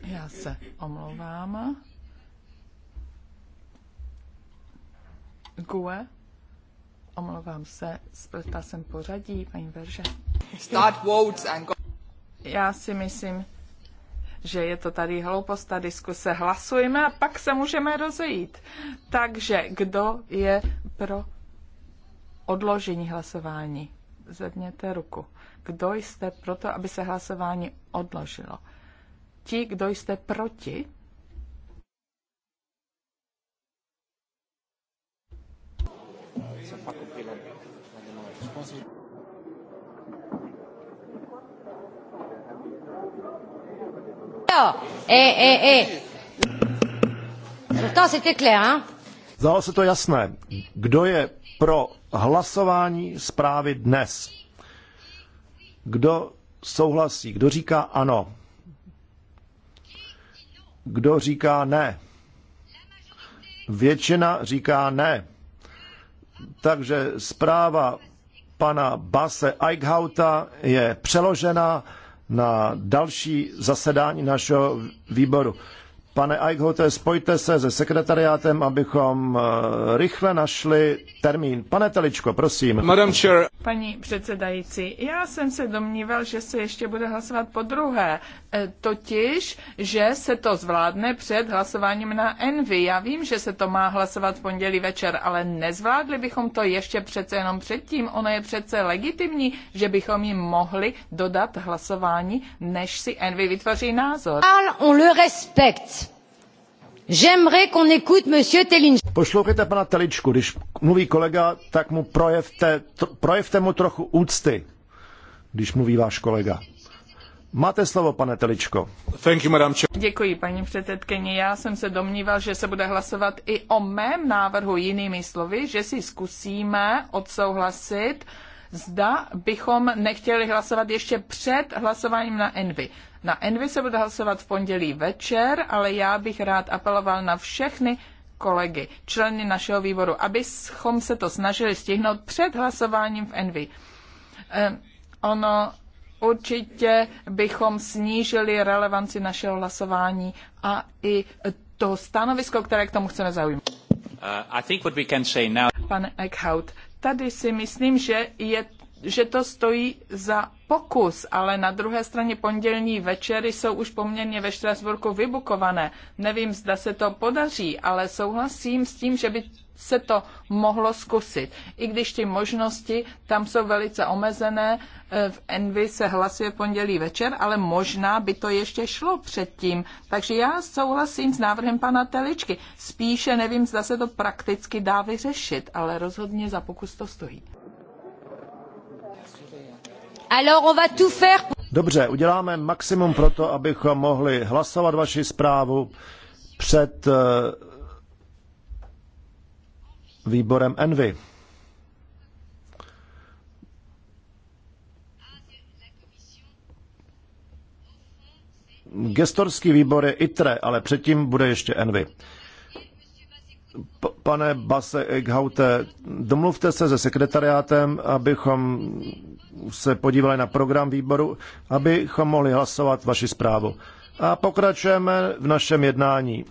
Speaker 2: Já se omlouvám. Gue? Omlouvám se, spletla jsem pořadí, paní Verže. Start votes and go. Já si myslím, že je to tady hloupost, ta diskuse. Hlasujeme a pak se můžeme rozejít. Takže kdo je pro odložení hlasování? Zvedněte ruku. Kdo jste pro to, aby se hlasování odložilo? Ti, kdo jste proti,
Speaker 1: savent pas copier la, Je pense que...
Speaker 3: Jo, eh, eh, eh. To asi clair, hein?
Speaker 1: Zdalo se to jasné. Kdo je pro hlasování zprávy dnes? Kdo souhlasí? Kdo říká ano? Kdo říká ne? Většina říká ne. Takže zpráva pana Base Eichhauta je přeložena na další zasedání našeho výboru. Pane Eichhote, spojte se se sekretariátem, abychom eh, rychle našli termín. Pane Teličko, prosím. Madam Chair.
Speaker 2: Paní předsedající, já jsem se domníval, že se ještě bude hlasovat po druhé, eh, totiž, že se to zvládne před hlasováním na Envy. Já vím, že se to má hlasovat v pondělí večer, ale nezvládli bychom to ještě přece jenom předtím. Ono je přece legitimní, že bychom jim mohli dodat hlasování, než si Envy vytvoří názor. On le
Speaker 3: respecte.
Speaker 1: Poslouchejte pana Teličku, když mluví kolega, tak mu projevte, projevte mu trochu úcty, když mluví váš kolega. Máte slovo, pane Teličko.
Speaker 3: Thank you, madam.
Speaker 2: Děkuji, paní předsedkyně. Já jsem se domníval, že se bude hlasovat i o mém návrhu jinými slovy, že si zkusíme odsouhlasit, zda bychom nechtěli hlasovat ještě před hlasováním na Envy. Na Envy se bude hlasovat v pondělí večer, ale já bych rád apeloval na všechny kolegy, členy našeho výboru, abychom se to snažili stihnout před hlasováním v Envy. Eh, ono určitě bychom snížili relevanci našeho hlasování a i to stanovisko, které k tomu chceme zaujímat.
Speaker 4: Uh, I think what we can say now...
Speaker 2: Pane Eckhout, tady si myslím, že je že to stojí za pokus, ale na druhé straně pondělní večery jsou už poměrně ve Štrasburku vybukované. Nevím, zda se to podaří, ale souhlasím s tím, že by se to mohlo zkusit. I když ty možnosti tam jsou velice omezené, eh, v Envy se hlasuje pondělí večer, ale možná by to ještě šlo předtím. Takže já souhlasím s návrhem pana Teličky. Spíše nevím, zda se to prakticky dá vyřešit, ale rozhodně za pokus to stojí.
Speaker 1: Dobře, uděláme maximum pro to, abychom mohli hlasovat vaši zprávu před eh, výborem Envy. Gestorský výbor je ITRE, ale předtím bude ještě Envy. Pane Base Eichhaute, domluvte se se sekretariátem, abychom se podívali na program výboru, abychom mohli hlasovat vaši zprávu. A pokračujeme v našem jednání.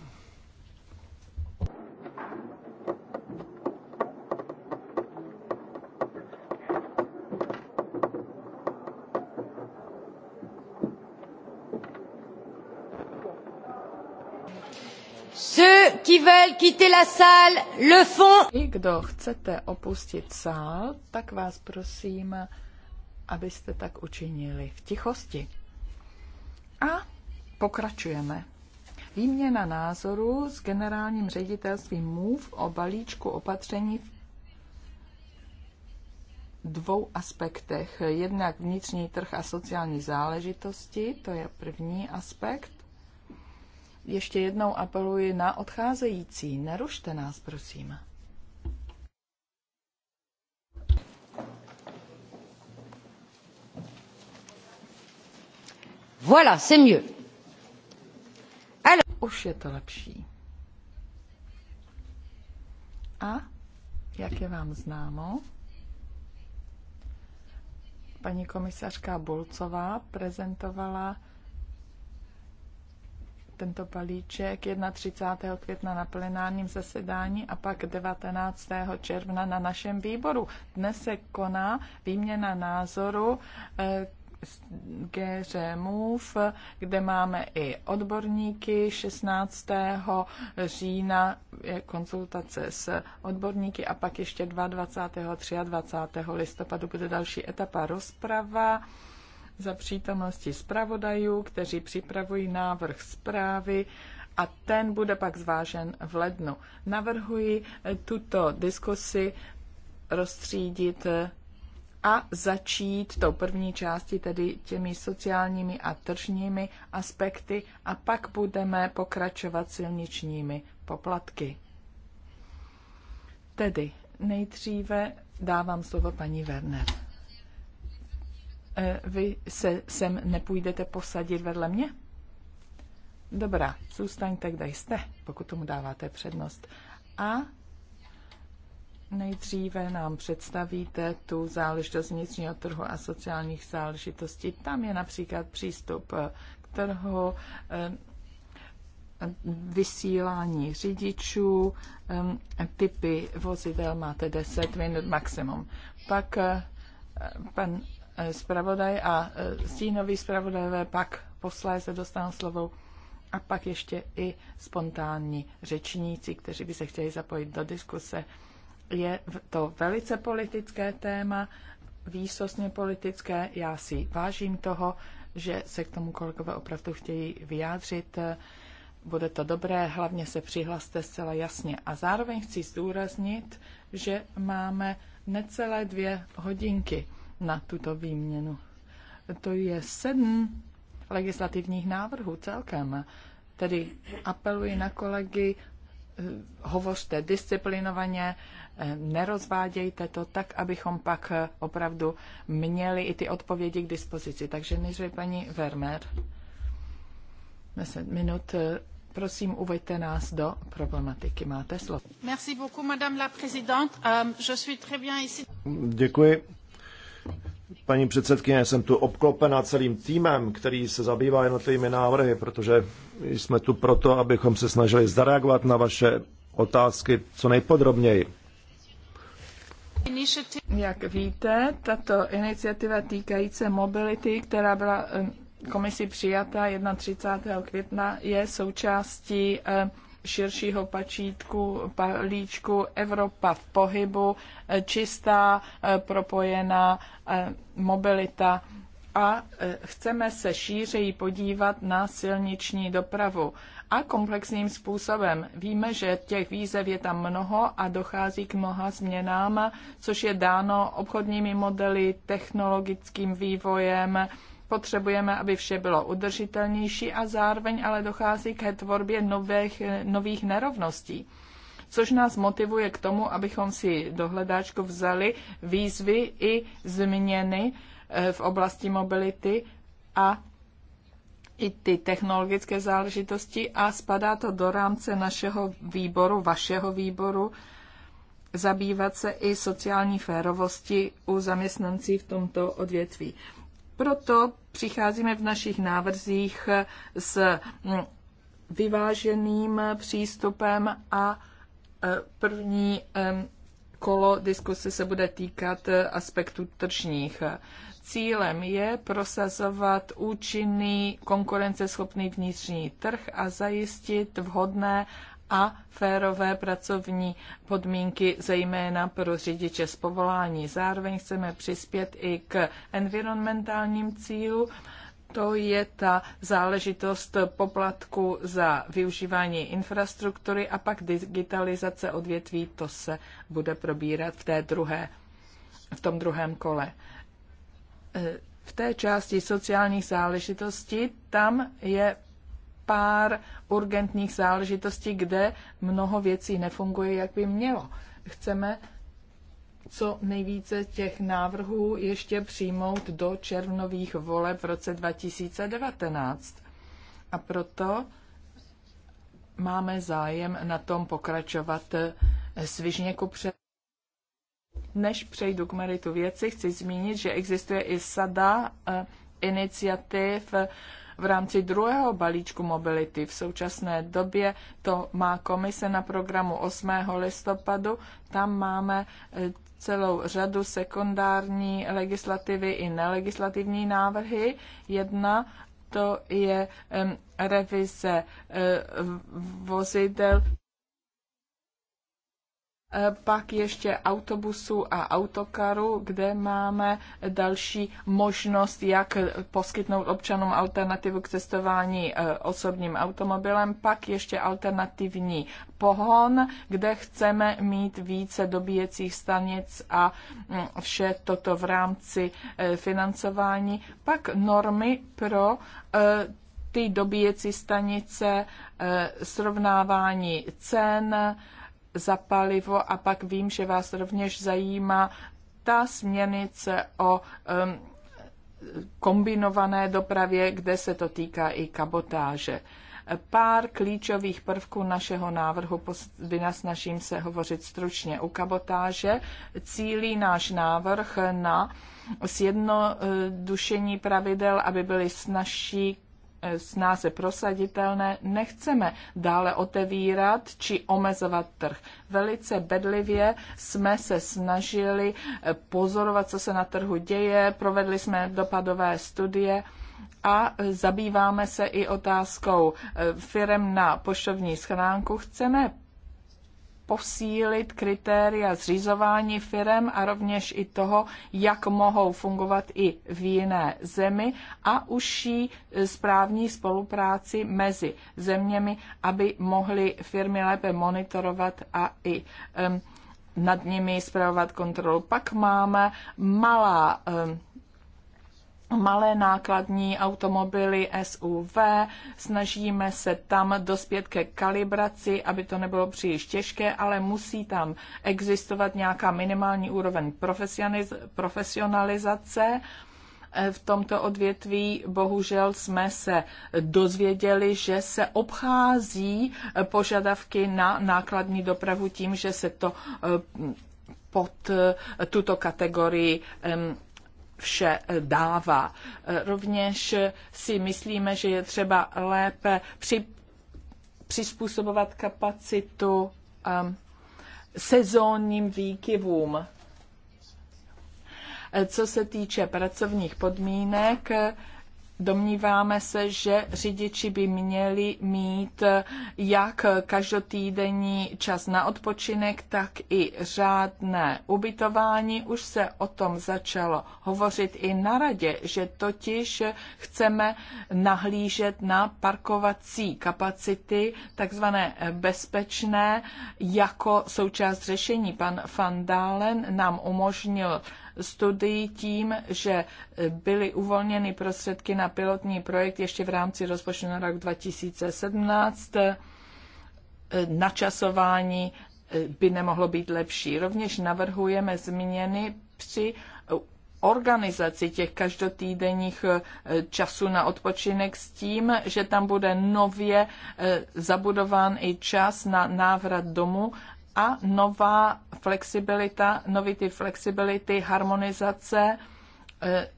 Speaker 2: Kdo chcete opustit sál, tak vás prosím, abyste tak učinili v tichosti. A pokračujeme. Výměna názoru s generálním ředitelstvím MOVE o balíčku opatření v dvou aspektech. Jednak vnitřní trh a sociální záležitosti, to je první aspekt. Ještě jednou apeluji na odcházející, nerušte nás, prosím.
Speaker 3: Voilà, c'est mieux. Alors... je
Speaker 2: A, jak je vám známo, paní komisařka Bulcová prezentovala tento balíček 31. května na plenárním zasedání a pak 19. června na našem výboru. Dnes se koná výměna názoru eh, GŘ MOVE, kde máme i odborníky 16. října konzultace s odborníky a pak ještě 22. 23. listopadu bude další etapa rozprava za přítomnosti zpravodajů, kteří připravují návrh zprávy a ten bude pak zvážen v lednu. Navrhuji tuto diskusi rozstřídit a začít tou první části tedy těmi sociálními a tržními aspekty a pak budeme pokračovat silničními poplatky. Tedy nejdříve dávám slovo paní Werner. E, vy se sem nepůjdete posadit vedle mě? Dobrá, zůstaňte, kde jste, pokud tomu dáváte přednost. A Nejdříve nám představíte tu záležitost vnitřního trhu a sociálních záležitostí. Tam je například přístup eh, k trhu, eh, vysílání řidičů, eh, typy vozidel máte 10 minut maximum. Pak pan zpravodaj a stínový zpravodajové pak posléze dostanou slovo a pak ještě i spontánní řečníci, kteří by se chtěli zapojit do diskuse je to velice politické téma, výsostně politické. Já si vážím toho, že se k tomu kolegové opravdu chtějí vyjádřit. Bude to dobré, hlavně se přihlaste zcela jasně. A zároveň chci zdůraznit, že máme necelé dvě hodinky na tuto výměnu. To je sedm legislativních návrhů celkem. Tedy apeluji na kolegy, eh, hovořte disciplinovaně, nerozvádějte to tak, abychom pak eh, opravdu měli i ty odpovědi k dispozici. Takže nejdřív paní Vermeer, 10 minut, eh, prosím, uveďte nás do problematiky. Máte slovo. Merci beaucoup, madame la présidente. Euh, je suis très bien ici.
Speaker 1: Děkuji. Paní předsedkyně, jsem tu obklopena celým týmem, který se zabývá jednotlivými návrhy, protože jsme tu proto, abychom se snažili zareagovat na vaše otázky co nejpodrobněji.
Speaker 2: Jak víte, tato iniciativa týkající mobility, která byla eh, komisi přijata 31. května, je součástí eh, širšího pačítku, palíčku Evropa v pohybu, eh, čistá, propojená mobilita a e, chceme se šířeji podívat na silniční dopravu a komplexním způsobem. Víme, že těch výzev je tam mnoho a dochází k mnoha změnám, což je dáno obchodními modely, technologickým vývojem. Potřebujeme, aby vše bylo udržitelnější a zároveň ale dochází ke tvorbě nových, nových nerovností což nás motivuje k tomu, abychom si do hledáčku vzali výzvy i změny, Eh, v oblasti mobility a i ty technologické záležitosti a spadá to do rámce našeho výboru, vašeho výboru, zabývat se i sociální férovosti u zaměstnanců v tomto odvětví. Proto přicházíme v našich návrzích s mm, vyváženým přístupem a eh, první kolo diskuse se bude týkat eh, aspektu tržních. Cílem je prosazovat účinný konkurenceschopný vnitřní trh a zajistit vhodné a férové pracovní podmínky, zejména pro řidiče z povolání. Zároveň chceme přispět i k environmentálním cílu. To je ta záležitost poplatku za využívání infrastruktury a pak digitalizace odvětví, to se bude probírat v té druhé v tom druhém kole v té části sociálních záležitostí, tam je pár urgentních záležitostí, kde mnoho věcí nefunguje, jak by mělo. Chceme co nejvíce těch návrhů ještě přijmout do červnových voleb v roce 2019. A proto máme zájem na tom pokračovat svižně ku před. Než přejdu k meritu věci, chci zmínit, že existuje i sada eh, iniciativ eh, v rámci druhého balíčku mobility. V současné době to má komise na programu 8. listopadu. Tam máme eh, celou řadu sekundární legislativy i nelegislativní návrhy. Jedna to je revize vozidel pak ještě autobusu a autokaru, kde máme další možnost, jak poskytnout občanům alternativu k cestování e, osobním automobilem, pak ještě alternativní pohon, kde chceme mít více dobíjecích stanic a mm, vše toto v rámci e, financování, pak normy pro e, ty dobíjecí stanice, srovnávání cen, za palivo a pak vím, že vás rovněž zajímá ta směrnice o um, kombinované dopravě, kde se to týká i kabotáže. Pár klíčových prvků našeho návrhu, vynasnažím se hovořit stručně u kabotáže, cílí náš návrh na sjednodušení pravidel, aby byly snažší snáze prosaditelné, nechceme dále otevírat či omezovat trh. Velice bedlivě jsme se snažili eh, pozorovat, co se na trhu děje, provedli jsme dopadové studie a eh, zabýváme se i otázkou eh, firem na poštovní schránku. Chceme posílit kritéria zřizování firm a rovněž i toho, jak mohou fungovat i v jiné zemi a užší eh, správní spolupráci mezi zeměmi, aby mohly firmy lépe monitorovat a i um, nad nimi zpravovat kontrolu. Pak máme malá um, malé nákladní automobily SUV. Snažíme se tam dospět ke kalibraci, aby to nebylo příliš těžké, ale musí tam existovat nějaká minimální úroveň profesionalizace. E, v tomto odvětví bohužel jsme se dozvěděli, že se obchází e, požadavky na nákladní dopravu tím, že se to e, pod tuto kategorii vše eh, dává. Eh, rovněž eh, si myslíme, že je třeba lépe při, přizpůsobovat kapacitu um, sezónním výkyvům. Co se týče pracovních podmínek, Domníváme se, že řidiči by měli mít jak každotýdenní čas na odpočinek, tak i řádné ubytování. Už se o tom začalo hovořit i na radě, že totiž chceme nahlížet na parkovací kapacity, takzvané bezpečné, jako součást řešení. Pan Van Dalen nám umožnil studií tím, že byly uvolněny prostředky na pilotní projekt ještě v rámci rozpočtu na rok 2017. Načasování eh, by nemohlo být lepší. Rovněž navrhujeme změny při organizaci těch každotýdenních eh, časů na odpočinek s tím, že tam bude nově eh, zabudován i čas na návrat domů a nová flexibilita, nový flexibility, harmonizace eh,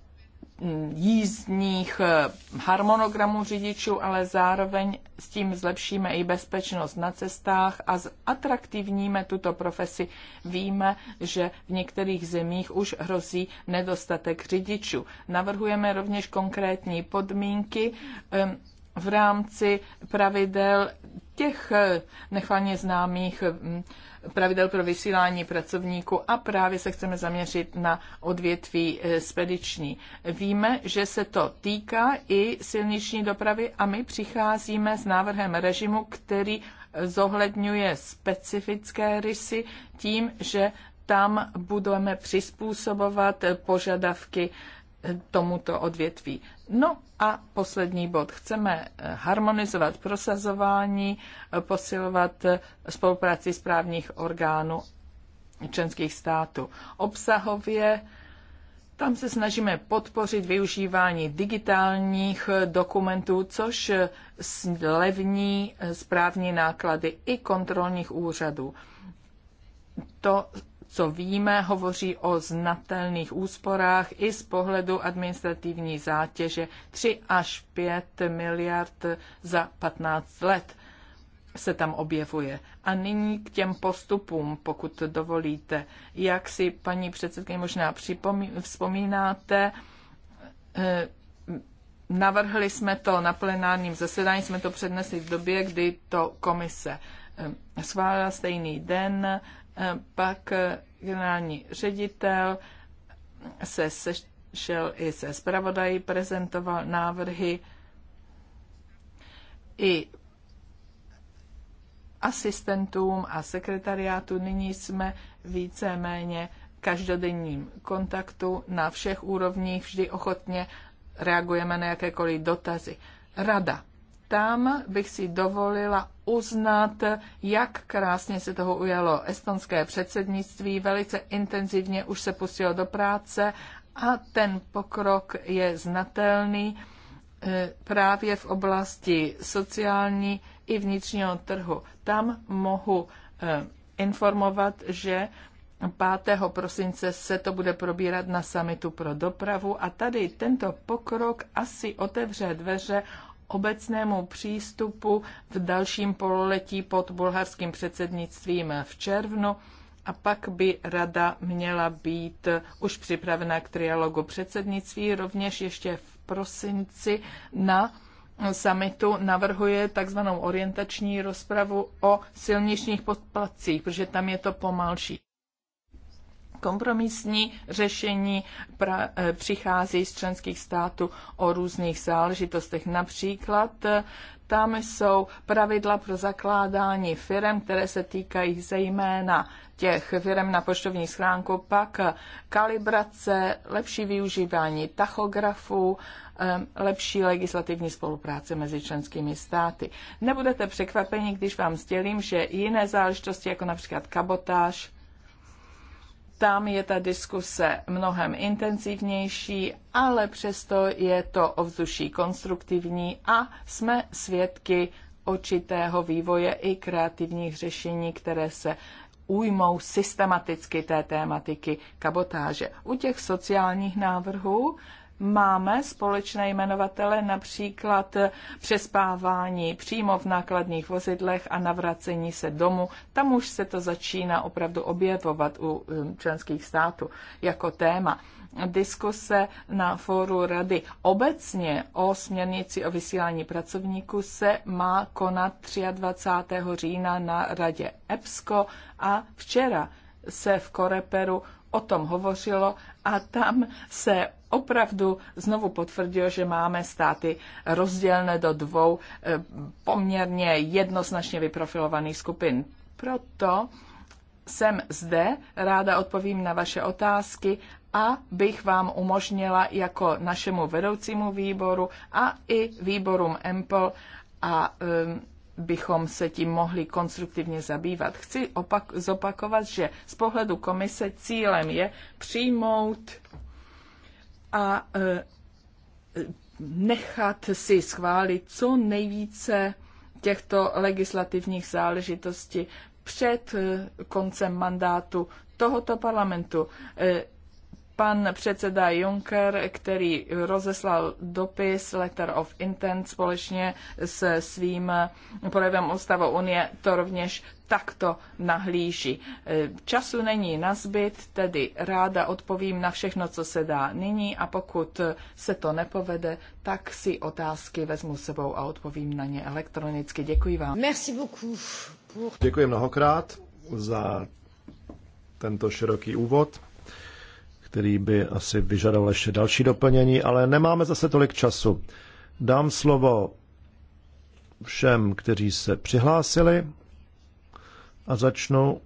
Speaker 2: jízdních eh, harmonogramů řidičů, ale zároveň s tím zlepšíme i bezpečnost na cestách a zatraktivníme tuto profesi. Víme, že v některých zemích už hrozí nedostatek řidičů. Navrhujeme rovněž konkrétní podmínky eh, v rámci pravidel těch eh, nechvalně známých mm, pravidel pro vysílání pracovníků a právě se chceme zaměřit na odvětví eh, spediční. Víme, že se to týká i silniční dopravy a my přicházíme s návrhem režimu, který zohledňuje specifické rysy tím, že tam budeme přizpůsobovat požadavky tomuto odvětví. No a poslední bod. Chceme eh, harmonizovat prosazování, eh, posilovat eh, spolupráci správních orgánů členských států. Obsahově tam se snažíme podpořit využívání digitálních dokumentů, což zlevní správní náklady i kontrolních úřadů. To co víme, hovoří o znatelných úsporách i z pohledu administrativní zátěže 3 až 5 miliard za 15 let se tam objevuje. A nyní k těm postupům, pokud dovolíte. Jak si paní předsedkyně možná připomí, vzpomínáte, eh, navrhli jsme to na plenárním zasedání, jsme to přednesli v době, kdy to komise eh, schválila stejný den, Eh, pak eh, generální ředitel se sešel i se zpravodají, prezentoval návrhy i asistentům a sekretariátu. Nyní jsme víceméně v každodenním kontaktu na všech úrovních, vždy ochotně reagujeme na jakékoliv dotazy. Rada. Tam bych si dovolila uznat, jak krásně se toho ujalo estonské předsednictví. Velice intenzivně už se pustilo do práce a ten pokrok je znatelný e, právě v oblasti sociální i vnitřního trhu. Tam mohu e, informovat, že 5. prosince se to bude probírat na samitu pro dopravu a tady tento pokrok asi otevře dveře obecnému přístupu v dalším pololetí pod bulharským předsednictvím v červnu a pak by rada měla být už připravena k trialogu předsednictví. Rovněž ještě v prosinci na samitu navrhuje takzvanou orientační rozpravu o silničních podplacích, protože tam je to pomalší. Kompromisní řešení pra, eh, přichází z členských států o různých záležitostech. Například eh, tam jsou pravidla pro zakládání firm, které se týkají zejména těch firm na poštovní schránku, pak eh, kalibrace, lepší využívání tachografů, lepší legislativní spolupráce mezi členskými státy. Nebudete překvapeni, když vám sdělím, že jiné záležitosti, jako například kabotáž, tam je ta diskuse mnohem intenzivnější, ale přesto je to ovzduší konstruktivní a jsme svědky očitého vývoje i kreativních řešení, které se ujmou systematicky té tématiky kabotáže. U těch sociálních návrhů máme společné jmenovatele, například přespávání přímo v nákladních vozidlech a navracení se domů. Tam už se to začíná opravdu objevovat u um, členských států jako téma. Diskuse na fóru rady obecně o směrnici o vysílání pracovníků se má konat 23. října na radě EPSCO a včera se v Koreperu o tom hovořilo a tam se opravdu znovu potvrdilo, že máme státy rozdělené do dvou eh, poměrně jednoznačně vyprofilovaných skupin. Proto jsem zde, ráda odpovím na vaše otázky a bych vám umožnila jako našemu vedoucímu výboru a i výborům EMPL a um, bychom se tím mohli konstruktivně zabývat. Chci opak, zopakovat, že z pohledu komise cílem je přijmout a e, nechat si schválit co nejvíce těchto legislativních záležitostí před e, koncem mandátu tohoto parlamentu. E, pan předseda Juncker, který rozeslal dopis Letter of Intent společně se svým projevem Ústavu Unie, to rovněž takto nahlíží. Času není nazbyt, tedy ráda odpovím na všechno, co se dá nyní a pokud se to nepovede, tak si otázky vezmu sebou a odpovím na ně elektronicky. Děkuji vám. Merci beaucoup.
Speaker 1: Děkuji mnohokrát za tento široký úvod který by asi vyžadoval ještě další doplnění, ale nemáme zase tolik času. Dám slovo všem, kteří se přihlásili a začnu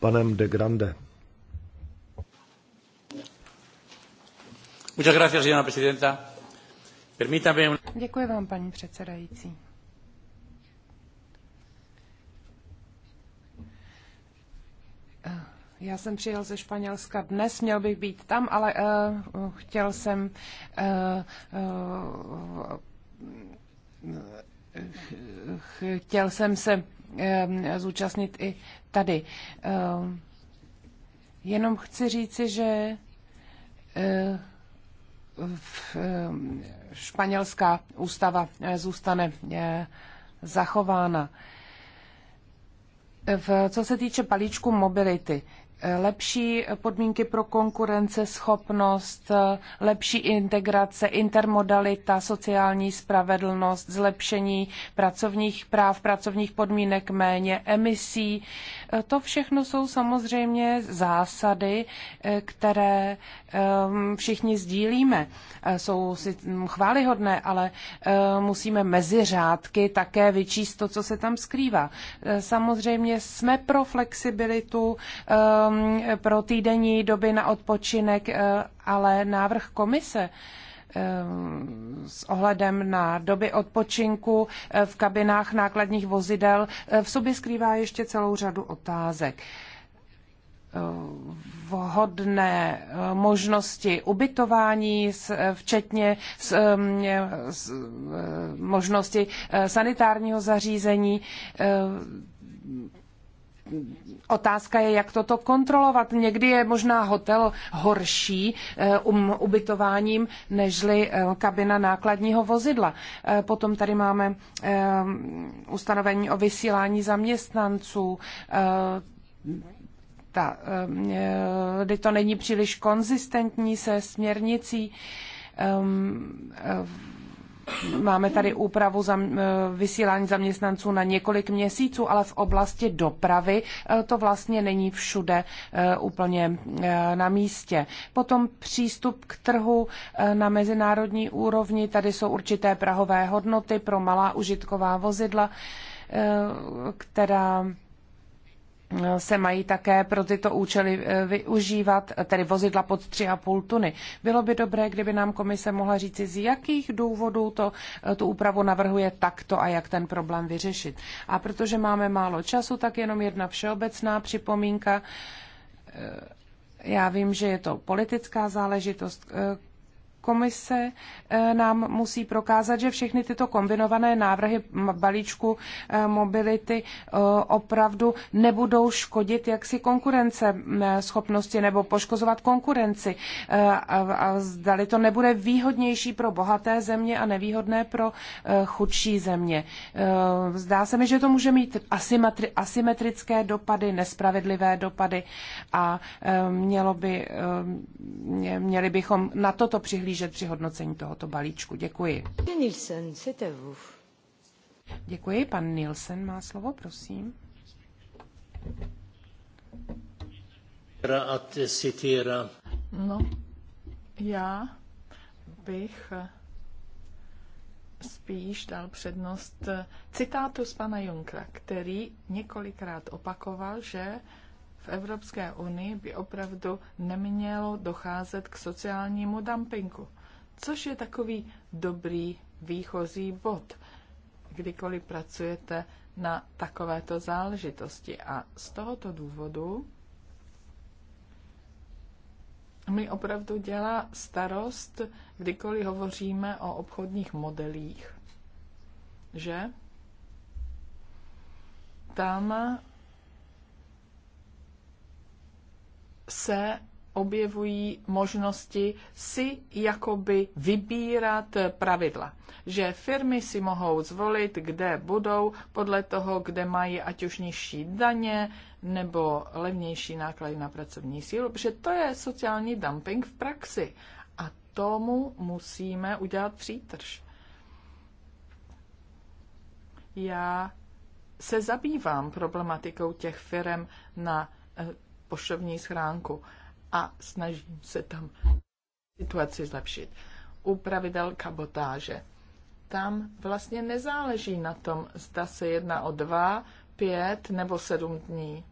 Speaker 1: panem de Grande.
Speaker 4: Děkuji vám, paní předsedající. Já jsem přijel ze Španělska dnes, měl bych být tam, ale uh, chtěl jsem uh, uh, chtěl jsem se uh, zúčastnit i tady. Uh, jenom chci říci, že uh, v, uh, španělská ústava zůstane uh, zachována. V, co se týče palíčku mobility, lepší podmínky pro konkurenceschopnost, lepší integrace, intermodalita, sociální spravedlnost, zlepšení pracovních práv, pracovních podmínek, méně emisí, Eh, to všechno jsou samozřejmě zásady, eh, které ehm, všichni sdílíme. Eh, jsou si hm, chválihodné, ale musíme mezi řádky také vyčíst to, co se tam skrývá. Samozřejmě jsme pro flexibilitu, ehm, pro týdenní doby na odpočinek, ale návrh komise Eh, s ohledem na doby odpočinku eh, v kabinách nákladních vozidel eh, v sobě skrývá ještě celou řadu otázek vhodné možnosti ubytování, včetně možnosti sanitárního zařízení otázka je, jak toto kontrolovat. Někdy je možná hotel horší eh, um, ubytováním nežli eh, kabina nákladního vozidla. Eh, potom tady máme ustanovení o vysílání zaměstnanců ta, kdy to není příliš konzistentní se směrnicí. Máme tady úpravu eh, vysílání zaměstnanců na několik měsíců, ale v oblasti dopravy eh, to vlastně není všude eh, úplně na místě. Potom přístup k trhu na mezinárodní úrovni. Tady jsou určité prahové hodnoty pro malá užitková vozidla, která se mají také pro tyto účely eh, využívat, eh, tedy vozidla pod 3,5 tuny. Bylo by dobré, kdyby nám komise mohla říci, z jakých důvodů to, eh, tu úpravu navrhuje takto a jak ten problém vyřešit. A protože máme málo času, tak jenom jedna všeobecná připomínka. Já vím, že je to politická záležitost. Komise eh, nám musí prokázat, že všechny tyto kombinované návrhy balíčku eh, mobility eh, opravdu nebudou škodit jaksi konkurence schopnosti nebo poškozovat konkurenci. A zdali to nebude výhodnější pro bohaté země a nevýhodné pro chudší země. Zdá se mi, že to může mít asymetrické dopady, nespravedlivé dopady a mělo by, měli bychom na toto přihlížet přihlížet při hodnocení tohoto balíčku. Děkuji. Nielsen, Děkuji. Pan Nielsen má slovo, prosím.
Speaker 2: No, já bych spíš dal přednost citátu z pana Junkra, který několikrát opakoval, že v Evropské unii by opravdu nemělo docházet k sociálnímu dumpingu, což je takový dobrý výchozí bod, kdykoliv pracujete na takovéto záležitosti. A z tohoto důvodu mi opravdu dělá starost, kdykoliv hovoříme o obchodních modelích, že tam se objevují možnosti si jakoby vybírat pravidla. Že firmy si mohou zvolit, kde budou, podle toho, kde mají ať už nižší daně nebo levnější náklady na pracovní sílu, protože to je sociální dumping v praxi. A tomu musíme udělat přítrž. Já se zabývám problematikou těch firm na eh, poštovní schránku a snažím se tam situaci zlepšit. U pravidel kabotáže. Tam vlastně nezáleží na tom, zda se jedná o dva, pět nebo sedm dní.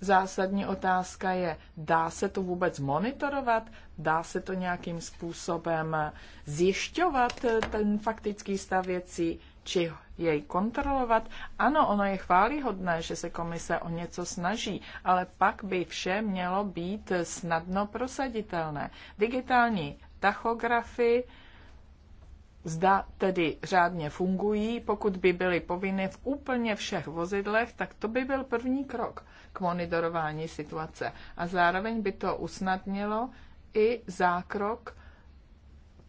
Speaker 2: Zásadní otázka je, dá se to vůbec monitorovat, dá se to nějakým způsobem zjišťovat eh, ten faktický stav věcí, či jej kontrolovat. Ano, ono je chválihodné, že se komise o něco snaží, ale pak by vše mělo být snadno prosaditelné. Digitální tachografy, Zda tedy řádně fungují, pokud by byly povinny v úplně všech vozidlech, tak to by byl první krok k monitorování situace. A zároveň by to usnadnilo i zákrok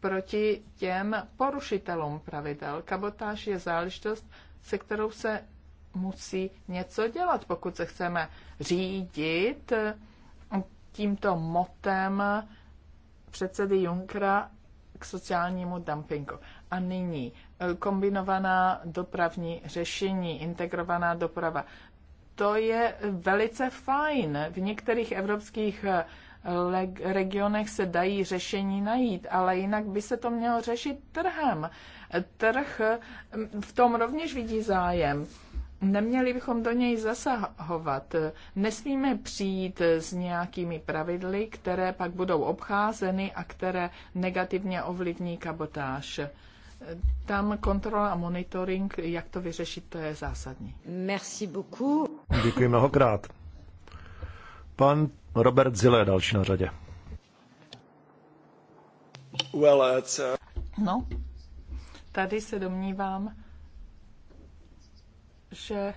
Speaker 2: proti těm porušitelům pravidel. Kabotáž je záležitost, se kterou se musí něco dělat, pokud se chceme řídit tímto motem předsedy Junkra k sociálnímu dumpingu. A nyní eh, kombinovaná dopravní řešení, integrovaná doprava. To je velice fajn. V některých evropských eh, regionech se dají řešení najít, ale jinak by se to mělo řešit trhem. Trh v tom rovněž vidí zájem. Neměli bychom do něj zasahovat. Nesmíme přijít s nějakými pravidly, které pak budou obcházeny a které negativně ovlivní kabotáž. Tam kontrola a monitoring, jak to vyřešit, to je zásadní. Merci beaucoup.
Speaker 1: Děkuji mnohokrát. Pan Robert Zile další na řadě.
Speaker 2: Uh, uh, no, tady se domnívám, že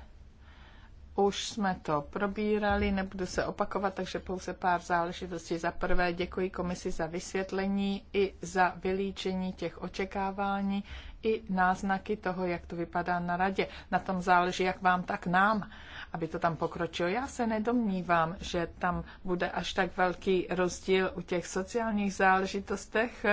Speaker 2: už jsme to probírali, nebudu se opakovat, takže pouze pár záležitostí. Za prvé děkuji komisi za vysvětlení i za vylíčení těch očekávání i náznaky toho, jak to vypadá na radě. Na tom záleží jak vám, tak nám aby to tam pokročilo. Já se nedomnívám, že tam bude až tak velký rozdíl u těch sociálních záležitostech,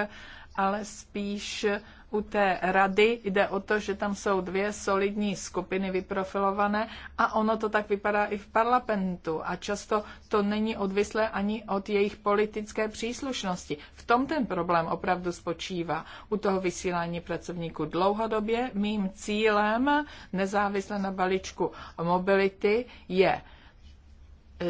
Speaker 2: ale spíš u té rady jde o to, že tam jsou dvě solidní skupiny vyprofilované a ono to tak vypadá i v parlamentu a často to není odvislé ani od jejich politické příslušnosti. V tom ten problém opravdu spočívá. U toho vysílání pracovníků dlouhodobě mým cílem nezávisle na balíčku mobility je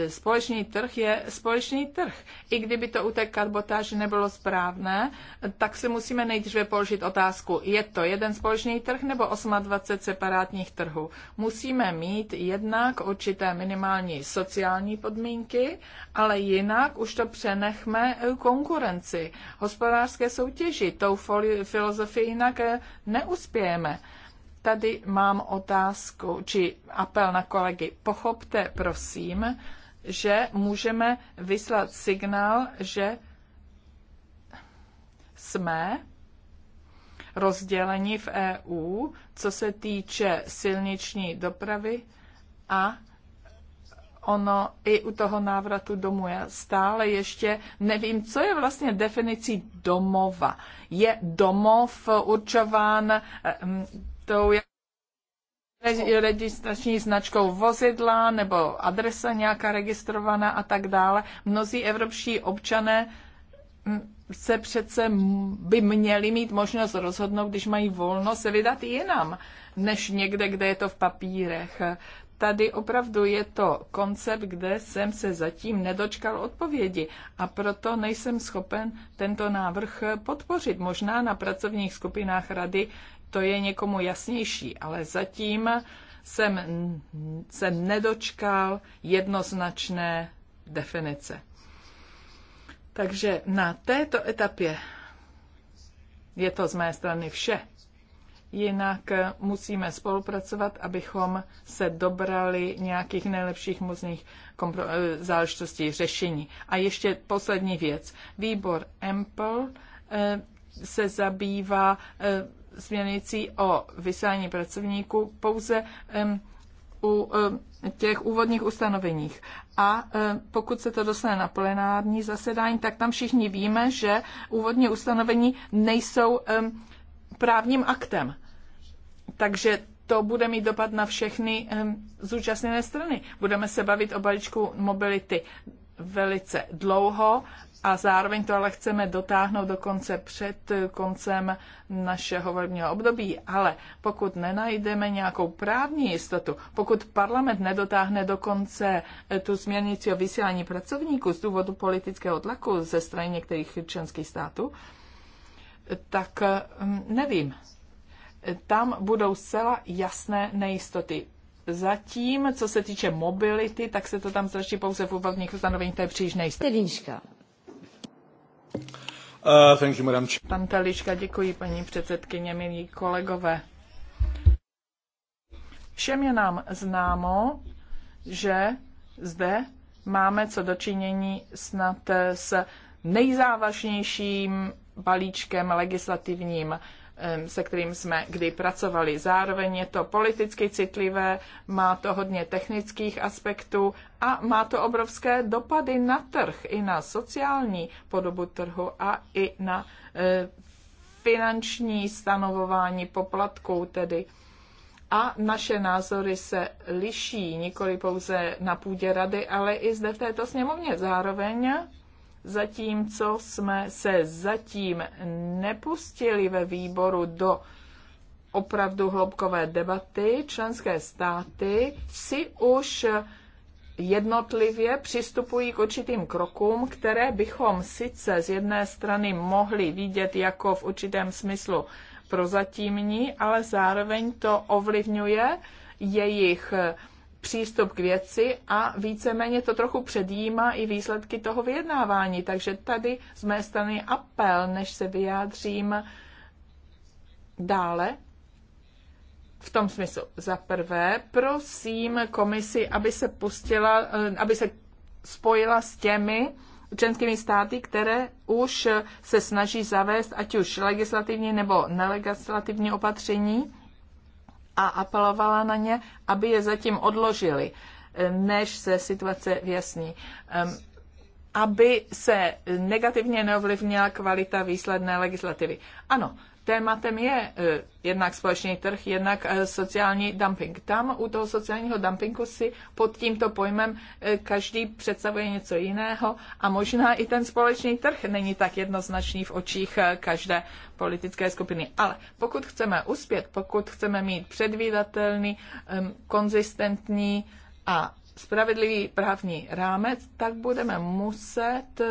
Speaker 2: společný trh je společný trh. I kdyby to u té kabotáže nebylo správné, tak si musíme nejdříve položit otázku, je to jeden společný trh nebo 28 separátních trhů. Musíme mít jednak určité minimální sociální podmínky, ale jinak už to přenechme konkurenci, hospodářské soutěži. Tou filozofii jinak eh, neuspějeme. Tady mám otázku, či apel na kolegy. Pochopte, prosím, že můžeme vyslat signál, že jsme rozděleni v EU, co se týče silniční dopravy a ono i u toho návratu domů. Já stále ještě nevím, co je vlastně definicí domova. Je domov určován eh, tou, jak registrační značkou vozidla nebo adresa nějaká registrovaná a tak dále. Mnozí evropští občané mm, se přece by měli mít možnost rozhodnout, když mají volno, se vydat jinam, než někde, kde je to v papírech. Tady opravdu je to koncept, kde jsem se zatím nedočkal odpovědi a proto nejsem schopen tento návrh podpořit. Možná na pracovních skupinách rady to je někomu jasnější, ale zatím jsem se nedočkal jednoznačné definice. Takže na této etapě je to z mé strany vše. Jinak musíme spolupracovat, abychom se dobrali nějakých nejlepších možných eh, záležitostí řešení. A ještě poslední věc. Výbor EMPL eh, se zabývá eh, směrnicí o vysílání pracovníků pouze u těch úvodních ustanoveních. A pokud se to dostane na plenární zasedání, tak tam všichni víme, že úvodní ustanovení nejsou právním aktem. Takže to bude mít dopad na všechny zúčastněné strany. Budeme se bavit o balíčku mobility velice dlouho a zároveň to ale chceme dotáhnout dokonce před koncem našeho volebního období. Ale pokud nenajdeme nějakou právní jistotu, pokud parlament nedotáhne dokonce eh, tu směrnici o vysílání pracovníků z důvodu politického tlaku ze strany některých členských států, tak hm, nevím. Tam budou zcela jasné nejistoty. Zatím, co se týče mobility, tak se to tam zračí pouze v úvodních ustanoveních, to je příliš nejisté.
Speaker 3: Uh, thank you, madam.
Speaker 2: Pan Telička, děkuji, paní předsedkyně, milí kolegové. Všem je nám známo, že zde máme co dočinění snad s nejzávažnějším balíčkem legislativním se kterým jsme kdy pracovali. Zároveň je to politicky citlivé, má to hodně technických aspektů a má to obrovské dopady na trh, i na sociální podobu trhu a i na e, finanční stanovování poplatků tedy. A naše názory se liší nikoli pouze na půdě rady, ale i zde v této sněmovně. Zároveň zatímco jsme se zatím nepustili ve výboru do opravdu hloubkové debaty, členské státy si už jednotlivě přistupují k určitým krokům, které bychom sice z jedné strany mohli vidět jako v určitém smyslu prozatímní, ale zároveň to ovlivňuje jejich přístup k věci a víceméně to trochu předjímá i výsledky toho vyjednávání. Takže tady z mé strany apel, než se vyjádřím dále, v tom smyslu. Za prvé, prosím komisi, aby se pustila, eh, aby se spojila s těmi členskými státy, které už se snaží zavést ať už legislativní nebo nelegislativní opatření a apelovala na ně, aby je zatím odložili, eh, než se situace vyjasní. Aby se negativně neovlivnila kvalita výsledné legislativy. Ano, tématem je eh, jednak společný trh, jednak eh, sociální dumping. Tam u toho sociálního dumpingu si pod tímto pojmem eh, každý představuje něco jiného a možná i ten společný trh není tak jednoznačný v očích každé politické skupiny. Ale pokud chceme uspět, pokud chceme mít předvídatelný, konzistentní a spravedlivý právní rámec, tak budeme muset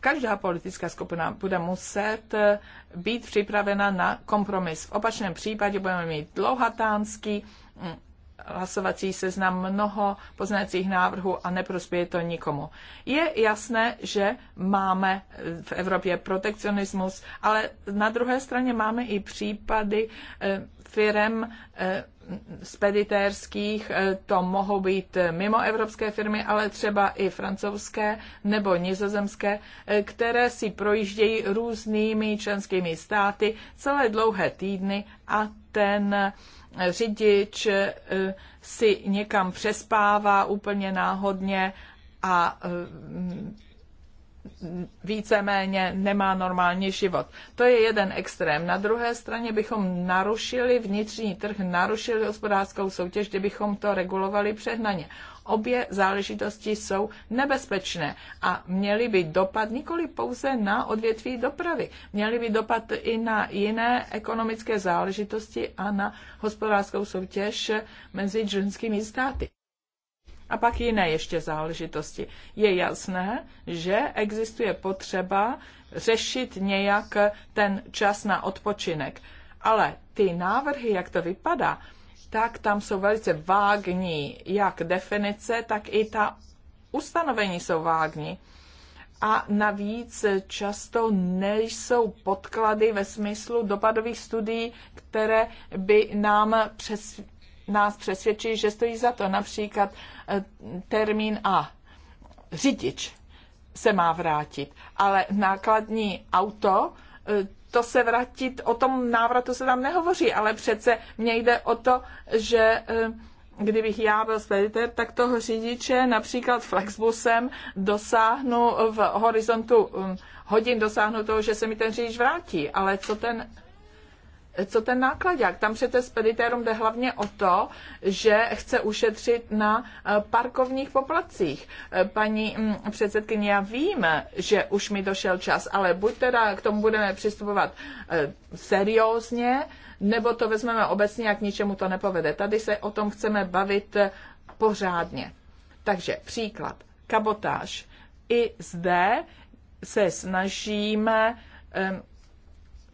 Speaker 2: každá politická skupina bude muset eh, být připravena na kompromis. V opačném případě budeme mít dlouhatánský mm, hlasovací seznam mnoho poznacích návrhů a neprospěje to nikomu. Je jasné, že máme eh, v Evropě protekcionismus, ale na druhé straně máme i případy eh, firem speditérských, eh, to mohou být mimo evropské firmy, ale třeba i francouzské nebo nizozemské, eh, které si projíždějí různými členskými státy celé dlouhé týdny a ten eh, řidič si někam přespává úplně náhodně a víceméně nemá normální život. To je jeden extrém. Na druhé straně bychom narušili vnitřní trh, narušili hospodářskou soutěž, kdybychom to regulovali přehnaně. Obě záležitosti jsou nebezpečné a měly by dopad nikoli pouze na odvětví dopravy. Měly by dopad i na jiné ekonomické záležitosti a na hospodářskou soutěž mezi členskými státy. A pak jiné ještě záležitosti. Je jasné, že existuje potřeba řešit nějak ten čas na odpočinek. Ale ty návrhy, jak to vypadá, tak tam jsou velice vágní, jak definice, tak i ta ustanovení jsou vágní. A navíc často nejsou podklady ve smyslu dopadových studií, které by nám přes, nás přesvědčí, že stojí za to. Například eh, termín A. Řidič se má vrátit, ale nákladní auto eh, to se vrátit, o tom návratu se tam nehovoří, ale přece mně jde o to, že eh, kdybych já byl speditér, tak toho řidiče například Flexbusem dosáhnu v horizontu hm, hodin dosáhnu toho, že se mi ten řidič vrátí, ale co ten co ten nákladák. Tam přece speditérům jde hlavně o to, že chce ušetřit na eh, parkovních poplacích. Eh, paní mm, předsedkyně, já vím, že už mi došel čas, ale buď teda k tomu budeme přistupovat eh, seriózně, nebo to vezmeme obecně a k ničemu to nepovede. Tady se o tom chceme bavit pořádně. Takže příklad, kabotáž. I zde se snažíme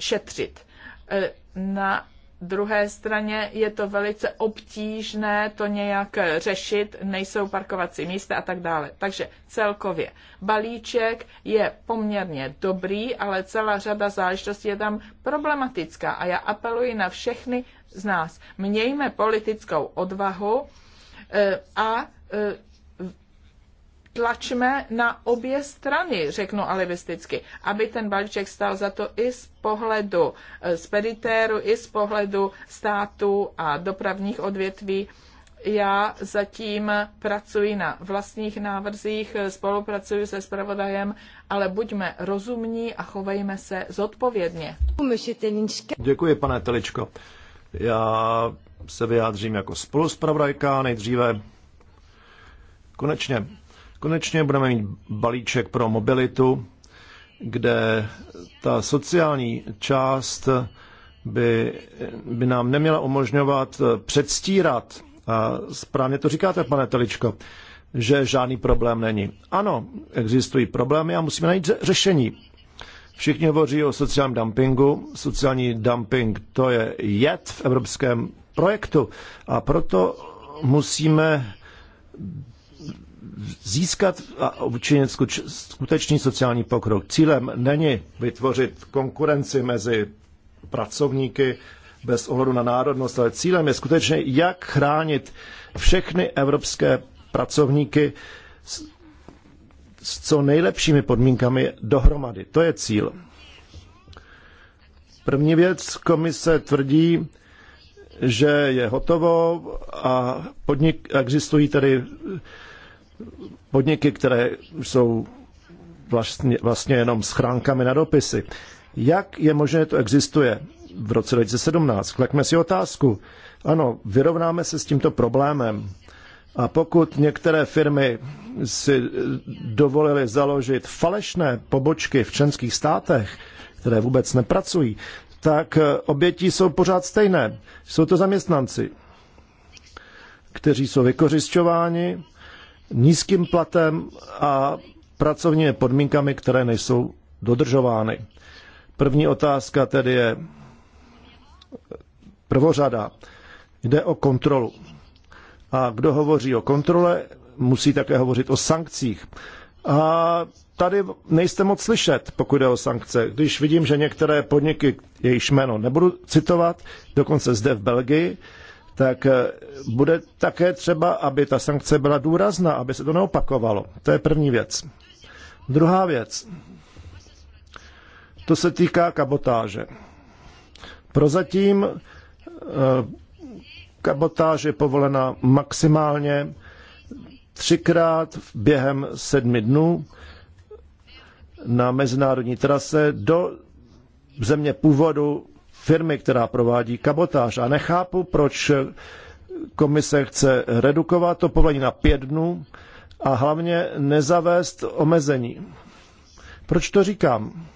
Speaker 2: šetřit na druhé straně je to velice obtížné to nějak řešit, nejsou parkovací místa a tak dále. Takže celkově balíček je poměrně dobrý, ale celá řada záležitostí je tam problematická a já apeluji na všechny z nás. Mějme politickou odvahu eh, a eh, tlačme na obě strany, řeknu alibisticky, aby ten balíček stál za to i z pohledu speditéru, eh, i z pohledu státu a dopravních odvětví. Já zatím pracuji na vlastních návrzích, eh, spolupracuji se spravodajem, ale buďme rozumní a chovejme se zodpovědně.
Speaker 1: Děkuji, pane Teličko. Já se vyjádřím jako spoluspravodajka nejdříve. Konečně Konečně budeme mít balíček pro mobilitu, kde ta sociální část by, by nám neměla umožňovat předstírat, a správně to říkáte, pane Teličko, že žádný problém není. Ano, existují problémy a musíme najít řešení. Všichni hovoří o sociálním dumpingu. Sociální dumping to je jed v evropském projektu a proto musíme získat a učinit skutečný sociální pokrok. Cílem není vytvořit konkurenci mezi pracovníky bez ohledu na národnost, ale cílem je skutečně, jak chránit všechny evropské pracovníky s, s co nejlepšími podmínkami dohromady. To je cíl. První věc, komise tvrdí, že je hotovo a podnik existují tady podniky, které jsou vlastně, vlastně jenom schránkami na dopisy. Jak je možné, to existuje v roce 2017? Klekme si otázku. Ano, vyrovnáme se s tímto problémem. A pokud některé firmy si dovolily založit falešné pobočky v členských státech, které vůbec nepracují, tak eh, obětí jsou pořád stejné. Jsou to zaměstnanci, kteří jsou vykořišťováni nízkým platem a pracovními podmínkami, které nejsou dodržovány. První otázka tedy je prvořada. Jde o kontrolu. A kdo hovoří o kontrole, musí také hovořit o sankcích. A tady nejste moc slyšet, pokud jde o sankce. Když vidím, že některé podniky, jejich jméno nebudu citovat, dokonce zde v Belgii, tak eh, bude také třeba, aby ta sankce byla důrazná, aby se to neopakovalo. To je první věc. Druhá věc. To se týká kabotáže. Prozatím eh, kabotáž je povolena maximálně třikrát během sedmi dnů na mezinárodní trase do země původu firmy, která provádí kabotáž. A nechápu, proč komise chce redukovat to povolení na pět dnů a hlavně nezavést omezení. Proč to říkám?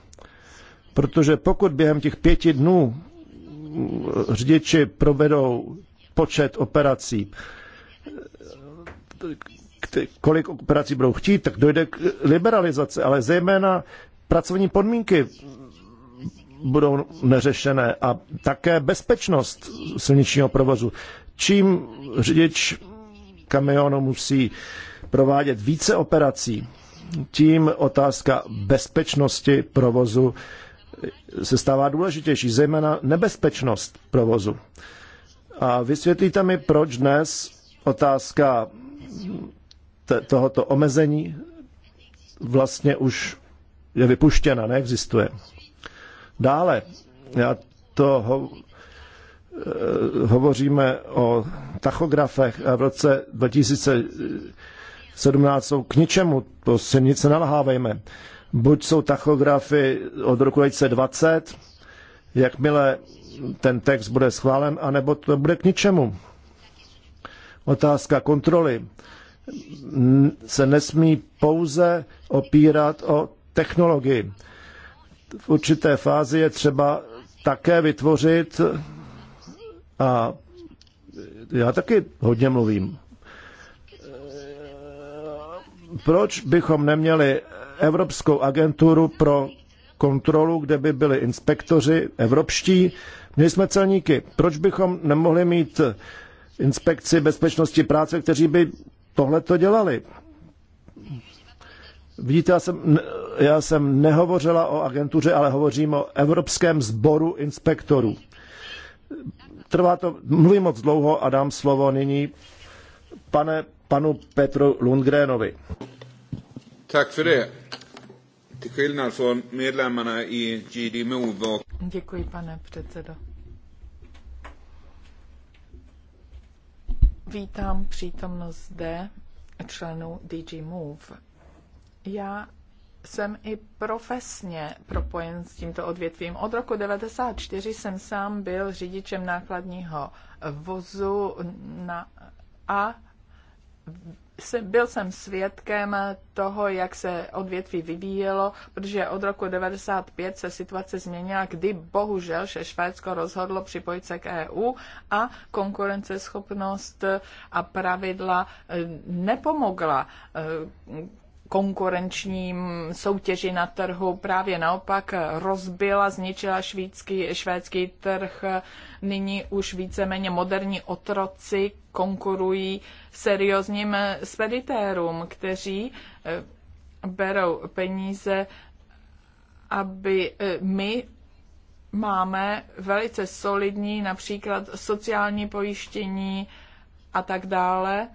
Speaker 1: Protože pokud během těch pěti dnů řidiči provedou počet operací, kolik operací budou chtít, tak dojde k liberalizaci, ale zejména pracovní podmínky budou neřešené. A také bezpečnost silničního provozu. Čím řidič kamionu musí provádět více operací, tím otázka bezpečnosti provozu se stává důležitější, zejména nebezpečnost provozu. A vysvětlíte mi, proč dnes otázka tohoto omezení vlastně už je vypuštěna, neexistuje. Dále, já to ho, eh, hovoříme o tachografech a v roce 2017 jsou k ničemu, to si nic nenalhávejme. Buď jsou tachografy od roku 2020, jakmile ten text bude schválen, anebo to bude k ničemu. Otázka kontroly se nesmí pouze opírat o technologii v určité fázi je třeba také vytvořit a já taky hodně mluvím. Proč bychom neměli Evropskou agenturu pro kontrolu, kde by byli inspektoři evropští? Měli jsme celníky. Proč bychom nemohli mít inspekci bezpečnosti práce, kteří by tohle to dělali? Vidíte, já jsem, já jsem nehovořila o agentuře, ale hovořím o Evropském sboru inspektorů. Trvá to, mluvím moc dlouho a dám slovo nyní pane, panu Petru Lundgrenovi.
Speaker 3: Tak Fede. i Move
Speaker 2: Děkuji, pane předsedo. Vítám přítomnost zde členů DG Move já jsem i profesně propojen s tímto odvětvím. Od roku 1994 jsem sám byl řidičem nákladního vozu na, a byl jsem svědkem toho, jak se odvětví vyvíjelo, protože od roku 1995 se situace změnila, kdy bohužel se Švédsko rozhodlo připojit se k EU a konkurenceschopnost a pravidla eh, nepomogla eh, konkurenčním soutěži na trhu. Právě naopak rozbila, zničila švédský, švédský trh. Nyní už víceméně moderní otroci konkurují seriózním speditérům, kteří eh, berou peníze, aby eh, my máme velice solidní například sociální pojištění a tak dále.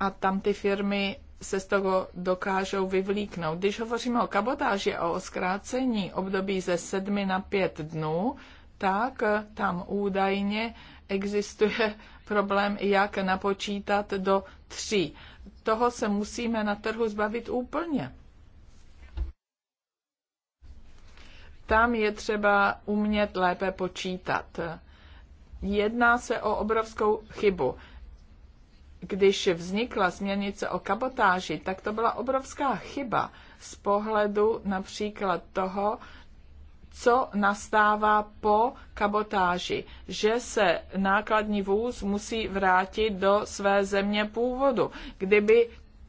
Speaker 2: A tam ty firmy se z toho dokážou vyvlíknout. Když hovoříme o kabotáži a o zkrácení období ze sedmi na pět dnů, tak tam údajně existuje problém, jak napočítat do tří. Toho se musíme na trhu zbavit úplně. Tam je třeba umět lépe počítat. Jedná se o obrovskou chybu když vznikla směrnice o kabotáži, tak to byla obrovská chyba z pohledu například toho, co nastává po kabotáži, že se nákladní vůz musí vrátit do své země původu. Kdyby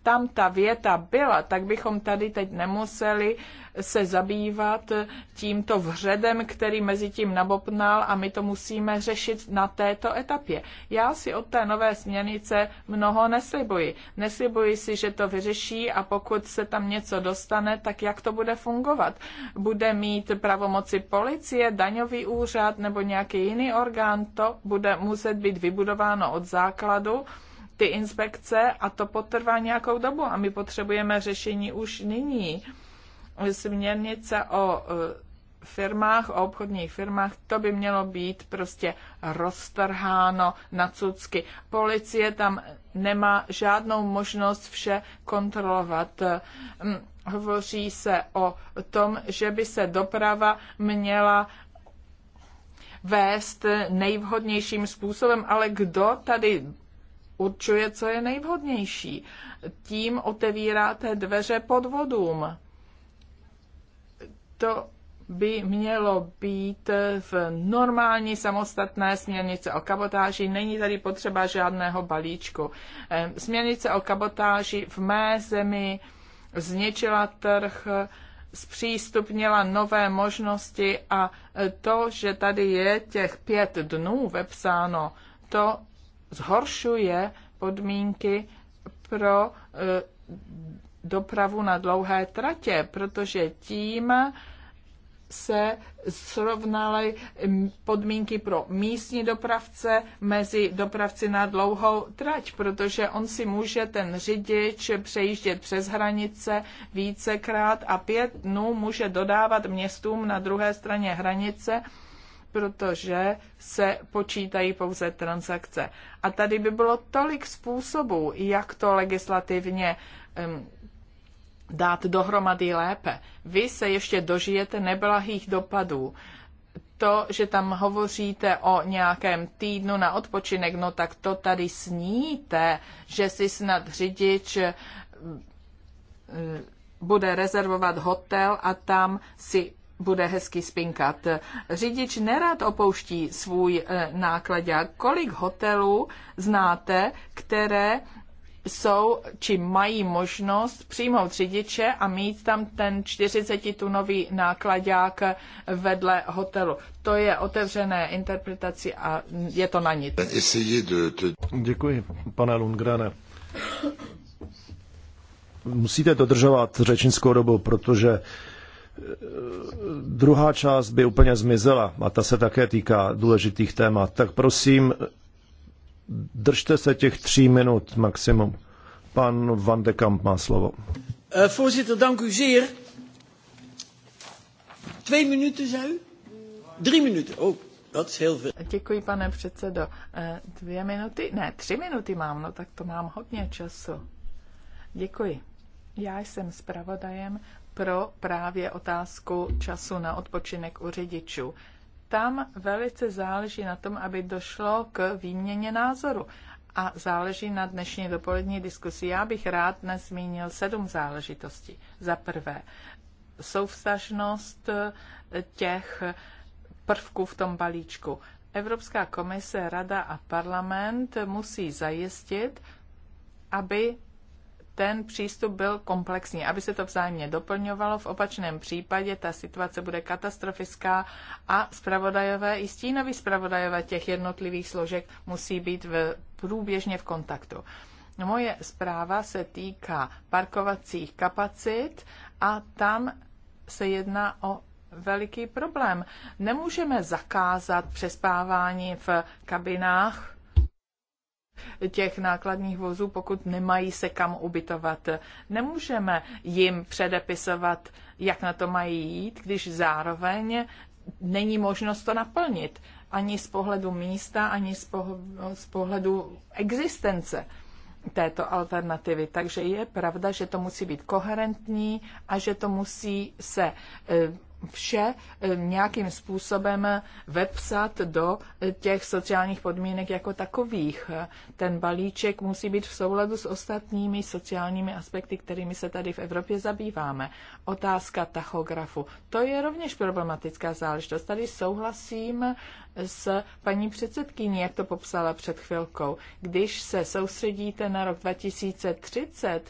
Speaker 2: tam ta věta byla, tak bychom tady teď nemuseli se zabývat tímto vředem, který mezi tím nabopnal a my to musíme řešit na této etapě. Já si od té nové směrnice mnoho neslibuji. Neslibuji si, že to vyřeší a pokud se tam něco dostane, tak jak to bude fungovat? Bude mít pravomoci policie, daňový úřad nebo nějaký jiný orgán? To bude muset být vybudováno od základu ty inspekce a to potrvá nějakou dobu a my potřebujeme řešení už nyní. Směrnice o e, firmách, o obchodních firmách, to by mělo být prostě roztrháno na cucky. Policie tam nemá žádnou možnost vše kontrolovat. E, hovoří se o tom, že by se doprava měla vést nejvhodnějším způsobem, ale kdo tady určuje, co je nejvhodnější. Tím otevíráte dveře podvodům. To by mělo být v normální samostatné směrnice o kabotáži. Není tady potřeba žádného balíčku. Eh, směrnice o kabotáži v mé zemi zničila trh, zpřístupnila nové možnosti a to, že tady je těch pět dnů vepsáno, to zhoršuje podmínky pro e, dopravu na dlouhé tratě, protože tím se srovnaly podmínky pro místní dopravce mezi dopravci na dlouhou trať, protože on si může ten řidič přejíždět přes hranice vícekrát a pět dnů může dodávat městům na druhé straně hranice protože se počítají pouze transakce. A tady by bylo tolik způsobů, jak to legislativně um, dát dohromady lépe. Vy se ještě dožijete neblahých dopadů to, že tam hovoříte o nějakém týdnu na odpočinek, no tak to tady sníte, že si snad řidič bude rezervovat hotel a tam si bude hezky spinkat. Řidič nerad opouští svůj eh, nákladák. Kolik hotelů znáte, které jsou či mají možnost přijmout řidiče a mít tam ten 40-tunový nákladák vedle hotelu. To je otevřené interpretaci a je to na nic.
Speaker 1: Děkuji, pane Lundgrane. Musíte dodržovat řečnickou dobu, protože druhá část by úplně zmizela a ta se také týká důležitých témat. Tak prosím, držte se těch tří minut maximum. Pan Van de Kamp má slovo.
Speaker 2: Eh, voorzitter, dank u zeer. Twee minuten, zei u? Drie minuten. Oh, dat is heel veel. Děkuji, pane předsedo. Eh, dvě minuty? Ne, tři minuty mám, no tak to mám hodně času. Děkuji. Já jsem zpravodajem pro právě otázku času na odpočinek u řidičů. Tam velice záleží na tom, aby došlo k výměně názoru a záleží na dnešní dopolední diskusi. Já bych rád dnes zmínil sedm záležitostí. Za prvé, souvstažnost těch prvků v tom balíčku. Evropská komise, Rada a parlament musí zajistit, aby ten přístup byl komplexní, aby se to vzájemně doplňovalo. V opačném případě ta situace bude katastrofická a spravodajové, i stínoví spravodajové těch jednotlivých složek musí být v, průběžně v kontaktu. Moje zpráva se týká parkovacích kapacit a tam se jedná o veliký problém. Nemůžeme zakázat přespávání v kabinách těch nákladních vozů, pokud nemají se kam ubytovat. Nemůžeme jim předepisovat, jak na to mají jít, když zároveň není možnost to naplnit. Ani z pohledu místa, ani z, poh- z pohledu existence této alternativy. Takže je pravda, že to musí být koherentní a že to musí se eh, vše eh, nějakým způsobem vepsat do eh, těch sociálních podmínek jako takových. Ten balíček musí být v souladu s ostatními sociálními aspekty, kterými se tady v Evropě zabýváme. Otázka tachografu. To je rovněž problematická záležitost. Tady souhlasím s paní předsedkyní, jak to popsala před chvilkou. Když se soustředíte na rok 2030,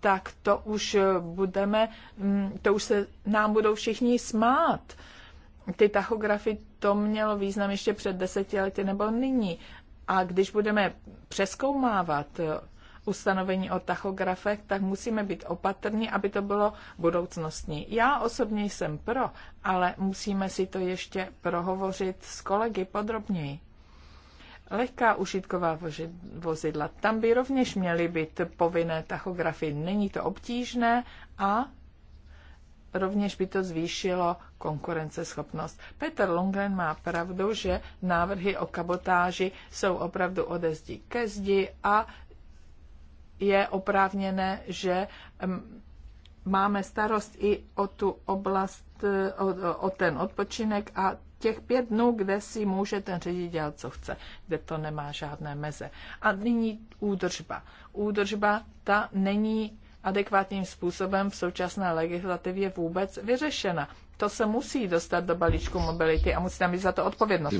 Speaker 2: tak to už budeme, mm, to už se nám budou všichni smát. Ty tachografy to mělo význam ještě před deseti lety nebo nyní. A když budeme přeskoumávat ustanovení o tachografech, tak musíme být opatrní, aby to bylo budoucnostní. Já osobně jsem pro, ale musíme si to ještě prohovořit s kolegy podrobněji. Lehká užitková vozidla, tam by rovněž měly být povinné tachografy. Není to obtížné a rovněž by to zvýšilo konkurenceschopnost. Peter Longren má pravdu, že návrhy o kabotáži jsou opravdu ode zdi ke zdi a je oprávněné, že máme starost i o tu oblast, e, o, o ten odpočinek a těch pět dnů, kde si může ten řidič dělat, co chce, kde to nemá žádné meze. A nyní údržba. Údržba ta není adekvátním způsobem v současné legislativě vůbec vyřešena. To se musí dostat do balíčku mobility a musí tam být za to odpovědnost.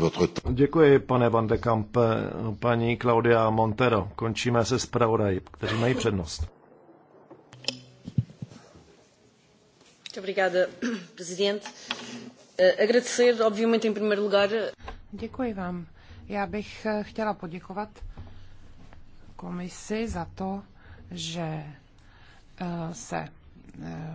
Speaker 1: Děkuji, pane Van de Kamp, paní Claudia Montero. Končíme se s pravodají, kteří mají
Speaker 3: přednost. Eh, eh, Děkuji vám.
Speaker 4: Já bych eh, chtěla poděkovat komisi za to, že se Eh,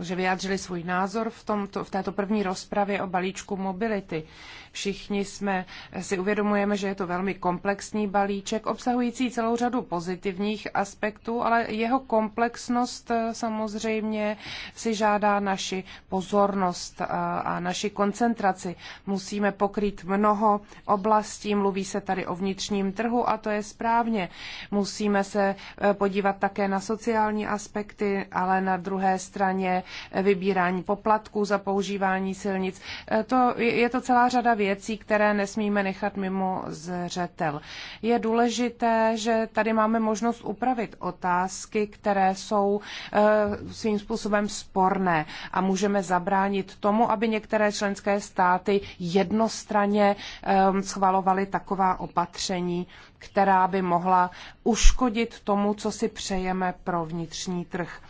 Speaker 4: že vyjádřili svůj názor v, tomto, v této první rozpravě o balíčku mobility. Všichni jsme si uvědomujeme, že je to velmi komplexní balíček, obsahující celou řadu pozitivních aspektů, ale jeho komplexnost eh, samozřejmě si žádá naši pozornost a, eh, a naši koncentraci. Musíme pokrýt mnoho oblastí, mluví se tady o vnitřním trhu a to je správně. Musíme se podívat také na sociální aspekty, ale na druhé druhé straně vybírání poplatků za používání silnic. E, to, je to celá řada věcí, které nesmíme nechat mimo zřetel. Je důležité, že tady máme možnost upravit otázky, které jsou e, svým způsobem sporné a můžeme zabránit tomu, aby některé členské státy jednostranně e, schvalovaly taková opatření, která by mohla uškodit tomu, co si přejeme pro vnitřní trh.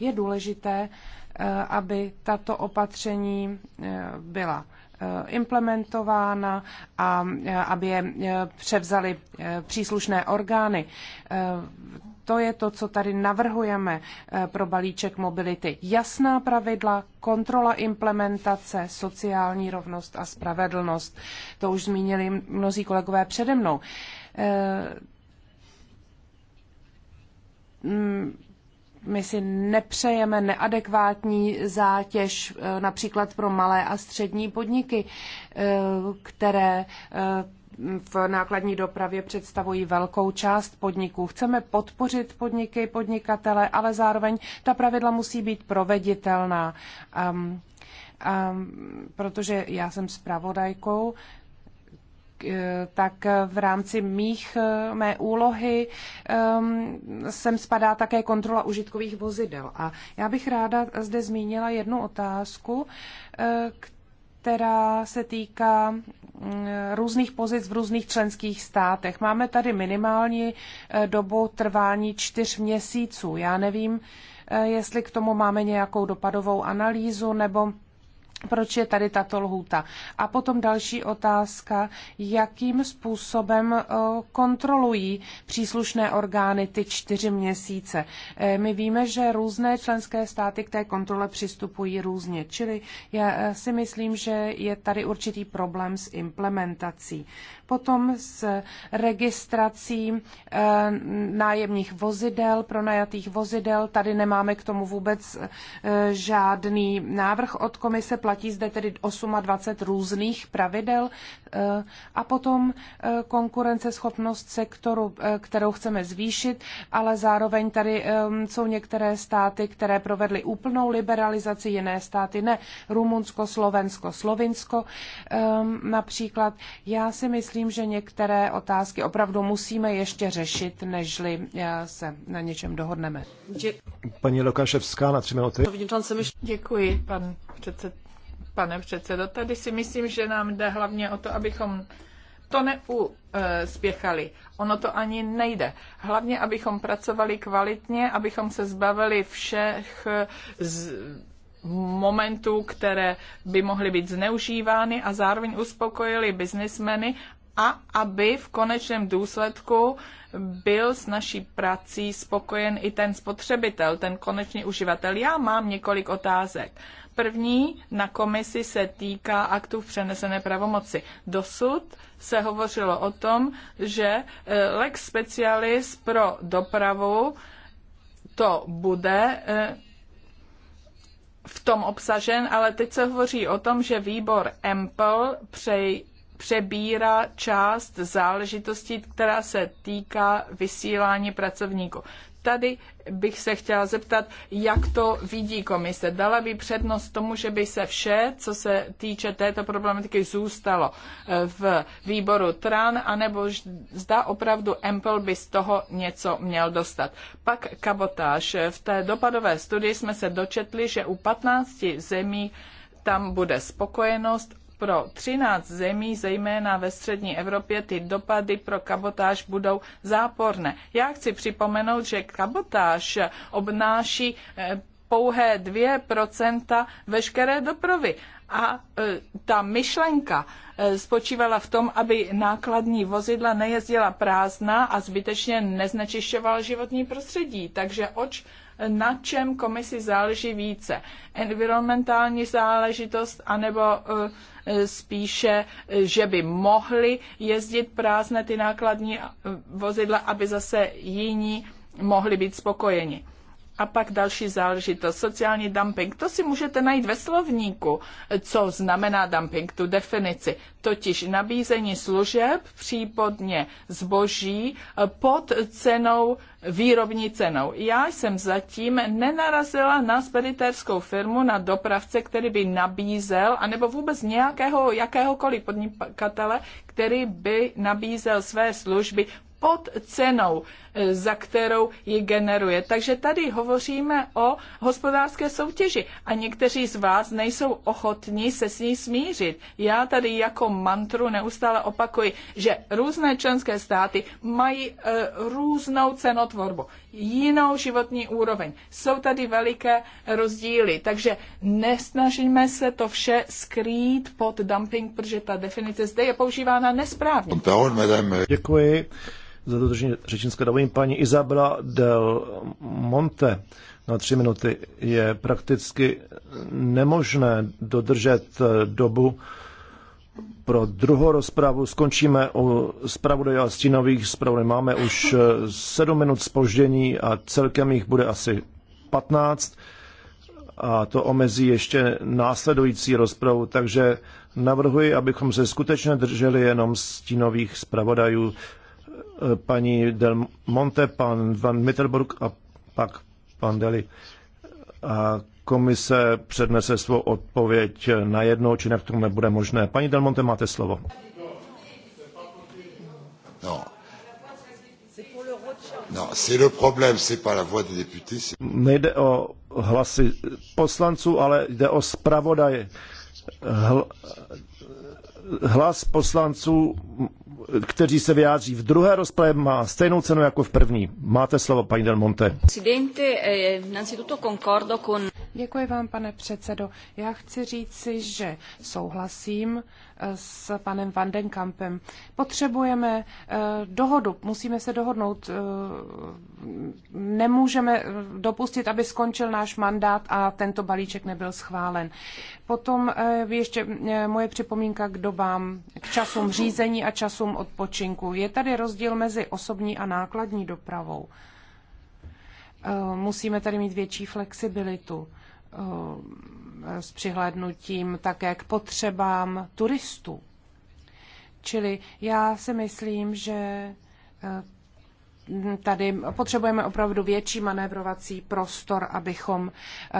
Speaker 4: Je důležité, eh, aby tato opatření eh, byla eh, implementována a aby je převzali příslušné orgány. To je to, co tady navrhujeme pro balíček mobility. Jasná pravidla, kontrola implementace, sociální rovnost a spravedlnost. To už zmínili mnozí kolegové přede mnou. Mm, my si nepřejeme neadekvátní zátěž e, například pro malé a střední podniky, e, které e, v nákladní dopravě představují velkou část podniků. Chceme podpořit podniky, podnikatele, ale zároveň ta pravidla musí být proveditelná. Um, um, protože já jsem zpravodajkou tak v rámci mých, mé úlohy ehm, sem spadá také kontrola užitkových vozidel. A já bych ráda zde zmínila jednu otázku, eh, která se týká mm, různých pozic v různých členských státech. Máme tady minimální eh, dobu trvání čtyř měsíců. Já nevím, eh, jestli k tomu máme nějakou dopadovou analýzu nebo proč je tady tato lhůta. A potom další otázka, jakým způsobem eh, kontrolují příslušné orgány ty čtyři měsíce. Eh, my víme, že různé členské státy k té kontrole přistupují různě, čili já eh, si myslím, že je tady určitý problém s implementací. Potom s registrací nájemních vozidel, pronajatých vozidel, tady nemáme k tomu vůbec žádný návrh od komise platí zde tedy 28 různých pravidel eh, a potom eh, konkurenceschopnost sektoru, eh, kterou chceme zvýšit, ale zároveň tady jsou některé státy, které provedly úplnou liberalizaci, jiné státy ne. Rumunsko, Slovensko, Slovinsko například. Já si myslím, že některé otázky opravdu musíme ještě řešit, nežli se na něčem
Speaker 2: dohodneme.
Speaker 1: Paní Lokaševská na tři minuty.
Speaker 2: Děkuji, pan předsed, pane předsedo. Tady si myslím, že nám jde hlavně o to, abychom to neuspěchali. Ono to ani nejde. Hlavně, abychom pracovali kvalitně, abychom se zbavili všech z momentů, které by mohly být zneužívány a zároveň uspokojili biznismeny a aby v konečném důsledku byl s naší prací spokojen i ten spotřebitel, ten konečný uživatel. Já mám několik otázek. První na komisi se týká aktů v přenesené pravomoci. Dosud se hovořilo o tom, že eh, lex specialis pro dopravu to bude eh, v tom obsažen, ale teď se hovoří o tom, že výbor EMPL přej, přebírá část záležitostí, která se týká vysílání pracovníků. Tady bych se chtěla zeptat, jak to vidí komise. Dala by přednost tomu, že by se vše, co se týče této problematiky, zůstalo eh, v výboru TRAN, anebo zda opravdu Empel by z toho něco měl dostat. Pak kabotáž. V té dopadové studii jsme se dočetli, že u 15 zemí tam bude spokojenost pro 13 zemí, zejména ve střední Evropě, ty dopady pro kabotáž budou záporné. Já chci připomenout, že kabotáž obnáší eh, pouhé 2% veškeré dopravy. A eh, ta myšlenka eh, spočívala v tom, aby nákladní vozidla nejezdila prázdná a zbytečně neznečišťovala životní prostředí. Takže oč na čem komisi záleží více. Environmentální záležitost anebo eh, spíše, že by mohli jezdit prázdné ty nákladní eh, vozidla, aby zase jiní mohli být spokojeni. A pak další záležitost, sociální dumping. To si můžete najít ve slovníku, co znamená dumping, tu definici. Totiž nabízení služeb, případně zboží eh, pod cenou, výrobní cenou. Já jsem zatím nenarazila na speditérskou firmu, na dopravce, který by nabízel, anebo vůbec nějakého, jakéhokoliv podnikatele, který by nabízel své služby pod cenou, eh, za kterou ji generuje. Takže tady hovoříme o hospodářské soutěži a někteří z vás nejsou ochotní se s ní smířit. Já tady jako mantru neustále opakuji, že různé členské státy mají e, různou cenotvorbu, jinou životní úroveň. Jsou tady veliké rozdíly, takže nesnažíme se to vše skrýt pod dumping, protože ta definice zde je používána nesprávně.
Speaker 1: Děkuji za dodržení řečnické doby. Paní Izabela del Monte na tři minuty je prakticky nemožné dodržet dobu pro druhou rozpravu. Skončíme u zpravodajů a stínových zpravodaj. Máme už sedm minut spoždění a celkem jich bude asi 15 a to omezí ještě následující rozpravu, takže navrhuji, abychom se skutečně drželi jenom stínových zpravodajů paní Del Monte, pan Van Mitterburg a pak pan Deli. A komise přednese svou odpověď na jedno či jinak tomu nebude možné. Paní Del Monte, máte slovo. No. No, c'est le problème, c'est pas la voix des députés. Nejde o hlasy poslanců, ale jde o zpravodaje. Hlas poslanců kteří se vyjádří v druhé rozpravě, má stejnou cenu jako v první. Máte slovo, paní Del Monte.
Speaker 4: Děkuji vám, pane předsedo. Já chci říci, že souhlasím eh, s panem Vandenkampem. Potřebujeme eh, dohodu, musíme se dohodnout. Eh, nemůžeme dopustit, aby skončil náš mandát a tento balíček nebyl schválen. Potom ještě moje připomínka k dobám, k časům řízení a časům odpočinku. Je tady rozdíl mezi osobní a nákladní dopravou musíme tady mít větší flexibilitu. Eh, s přihlédnutím také k potřebám turistů. Čili já si myslím, že eh, tady potřebujeme opravdu větší manévrovací prostor, abychom eh,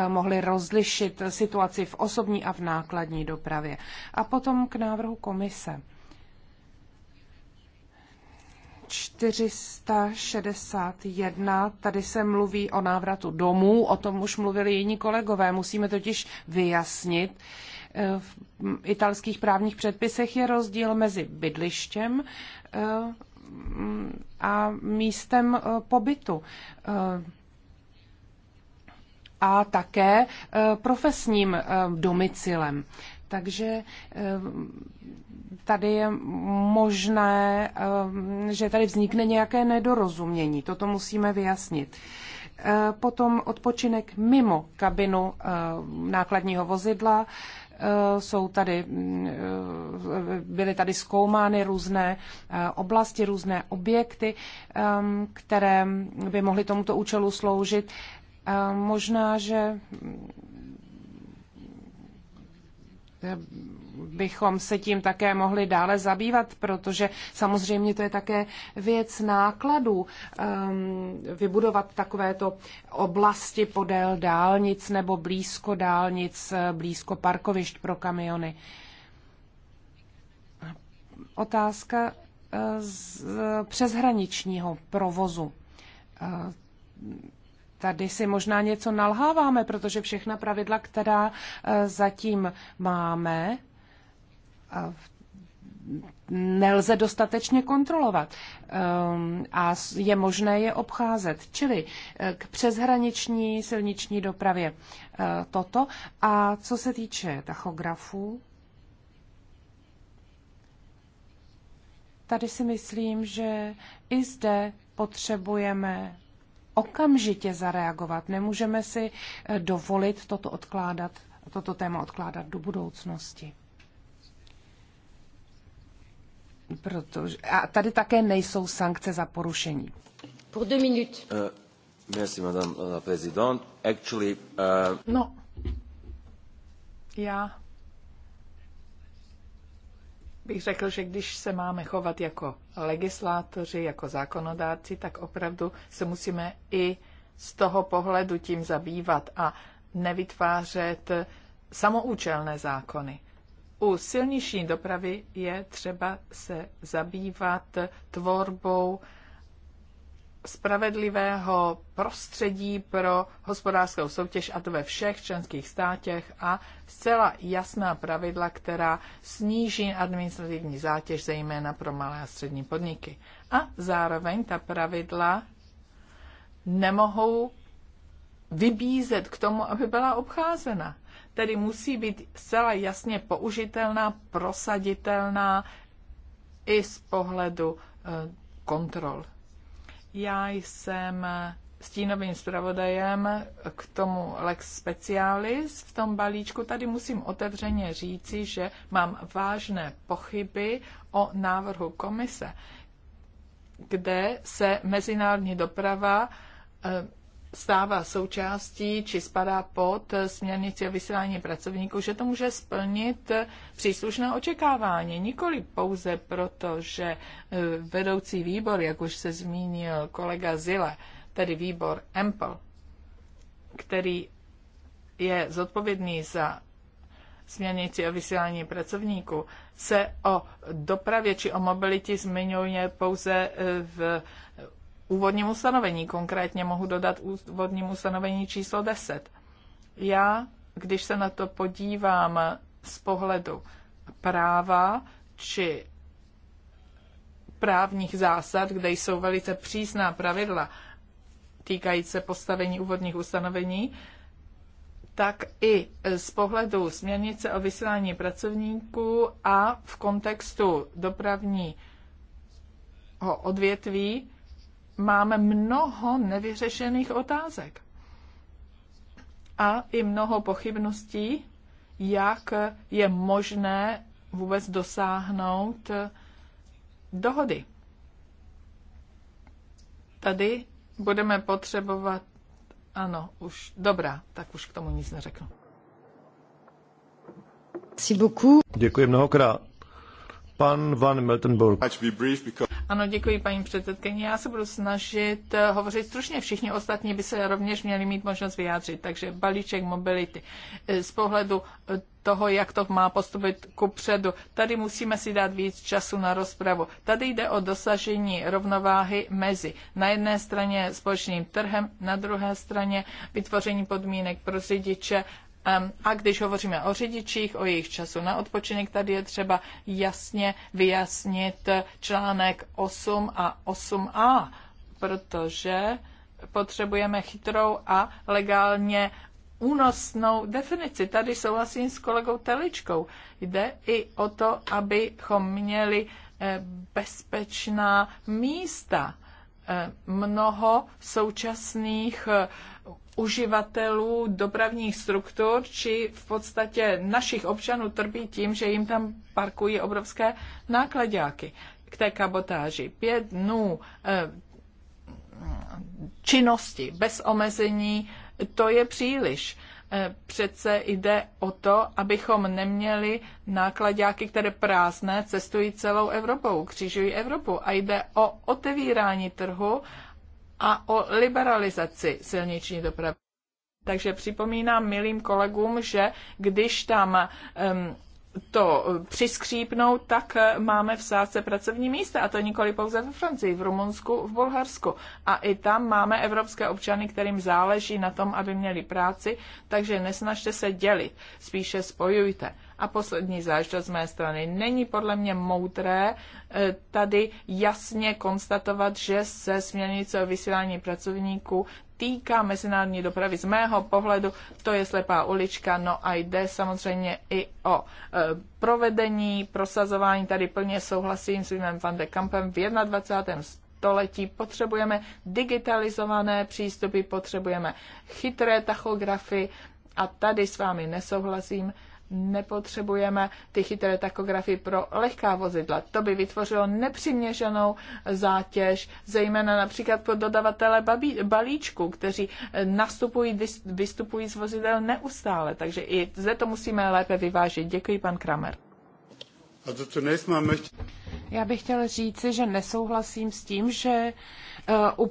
Speaker 4: mohli rozlišit situaci v osobní a v nákladní dopravě. A potom k návrhu komise. 461, tady se mluví o návratu domů, o tom už mluvili jiní kolegové, musíme totiž vyjasnit. Eh, v italských právních předpisech je rozdíl mezi bydlištěm eh, a místem eh, pobytu a také profesním domicilem. Takže tady je možné, eh, že tady vznikne nějaké nedorozumění. Toto musíme vyjasnit. Eh, potom odpočinek mimo kabinu eh, nákladního vozidla. Jsou tady, byly tady zkoumány různé oblasti, různé objekty, které by mohly tomuto účelu sloužit. Možná, že bychom se tím také mohli dále zabývat, protože samozřejmě to je také věc nákladů ehm, vybudovat takovéto oblasti podél dálnic nebo blízko dálnic, eh, blízko parkovišť pro kamiony. Otázka eh, z přeshraničního provozu eh, tady si možná něco nalháváme, protože všechna pravidla, která zatím máme, nelze dostatečně kontrolovat ehm, a je možné je obcházet, čili eh, k přeshraniční silniční dopravě eh, toto. A co se týče tachografů, tady si myslím, že i zde potřebujeme okamžitě zareagovat. Nemůžeme si eh, dovolit toto odkládat, toto téma odkládat do budoucnosti. Protože, a tady také nejsou sankce za porušení. Pour deux minutes. Uh, merci, madame la présidente. Actually, uh...
Speaker 2: No, já bych řekl, že když se máme chovat jako legislátoři, jako zákonodárci, tak opravdu se musíme i z toho pohledu tím zabývat a nevytvářet samoučelné zákony. U silniční dopravy je třeba se zabývat tvorbou spravedlivého prostředí pro hospodářskou soutěž, a to ve všech členských státech, a zcela jasná pravidla, která sníží administrativní zátěž, zejména pro malé a střední podniky. A zároveň ta pravidla nemohou vybízet k tomu, aby byla obcházena tedy musí být zcela jasně použitelná, prosaditelná i z pohledu eh, kontrol. Já jsem stínovým zpravodajem k tomu Lex Specialis v tom balíčku. Tady musím otevřeně říci, že mám vážné pochyby o návrhu komise, kde se mezinárodní doprava eh, stává součástí či spadá pod směrnici o vysílání pracovníků, že to může splnit příslušné očekávání. Nikoli pouze proto, že eh, vedoucí výbor, jak už se zmínil kolega Zile, tedy výbor EMPL, který je zodpovědný za směrnici o vysílání pracovníků, se o dopravě či o mobilitě zmiňuje pouze eh, v úvodním ustanovení. Konkrétně mohu dodat úvodním ustanovení číslo 10. Já, když se na to podívám z pohledu práva či právních zásad, kde jsou velice přísná pravidla týkající se postavení úvodních ustanovení, tak i z pohledu směrnice o vysílání pracovníků a v kontextu dopravního odvětví máme mnoho nevyřešených otázek a i mnoho pochybností, jak je možné vůbec dosáhnout dohody. Tady budeme potřebovat, ano, už dobrá, tak už k tomu nic neřeknu.
Speaker 1: Děkuji mnohokrát. Pan Van Meltenburg.
Speaker 2: Ano, děkuji paní předsedkyně. Já se budu snažit eh, hovořit stručně. Všichni ostatní by se rovněž měli mít možnost vyjádřit. Takže balíček mobility. Eh, z pohledu eh, toho, jak to má postupit ku předu. Tady musíme si dát víc času na rozpravu. Tady jde o dosažení rovnováhy mezi na jedné straně společným trhem, na druhé straně vytvoření podmínek pro řidiče a když hovoříme o řidičích, o jejich času na odpočinek, tady je třeba jasně vyjasnit článek 8 a 8a, protože potřebujeme chytrou a legálně únosnou definici. Tady souhlasím s kolegou Teličkou. Jde i o to, abychom měli eh, bezpečná místa. Eh, mnoho současných eh, uživatelů dopravních struktur, či v podstatě našich občanů trpí tím, že jim tam parkují obrovské nákladňáky k té kabotáži. Pět dnů eh, činnosti bez omezení, to je příliš. Eh, přece jde o to, abychom neměli nákladňáky, které prázdné cestují celou Evropou, křižují Evropu. A jde o otevírání trhu a o liberalizaci silniční dopravy. Takže připomínám milým kolegům, že když tam um, to přiskřípnou, tak máme v sáce pracovní místa. A to nikoli pouze ve Francii, v Rumunsku, v Bulharsku. A i tam máme evropské občany, kterým záleží na tom, aby měli práci, takže nesnažte se dělit, spíše spojujte. A poslední záležitost z mé strany. Není podle mě moudré eh, tady jasně konstatovat, že se směrnice o vysílání pracovníků týká mezinárodní dopravy. Z mého pohledu to je slepá ulička, no a jde samozřejmě i o eh, provedení, prosazování. Tady plně souhlasím s Vimem van de Kampem v 21 století potřebujeme digitalizované přístupy, potřebujeme chytré tachografy a tady s vámi nesouhlasím nepotřebujeme ty chytré takografy pro lehká vozidla. To by vytvořilo nepřiměřenou zátěž, zejména například pro dodavatele balíčku, kteří nastupují, vystupují z vozidel neustále. Takže i zde to musíme lépe vyvážit. Děkuji, pan Kramer. Já bych chtěl říci,
Speaker 4: že nesouhlasím s tím, že Eh,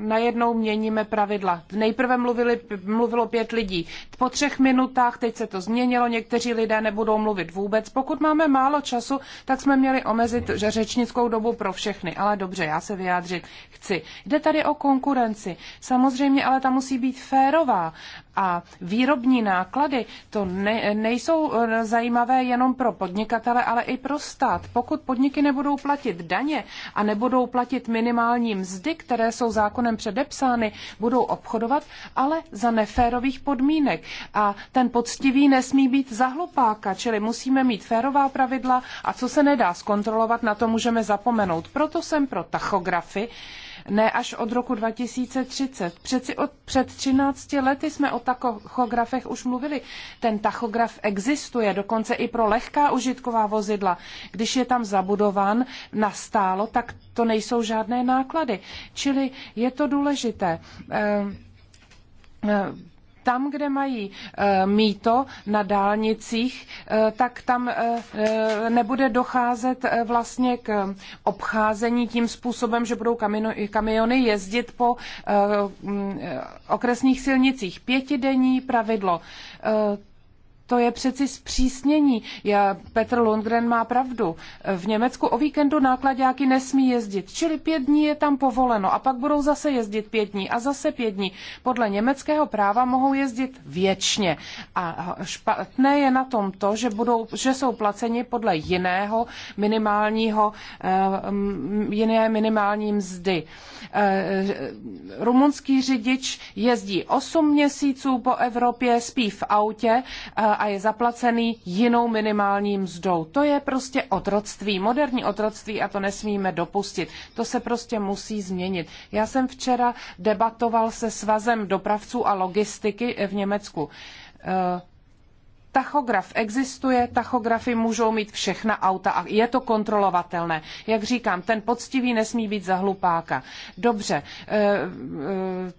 Speaker 4: najednou měníme pravidla. Nejprve mluvili, mluvilo pět lidí. Po třech minutách teď se to změnilo, někteří lidé nebudou mluvit vůbec. Pokud máme málo času, tak jsme měli omezit že řečnickou dobu pro všechny. Ale dobře, já se vyjádřit chci. Jde tady o konkurenci. Samozřejmě, ale ta musí být férová a výrobní náklady, to ne, nejsou eh, zajímavé jenom pro podnikatele, ale i pro stát. Pokud podniky nebudou platit daně a nebudou platit minimální mzdy, které jsou zákonem předepsány, budou obchodovat, ale za neférových podmínek. A ten poctivý nesmí být zahlupáka, čili musíme mít férová pravidla a co se nedá zkontrolovat, na to můžeme zapomenout. Proto jsem pro tachografy, ne až od roku 2030. Přeci od, před 13 lety jsme o tachografech už mluvili. Ten tachograf existuje dokonce i pro lehká užitková vozidla. Když je tam zabudovan na stálo, tak to nejsou žádné náklady. Čili je to důležité. Ehm, ehm tam, kde mají eh, mýto na dálnicích, eh, tak tam eh, nebude docházet vlastně k obcházení tím způsobem, že budou kamiony jezdit po mm, okresních silnicích. Pětidenní pravidlo to je přeci zpřísnění. Já, Petr Lundgren má pravdu. V Německu o víkendu nákladňáky nesmí jezdit, čili pět dní je tam povoleno a pak budou zase jezdit pět dní a zase pět dní. Podle německého práva mohou jezdit věčně. A špatné je na tom to, že, budou, že jsou placeni podle jiného minimálního, eh, jiné minimální mzdy. Eh, rumunský řidič jezdí 8 měsíců po Evropě, spí v autě eh, a je zaplacený jinou minimální mzdou. To je prostě otroctví, moderní otroctví a to nesmíme dopustit. To se prostě musí změnit. Já jsem včera debatoval se svazem dopravců a logistiky v Německu. Eh, Tachograf existuje, tachografy můžou mít všechna auta a je to kontrolovatelné. Jak říkám, ten poctivý nesmí být za hlupáka. Dobře, eh, eh,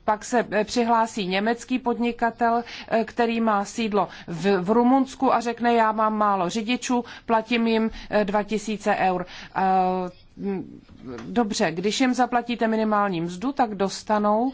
Speaker 4: pak se přihlásí německý podnikatel, eh, který má sídlo v, v Rumunsku a řekne, já mám málo řidičů, platím jim 2000 eur dobře, když jim zaplatíte minimální mzdu, tak dostanou,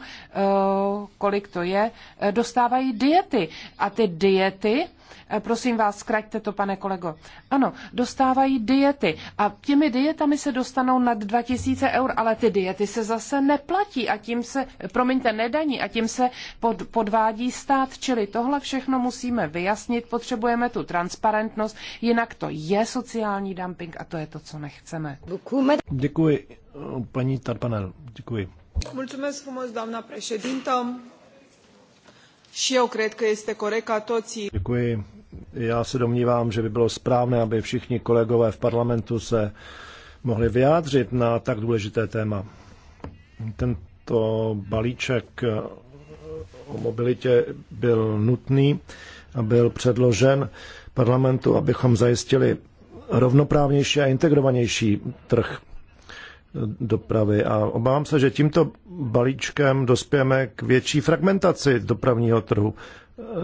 Speaker 4: kolik to je, dostávají diety. A ty diety Eh, prosím vás, zkraťte to, pane kolego. Ano, dostávají diety a těmi dietami se dostanou nad 2000 eur, ale ty diety se zase neplatí a tím se, promiňte, nedaní a tím se pod, podvádí stát, čili tohle všechno musíme vyjasnit, potřebujeme tu transparentnost, jinak to je sociální dumping a to je to, co nechceme.
Speaker 1: Děkuji, paní Tarpanel, děkuji.
Speaker 2: Mulțumesc frumos, doamna președintă și eu cred că este corect ca toții.
Speaker 1: Děkuji. Já se domnívám, že by bylo správné, aby všichni kolegové v parlamentu se mohli vyjádřit na tak důležité téma. Tento balíček eh, o mobilitě byl nutný a byl předložen parlamentu, abychom zajistili rovnoprávnější a integrovanější trh dopravy a obávám se, že tímto balíčkem dospějeme k větší fragmentaci dopravního trhu.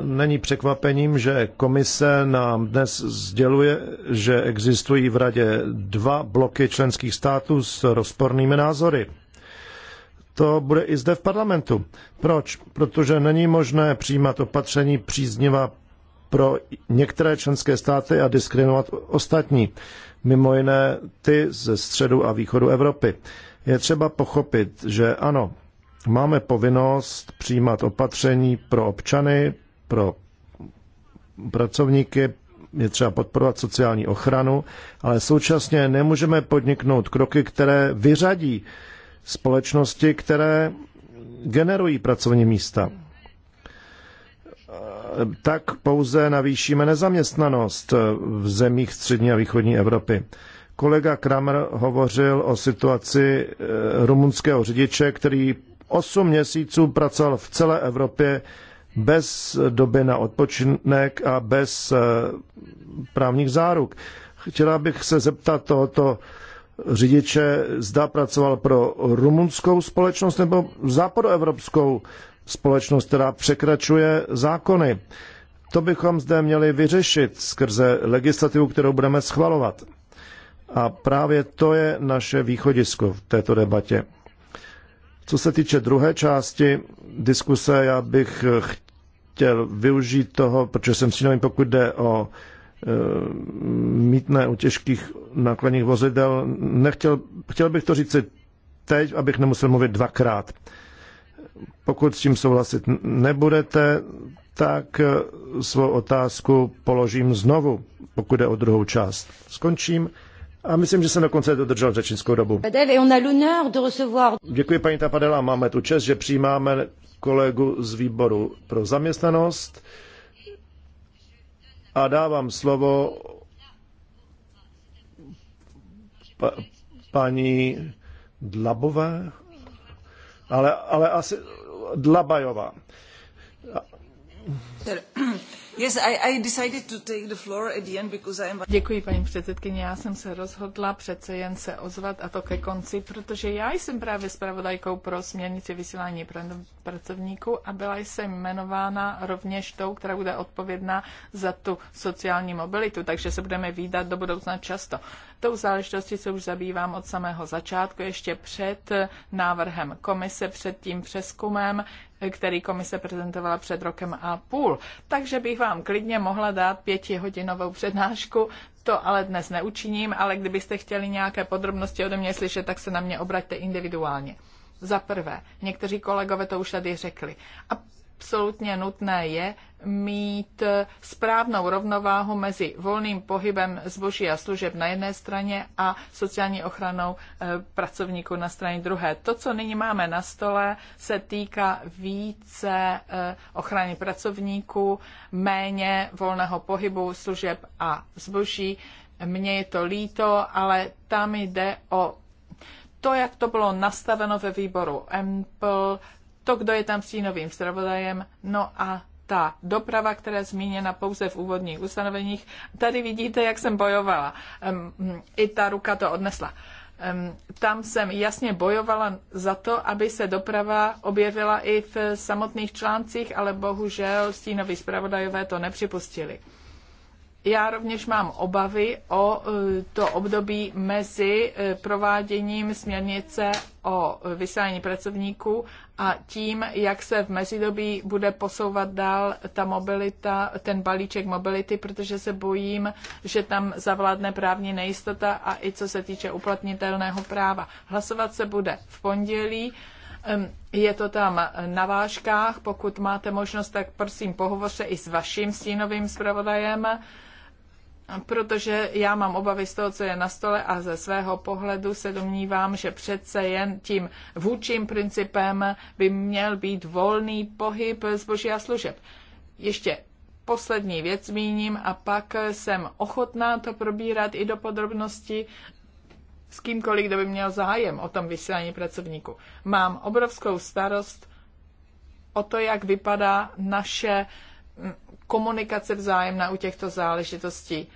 Speaker 1: Není překvapením, že komise nám dnes sděluje, že existují v radě dva bloky členských států s rozpornými názory. To bude i zde v parlamentu. Proč? Protože není možné přijímat opatření příznivá pro některé členské státy a diskriminovat ostatní mimo jiné ty ze středu a východu Evropy. Je třeba pochopit, že ano, máme povinnost přijímat opatření pro občany, pro pracovníky, je třeba podporovat sociální ochranu, ale současně nemůžeme podniknout kroky, které vyřadí společnosti, které generují pracovní místa tak pouze navýšíme nezaměstnanost v zemích střední a východní Evropy. Kolega Kramer hovořil o situaci e, rumunského řidiče, který 8 měsíců pracoval v celé Evropě bez doby na odpočinek a bez e, právních záruk. Chtěla bych se zeptat tohoto řidiče, zda pracoval pro rumunskou společnost nebo západoevropskou společnost, která překračuje zákony. To bychom zde měli vyřešit skrze legislativu, kterou budeme schvalovat. A právě to je naše východisko v této debatě. Co se týče druhé části diskuse, já bych eh, chtěl využít toho, protože jsem si nevím, pokud jde o e, mítné u těžkých nákladních vozidel, nechtěl, chtěl bych to říct teď, abych nemusel mluvit dvakrát. Pokud s tím souhlasit nebudete, tak eh, svou otázku položím znovu, pokud jde o druhou část. Skončím. A myslím, že jsem dokonce dodržel řečnickou dobu. Děkuji paní Tapadela, máme tu čest, že přijímáme kolegu z výboru pro zaměstnanost a dávám slovo pa, paní Dlabové ale, ale asi Dlabajová.
Speaker 2: Děkuji, paní předsedkyně. Já jsem se rozhodla přece jen se ozvat a to ke konci, protože já jsem právě zpravodajkou pro směrnici vysílání pracovníků a byla jsem jmenována rovněž tou, která bude odpovědná za tu sociální mobilitu, takže se budeme výdat do budoucna často. Tou záležitostí se už zabývám od samého začátku, ještě před návrhem komise, před tím přeskumem, který komise prezentovala před rokem a půl. Takže bych vám klidně mohla dát pětihodinovou přednášku, to ale dnes neučiním, ale kdybyste chtěli nějaké podrobnosti ode mě slyšet, tak se na mě obraťte individuálně. Za prvé, někteří kolegové to už tady řekli. A absolutně nutné je mít správnou rovnováhu mezi volným pohybem zboží a služeb na jedné straně a sociální ochranou eh, pracovníků na straně druhé. To, co nyní máme na stole, se týká více eh, ochrany pracovníků, méně volného pohybu služeb a zboží. Mně je to líto, ale tam jde o to, jak to bylo nastaveno ve výboru EMPL, to, kdo je tam stínovým zpravodajem, no a ta doprava, která je zmíněna pouze v úvodních ustanoveních. Tady vidíte, jak jsem bojovala. Um, I ta ruka to odnesla. Um, tam jsem jasně bojovala za to, aby se doprava objevila i v samotných článcích, ale bohužel stínoví zpravodajové to nepřipustili já rovněž mám obavy o e, to období mezi e, prováděním směrnice o vysílání pracovníků a tím, jak se v mezidobí bude posouvat dál ta mobilita, ten balíček mobility, protože se bojím, že tam zavládne právní nejistota a i co se týče uplatnitelného práva. Hlasovat se bude v pondělí. Je to tam na vážkách, pokud máte možnost, tak prosím pohovořte i s vaším stínovým zpravodajem protože já mám obavy z toho, co je na stole a ze svého pohledu se domnívám, že přece jen tím vůčím principem by měl být volný pohyb zboží a služeb. Ještě poslední věc zmíním a pak jsem ochotná to probírat i do podrobnosti s kýmkoliv, kdo by měl zájem o tom vysílání pracovníku. Mám obrovskou starost o to, jak vypadá naše komunikace vzájemná u těchto záležitostí.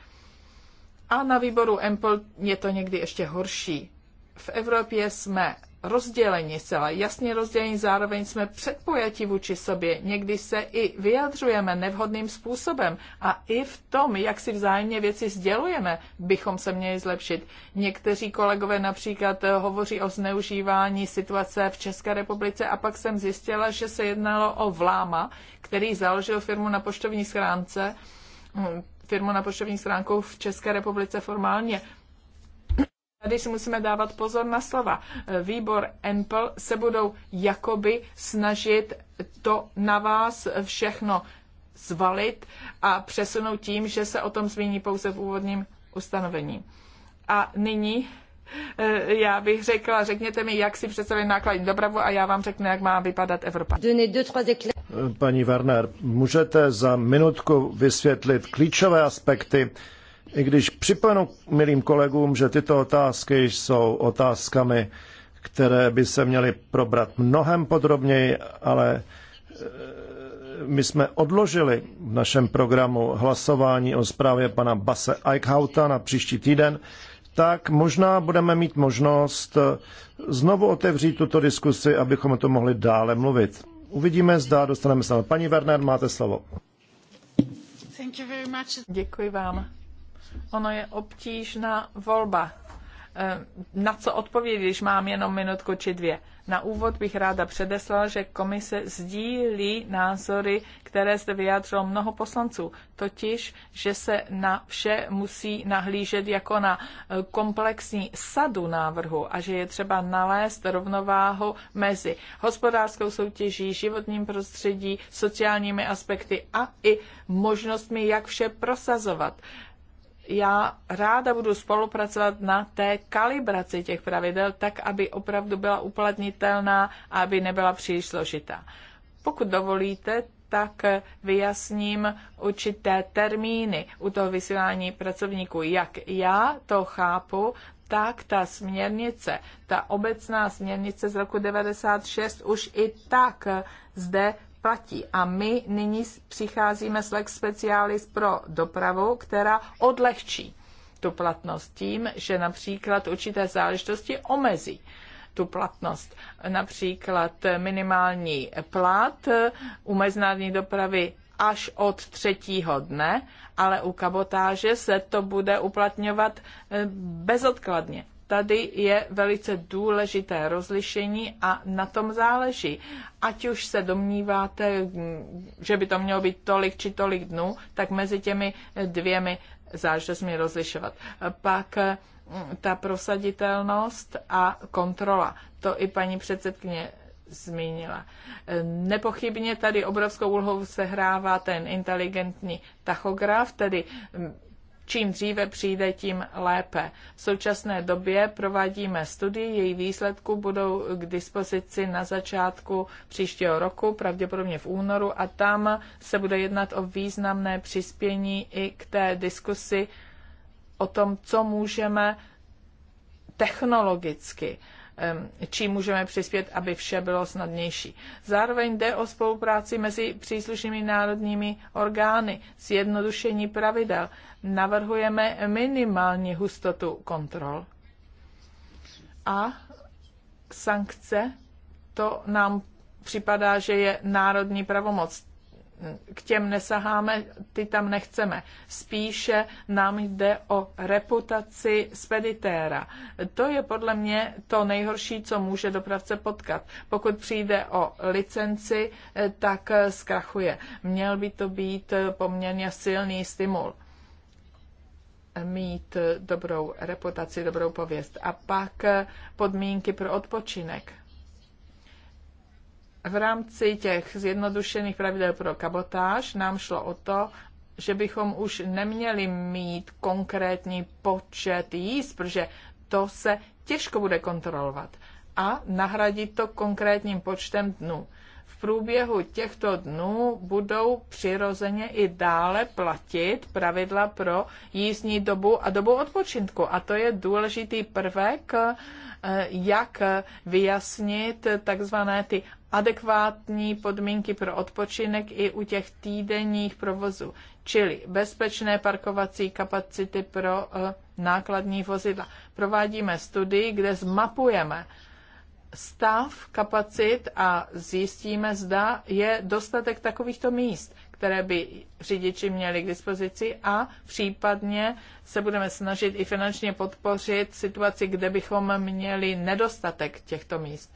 Speaker 2: A na výboru EMPL je to někdy ještě horší. V Evropě jsme rozděleni, zcela jasně rozděleni, zároveň jsme předpojati vůči sobě. Někdy se i vyjadřujeme nevhodným způsobem a i v tom, jak si vzájemně věci sdělujeme, bychom se měli zlepšit. Někteří kolegové například eh, hovoří o zneužívání situace v České republice a pak jsem zjistila, že se jednalo o Vláma, který založil firmu na poštovní schránce, hm, firmu na poštovní schránku v České republice formálně Tady si musíme dávat pozor na slova. Eh, výbor Empl se budou jakoby snažit to na vás všechno zvalit a přesunout tím, že se o tom zmíní pouze v úvodním ustanovení. A nyní eh, já bych řekla, řekněte mi, jak si představit nákladní dopravu a já vám řeknu, jak má vypadat Evropa. Eh,
Speaker 1: paní Werner, můžete za minutku vysvětlit klíčové aspekty i když připomenu milým kolegům, že tyto otázky jsou otázkami, které by se měly probrat mnohem podrobněji, ale e, my jsme odložili v našem programu hlasování o zprávě pana Base Eichhauta na příští týden, tak možná budeme mít možnost e, znovu otevřít tuto diskusi, abychom to mohli dále mluvit. Uvidíme, zda dostaneme se. Paní Werner, máte slovo.
Speaker 2: Děkuji vám. Ono je obtížná volba. Eh, na co odpovědět, když mám jenom minutku či dvě? Na úvod bych ráda předeslala, že komise sdílí názory, které zde vyjádřilo mnoho poslanců, totiž, že se na vše musí nahlížet jako na eh, komplexní sadu návrhu a že je třeba nalézt rovnováhu mezi hospodářskou soutěží, životním prostředí, sociálními aspekty a i možnostmi, jak vše prosazovat já ráda budu spolupracovat na té kalibraci těch pravidel, tak aby opravdu byla uplatnitelná a aby nebyla příliš složitá. Pokud dovolíte, tak vyjasním určité termíny u toho vysílání pracovníků. Jak já to chápu, tak ta směrnice, ta obecná směrnice z roku 96 už i tak zde platí. A my nyní přicházíme s lex specialis pro dopravu, která odlehčí tu platnost tím, že například určité záležitosti omezí tu platnost. Například minimální plat eh, u mezinárodní dopravy až od třetího dne, ale u kabotáže se to bude uplatňovat eh, bezodkladně. Tady je velice důležité rozlišení a na tom záleží. Ať už se domníváte, že by to mělo být tolik či tolik dnů, tak mezi těmi dvěmi zážitostmi rozlišovat. Pak eh, ta prosaditelnost a kontrola. To i paní předsedkyně zmínila. Nepochybně tady obrovskou úlohu sehrává ten inteligentní tachograf, tedy mm, Čím dříve přijde, tím lépe. V současné době provádíme studii, její výsledku budou k dispozici na začátku příštího roku, pravděpodobně v únoru, a tam se bude jednat o významné přispění i k té diskusi o tom, co můžeme technologicky čím můžeme přispět, aby vše bylo snadnější. Zároveň jde o spolupráci mezi příslušnými národními orgány, zjednodušení pravidel. Navrhujeme minimální hustotu kontrol. A sankce, to nám připadá, že je národní pravomoc k těm nesaháme, ty tam nechceme. Spíše nám jde o reputaci speditéra. To je podle mě to nejhorší, co může dopravce potkat. Pokud přijde o licenci, eh, tak eh, zkrachuje. Měl by to být eh, poměrně silný stimul mít dobrou reputaci, dobrou pověst. A pak podmínky pro odpočinek v rámci těch zjednodušených pravidel pro kabotáž nám šlo o to, že bychom už neměli mít konkrétní počet jíst, protože to se těžko bude kontrolovat a nahradit to konkrétním počtem dnů. V průběhu těchto dnů budou přirozeně i dále platit pravidla pro jízdní dobu a dobu odpočinku. A to je důležitý prvek, eh, jak vyjasnit takzvané ty adekvátní podmínky pro odpočinek i u těch týdenních provozů, čili bezpečné parkovací kapacity pro eh, nákladní vozidla. Provádíme studii, kde zmapujeme stav kapacit a zjistíme, zda je dostatek takovýchto míst, které by řidiči měli k dispozici a případně se budeme snažit i finančně podpořit situaci, kde bychom měli nedostatek těchto míst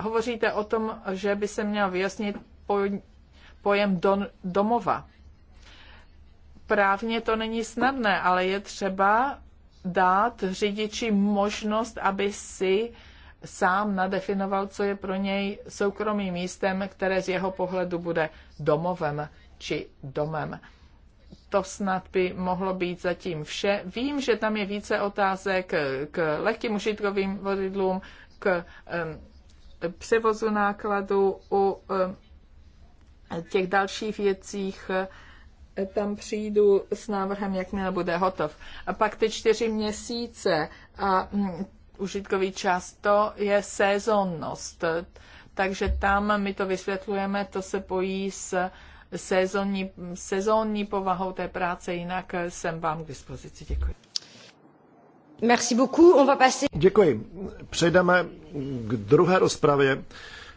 Speaker 2: hovoříte o tom, že by se měl vyjasnit pojem don, domova. Právně to není snadné, ale je třeba dát řidiči možnost, aby si sám nadefinoval, co je pro něj soukromým místem, které z jeho pohledu bude domovem či domem. To snad by mohlo být zatím vše. Vím, že tam je více otázek k lehkým užitkovým vozidlům, k um, převozu nákladu u eh, těch dalších věcích eh, tam přijdu s návrhem, jakmile bude hotov. A pak ty čtyři měsíce a mm, užitkový čas, to je sezónnost Takže tam my to vysvětlujeme, to se pojí s sezónní, sezónní povahou té práce, jinak eh, jsem vám k dispozici. Děkuji.
Speaker 1: Děkuji. Přejdeme k druhé rozpravě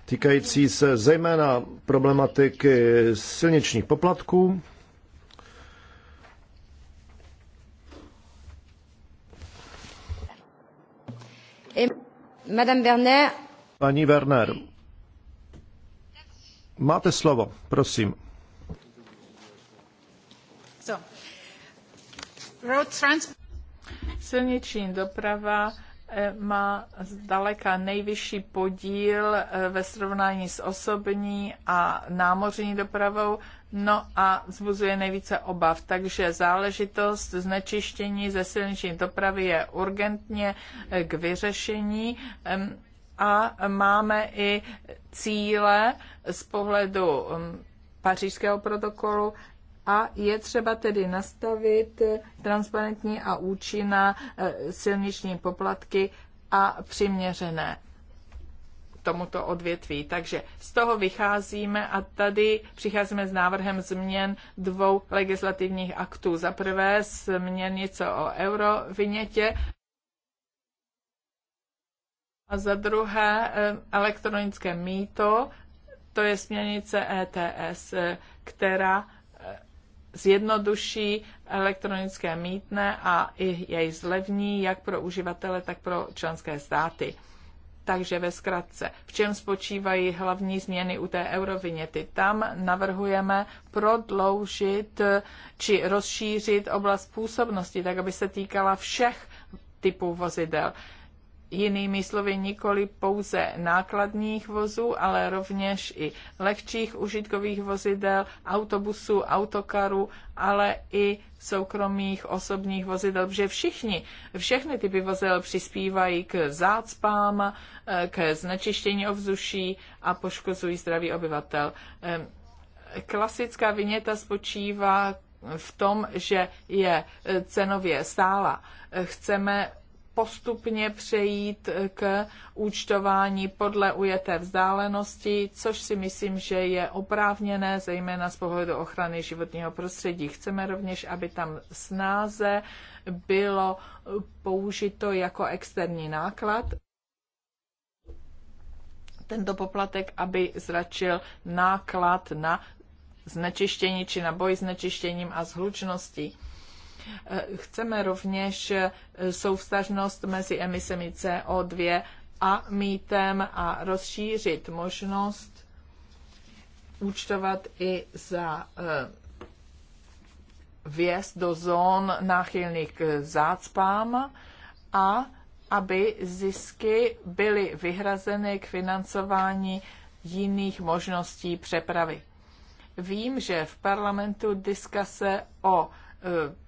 Speaker 1: týkající se zejména problematiky silničních poplatků.
Speaker 3: Werner.
Speaker 1: Paní Werner, máte slovo, prosím.
Speaker 3: So. Road
Speaker 2: transport. Silniční doprava eh, má zdaleka nejvyšší podíl eh, ve srovnání s osobní a námořní dopravou, no a vzbuzuje nejvíce obav. Takže záležitost znečištění ze silniční dopravy je urgentně eh, k vyřešení a máme i cíle z pohledu pařížského protokolu, a je třeba tedy nastavit transparentní a účinná eh, silniční poplatky a přiměřené tomuto odvětví. Takže z toho vycházíme a tady přicházíme s návrhem změn dvou legislativních aktů. Za prvé směrnice o eurovinětě a za druhé eh, elektronické mýto, to je směrnice ETS, eh, která zjednoduší elektronické mítné a i jej zlevní jak pro uživatele, tak pro členské státy. Takže ve zkratce, v čem spočívají hlavní změny u té eurovinety? Tam navrhujeme prodloužit či rozšířit oblast působnosti, tak aby se týkala všech typů vozidel jinými slovy nikoli pouze nákladních vozů, ale rovněž i lehčích užitkových vozidel, autobusů, autokarů, ale i soukromých osobních vozidel, protože všichni, všechny typy vozidel přispívají k zácpám, eh, k znečištění ovzduší a poškozují zdraví obyvatel. Eh, klasická viněta spočívá v tom, že je eh, cenově stála. Chceme postupně přejít k účtování podle ujeté vzdálenosti, což si myslím, že je oprávněné, zejména z pohledu ochrany životního prostředí. Chceme rovněž, aby tam snáze bylo použito jako externí náklad tento poplatek, aby zračil náklad na znečištění či na boj s znečištěním a s hlučností. Eh, chceme rovněž eh, souvstažnost mezi emisemi CO2 a mítem a rozšířit možnost účtovat i za eh, vjezd do zón náchylných k zácpám a aby zisky byly vyhrazeny k financování jiných možností přepravy. Vím, že v parlamentu diskase o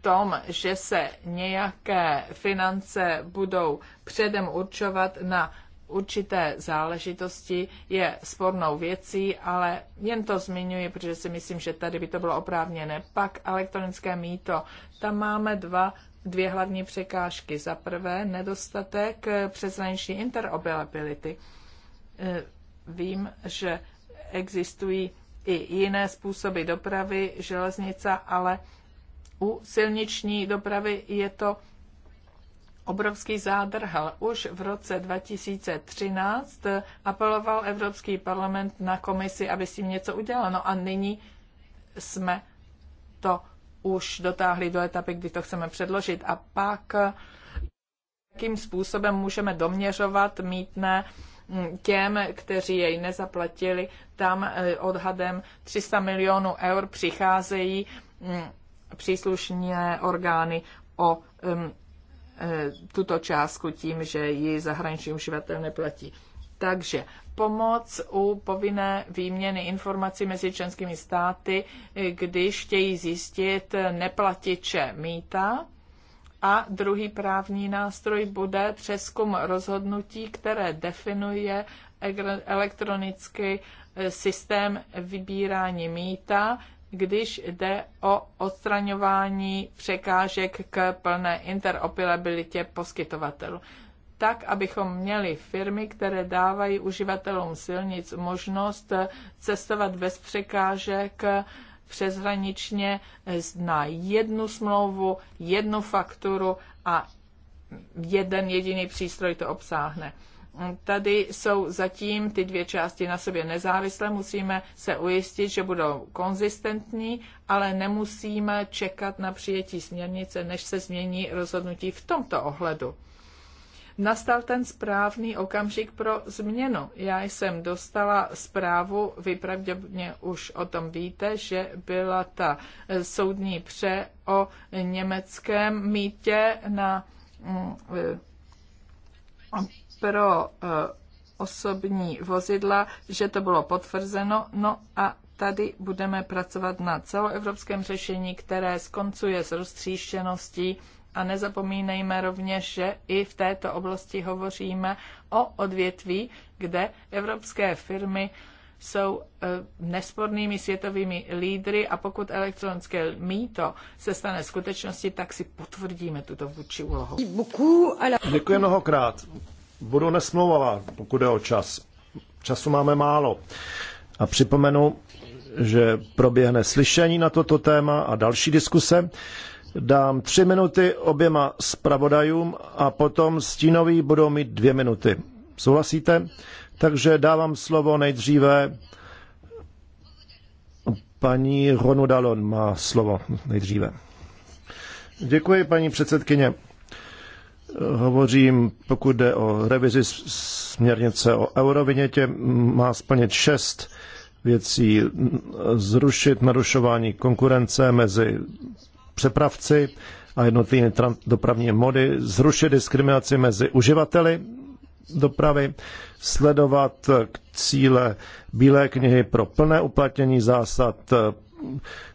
Speaker 2: tom, že se nějaké finance budou předem určovat na určité záležitosti je spornou věcí, ale jen to zmiňuji, protože si myslím, že tady by to bylo oprávněné. Pak elektronické mýto. Tam máme dva dvě hlavní překážky. Za prvé nedostatek přeshraniční interoperability. E, vím, že existují i jiné způsoby dopravy, železnice, ale u silniční dopravy je to obrovský zádrhal. Už v roce 2013 apeloval Evropský parlament na komisi, aby s tím něco udělal. No a nyní jsme to už dotáhli do etapy, kdy to chceme předložit. A pak, jakým způsobem můžeme doměřovat mítné mm, těm, kteří jej nezaplatili, tam eh, odhadem 300 milionů eur přicházejí mm, příslušné orgány o e, tuto částku tím, že ji zahraniční uživatel neplatí. Takže pomoc u povinné výměny informací mezi členskými státy, když chtějí zjistit neplatiče mýta. A druhý právní nástroj bude přeskum rozhodnutí, které definuje elektronický e, systém vybírání mýta, když jde o odstraňování překážek k plné interoperabilitě poskytovatelů. Tak, abychom měli firmy, které dávají uživatelům silnic možnost cestovat bez překážek přeshraničně na jednu smlouvu, jednu fakturu a jeden jediný přístroj to obsáhne. Tady jsou zatím ty dvě části na sobě nezávislé. Musíme se ujistit, že budou konzistentní, ale nemusíme čekat na přijetí směrnice, než se změní rozhodnutí v tomto ohledu. Nastal ten správný okamžik pro změnu. Já jsem dostala zprávu, vy pravděpodobně už o tom víte, že byla ta soudní pře o německém mítě na mm, pro eh, osobní vozidla, že to bylo potvrzeno. No a tady budeme pracovat na celoevropském řešení, které skoncuje s roztříštěností a nezapomínejme rovněž, že i v této oblasti hovoříme o odvětví, kde evropské firmy jsou eh, nespornými světovými lídry a pokud elektronické mýto se stane skutečností, tak si potvrdíme tuto vůči úlohu.
Speaker 1: Děkuji mnohokrát budu nesmlouvavá, pokud je o čas. Času máme málo. A připomenu, že proběhne slyšení na toto téma a další diskuse. Dám tři minuty oběma zpravodajům a potom stínoví budou mít dvě minuty. Souhlasíte? Takže dávám slovo nejdříve paní Ronu Dalon má slovo nejdříve. Děkuji, paní předsedkyně hovořím, pokud jde o revizi směrnice o eurovinětě, má splnit šest věcí. Zrušit narušování konkurence mezi přepravci a jednotlivými dopravní mody, zrušit diskriminaci mezi uživateli dopravy, sledovat cíle Bílé knihy pro plné uplatnění zásad,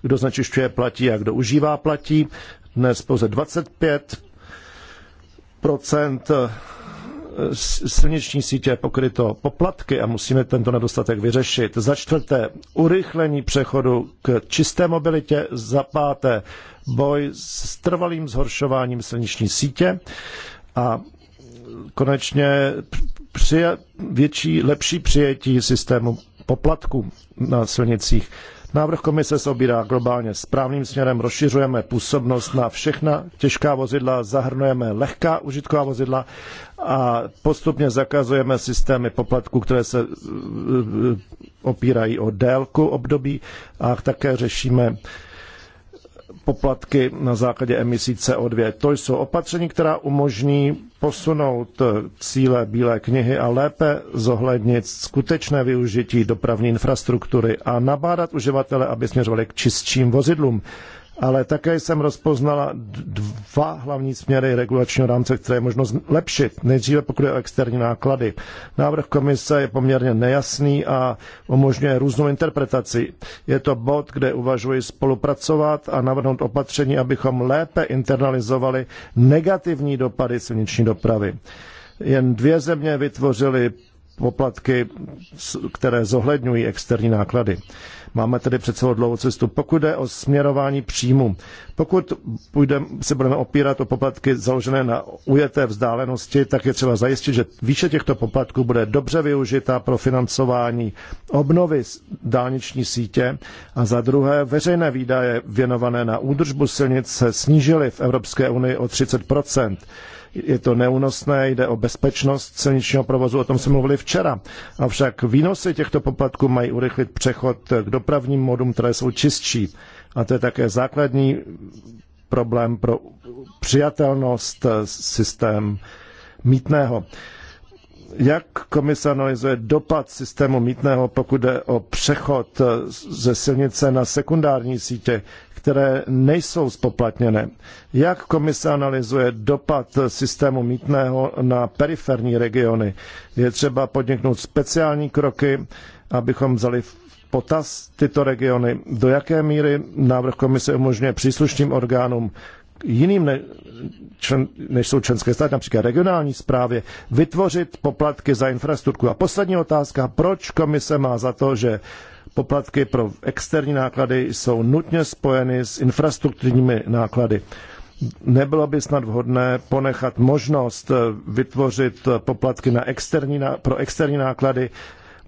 Speaker 1: kdo znečišťuje platí a kdo užívá platí. Dnes pouze 25 Eh, silniční sítě pokryto poplatky a musíme tento nedostatek vyřešit. Za čtvrté, urychlení přechodu k čisté mobilitě. Za páté, boj s trvalým zhoršováním silniční sítě. A konečně přije, větší, lepší přijetí systému poplatků na silnicích. Návrh komise se obírá globálně správným směrem, rozšiřujeme působnost na všechna těžká vozidla, zahrnujeme lehká užitková vozidla a postupně zakazujeme systémy poplatků, které se eh, eh, opírají o délku období a také řešíme poplatky na základě emisí CO2. To jsou opatření, která umožní posunout eh, cíle Bílé knihy a lépe zohlednit skutečné využití dopravní infrastruktury a nabádat uživatele, aby směřovali k čistším vozidlům ale také jsem rozpoznala dva hlavní směry regulačního rámce, které je možno zlepšit. Nejdříve pokud je o externí náklady. Návrh komise je poměrně nejasný a umožňuje různou interpretaci. Je to bod, kde uvažuji spolupracovat a navrhnout opatření, abychom lépe internalizovali negativní dopady silniční dopravy. Jen dvě země vytvořily poplatky, které zohledňují externí náklady. Máme tedy před sebou dlouhou cestu. Pokud jde o směrování příjmu, pokud půjdem, se budeme opírat o poplatky založené na ujeté vzdálenosti, tak je třeba zajistit, že výše těchto poplatků bude dobře využita pro financování obnovy dálniční sítě a za druhé veřejné výdaje věnované na údržbu silnic se snížily v Evropské unii o 30 je to neúnosné, jde o bezpečnost silničního provozu, o tom jsme mluvili včera. Avšak výnosy těchto poplatků mají urychlit přechod k dopravním modům, které jsou čistší. A to je také základní problém pro přijatelnost systém mítného jak komise analyzuje dopad systému mítného, pokud jde o přechod eh, ze silnice na sekundární sítě, které nejsou spoplatněné? Jak komise analyzuje dopad systému mítného na periferní regiony? Je třeba podniknout speciální kroky, abychom vzali v potaz tyto regiony? Do jaké míry návrh komise umožňuje příslušným orgánům jiným ne, člen, než jsou členské státy, například regionální správě, vytvořit poplatky za infrastrukturu. A poslední otázka, proč komise má za to, že poplatky pro externí náklady jsou nutně spojeny s infrastrukturními náklady? Nebylo by snad vhodné ponechat možnost eh, vytvořit eh, poplatky na externí, pro externí náklady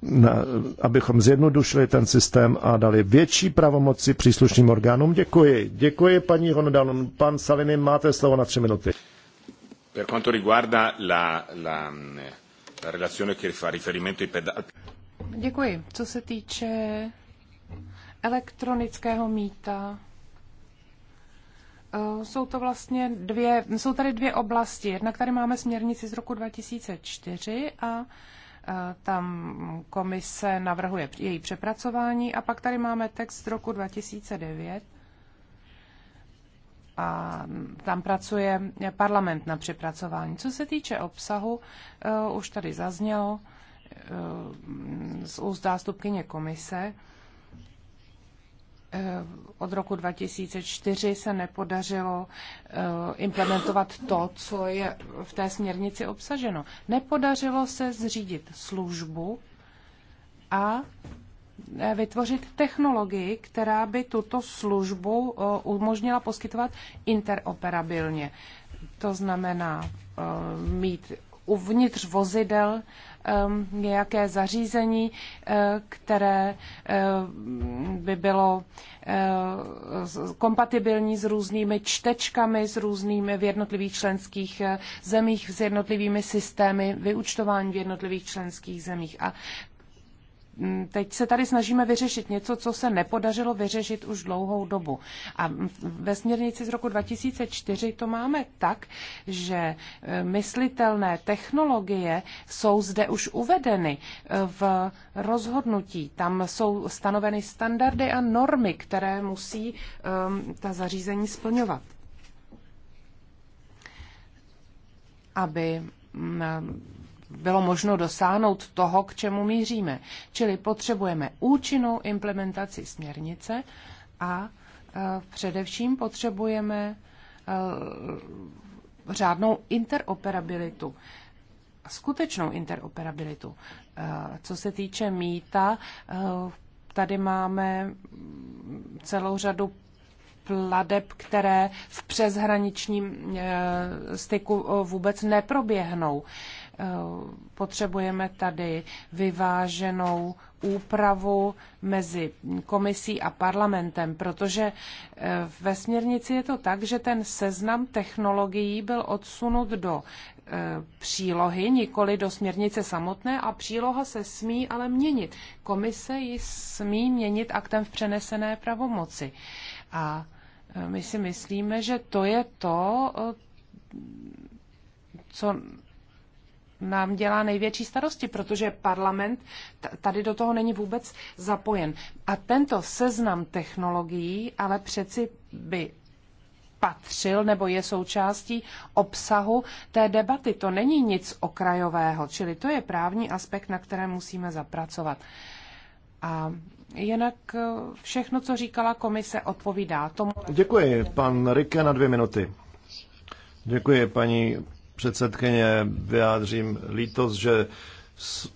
Speaker 1: na, abychom zjednodušili ten systém a dali větší pravomoci příslušným orgánům. Děkuji. Děkuji, paní Honodalon. Pan Saliny, máte slovo na tři
Speaker 3: minuty. Per quanto riguarda la, la, la relazione che fa riferimento ai pedali...
Speaker 4: Děkuji. Co se týče elektronického mýta, eh, jsou to vlastně dvě, jsou tady dvě oblasti. Jednak tady máme směrnici z roku 2004 a Eh, tam komise navrhuje její přepracování a pak tady máme text z roku 2009 a tam pracuje parlament na přepracování. Co se týče obsahu, eh, už tady zaznělo eh, z úst zástupkyně komise, Eh, od roku 2004 se nepodařilo eh, implementovat to, co je v té směrnici obsaženo. Nepodařilo se zřídit službu a eh, vytvořit technologii, která by tuto službu umožnila poskytovat interoperabilně. To znamená mít uvnitř vozidel Um, nějaké zařízení, uh, které uh, by bylo uh, kompatibilní s různými čtečkami, s různými v jednotlivých členských zemích, s jednotlivými systémy vyučtování v jednotlivých členských zemích. A Mm, teď se tady snažíme vyřešit něco, co se nepodařilo vyřešit už dlouhou dobu. A ve směrnici z roku 2004 to máme tak, že e, myslitelné technologie jsou zde už uvedeny e, v rozhodnutí. Tam jsou stanoveny standardy a normy, které musí um, ta zařízení splňovat. Aby um, bylo možno dosáhnout toho, k čemu míříme. Čili potřebujeme účinnou implementaci směrnice a e, především potřebujeme e, řádnou interoperabilitu skutečnou interoperabilitu. E, co se týče mýta, tady máme celou řadu pladeb, které v přeshraničním styku vůbec neproběhnou. Eh, potřebujeme tady vyváženou úpravu mezi komisí a parlamentem, protože eh, ve směrnici je to tak, že ten seznam technologií byl odsunut do eh, přílohy, nikoli do směrnice samotné a příloha se smí ale měnit. Komise ji smí měnit aktem v přenesené pravomoci. A my si myslíme, že to je to, co nám dělá největší starosti, protože parlament tady do toho není vůbec zapojen. A tento seznam technologií ale přeci by patřil nebo je součástí obsahu té debaty. To není nic okrajového, čili to je právní aspekt, na kterém musíme zapracovat. A jinak eh, všechno, co říkala komise, odpovídá tomu.
Speaker 1: Děkuji. Pan Rike na dvě minuty. Děkuji, paní předsedkyně, vyjádřím lítost, že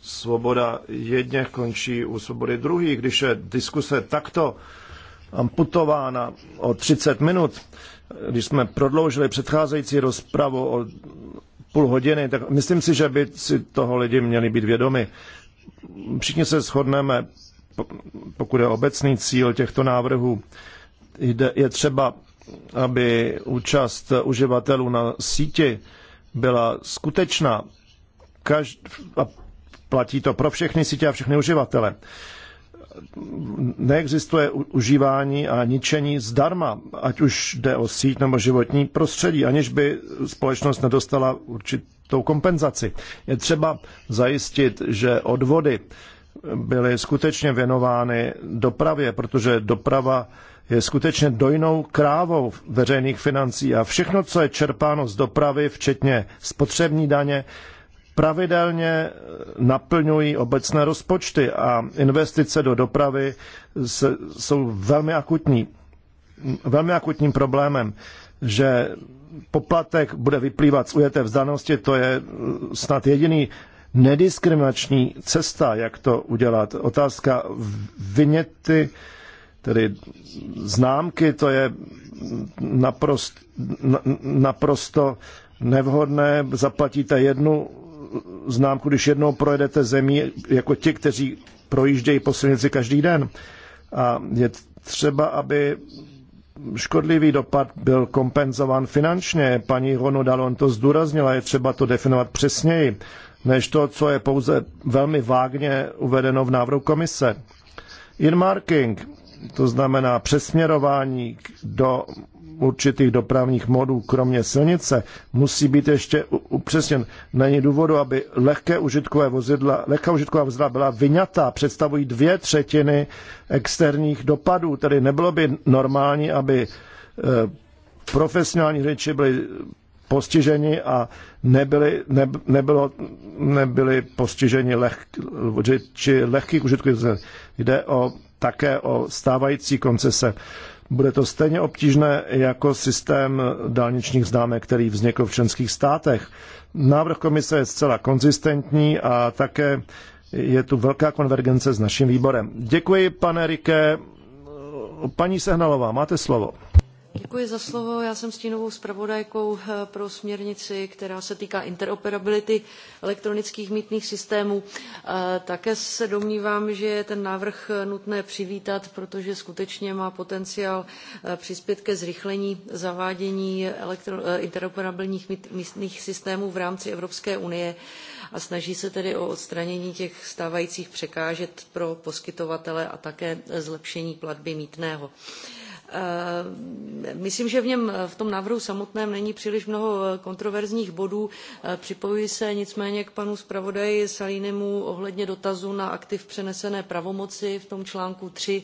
Speaker 1: svoboda jedněch končí u svobody druhých. Když je diskuse takto amputována o 30 minut, když jsme prodloužili předcházející rozpravu o půl hodiny, tak myslím si, že by si toho lidi měli být vědomi. Všichni se shodneme, pokud je obecný cíl těchto návrhů, je třeba, aby účast uživatelů na síti byla skutečná. Každ- a platí to pro všechny sítě a všechny uživatele. Neexistuje užívání a ničení zdarma, ať už jde o síť nebo životní prostředí, aniž by společnost nedostala určitou kompenzaci. Je třeba zajistit, že odvody byly skutečně věnovány dopravě, protože doprava je skutečně dojnou krávou veřejných financí a všechno, co je čerpáno z dopravy, včetně spotřební daně, pravidelně eh, naplňují obecné rozpočty a investice do dopravy se, jsou velmi akutní, velmi akutním problémem, že poplatek bude vyplývat z ujeté vzdanosti, to je eh, snad jediný nediskriminační cesta, jak to udělat. Otázka vyněty Tedy známky, to je naprost, naprosto nevhodné. Zaplatíte jednu známku, když jednou projedete zemí, jako ti, kteří projíždějí po silnici každý den. A je třeba, aby škodlivý dopad byl kompenzován finančně. Paní Hono Dalon to zdůraznila, je třeba to definovat přesněji, než to, co je pouze velmi vágně uvedeno v návrhu komise. Marking, to znamená přesměrování do určitých dopravních modů, kromě silnice, musí být ještě upřesněn. Není důvodu, aby lehké užitkové vozidla, lehká užitková vozidla byla vyňata, představují dvě třetiny externích dopadů, tedy nebylo by normální, aby e, profesionální řidiči byli postiženi a nebyli, ne, nebylo, nebyli postiženi leh, či lehkých užitkových vozidel. Jde o také o stávající koncese. Bude to stejně obtížné jako systém dálničních známek, který vznikl v členských státech. Návrh komise je zcela konzistentní a také je tu velká konvergence s naším výborem. Děkuji, pane Rike. Paní Sehnalová, máte slovo.
Speaker 3: Děkuji za slovo. Já jsem stínovou zpravodajkou eh, pro směrnici, která se týká interoperability elektronických mýtných systémů. Eh, také se domnívám, že je ten návrh eh, nutné přivítat, protože skutečně má potenciál přispět ke zrychlení zavádění interoperabilních mýtných systémů v rámci Evropské unie a snaží se tedy o odstranění těch stávajících překážek pro poskytovatele a také zlepšení platby mýtného. Eh, myslím, že v něm v tom návrhu samotném není příliš mnoho eh, kontroverzních bodů. Eh, připojuji se nicméně k panu zpravodaji Salínemu ohledně dotazu na aktiv přenesené pravomoci v tom článku 3,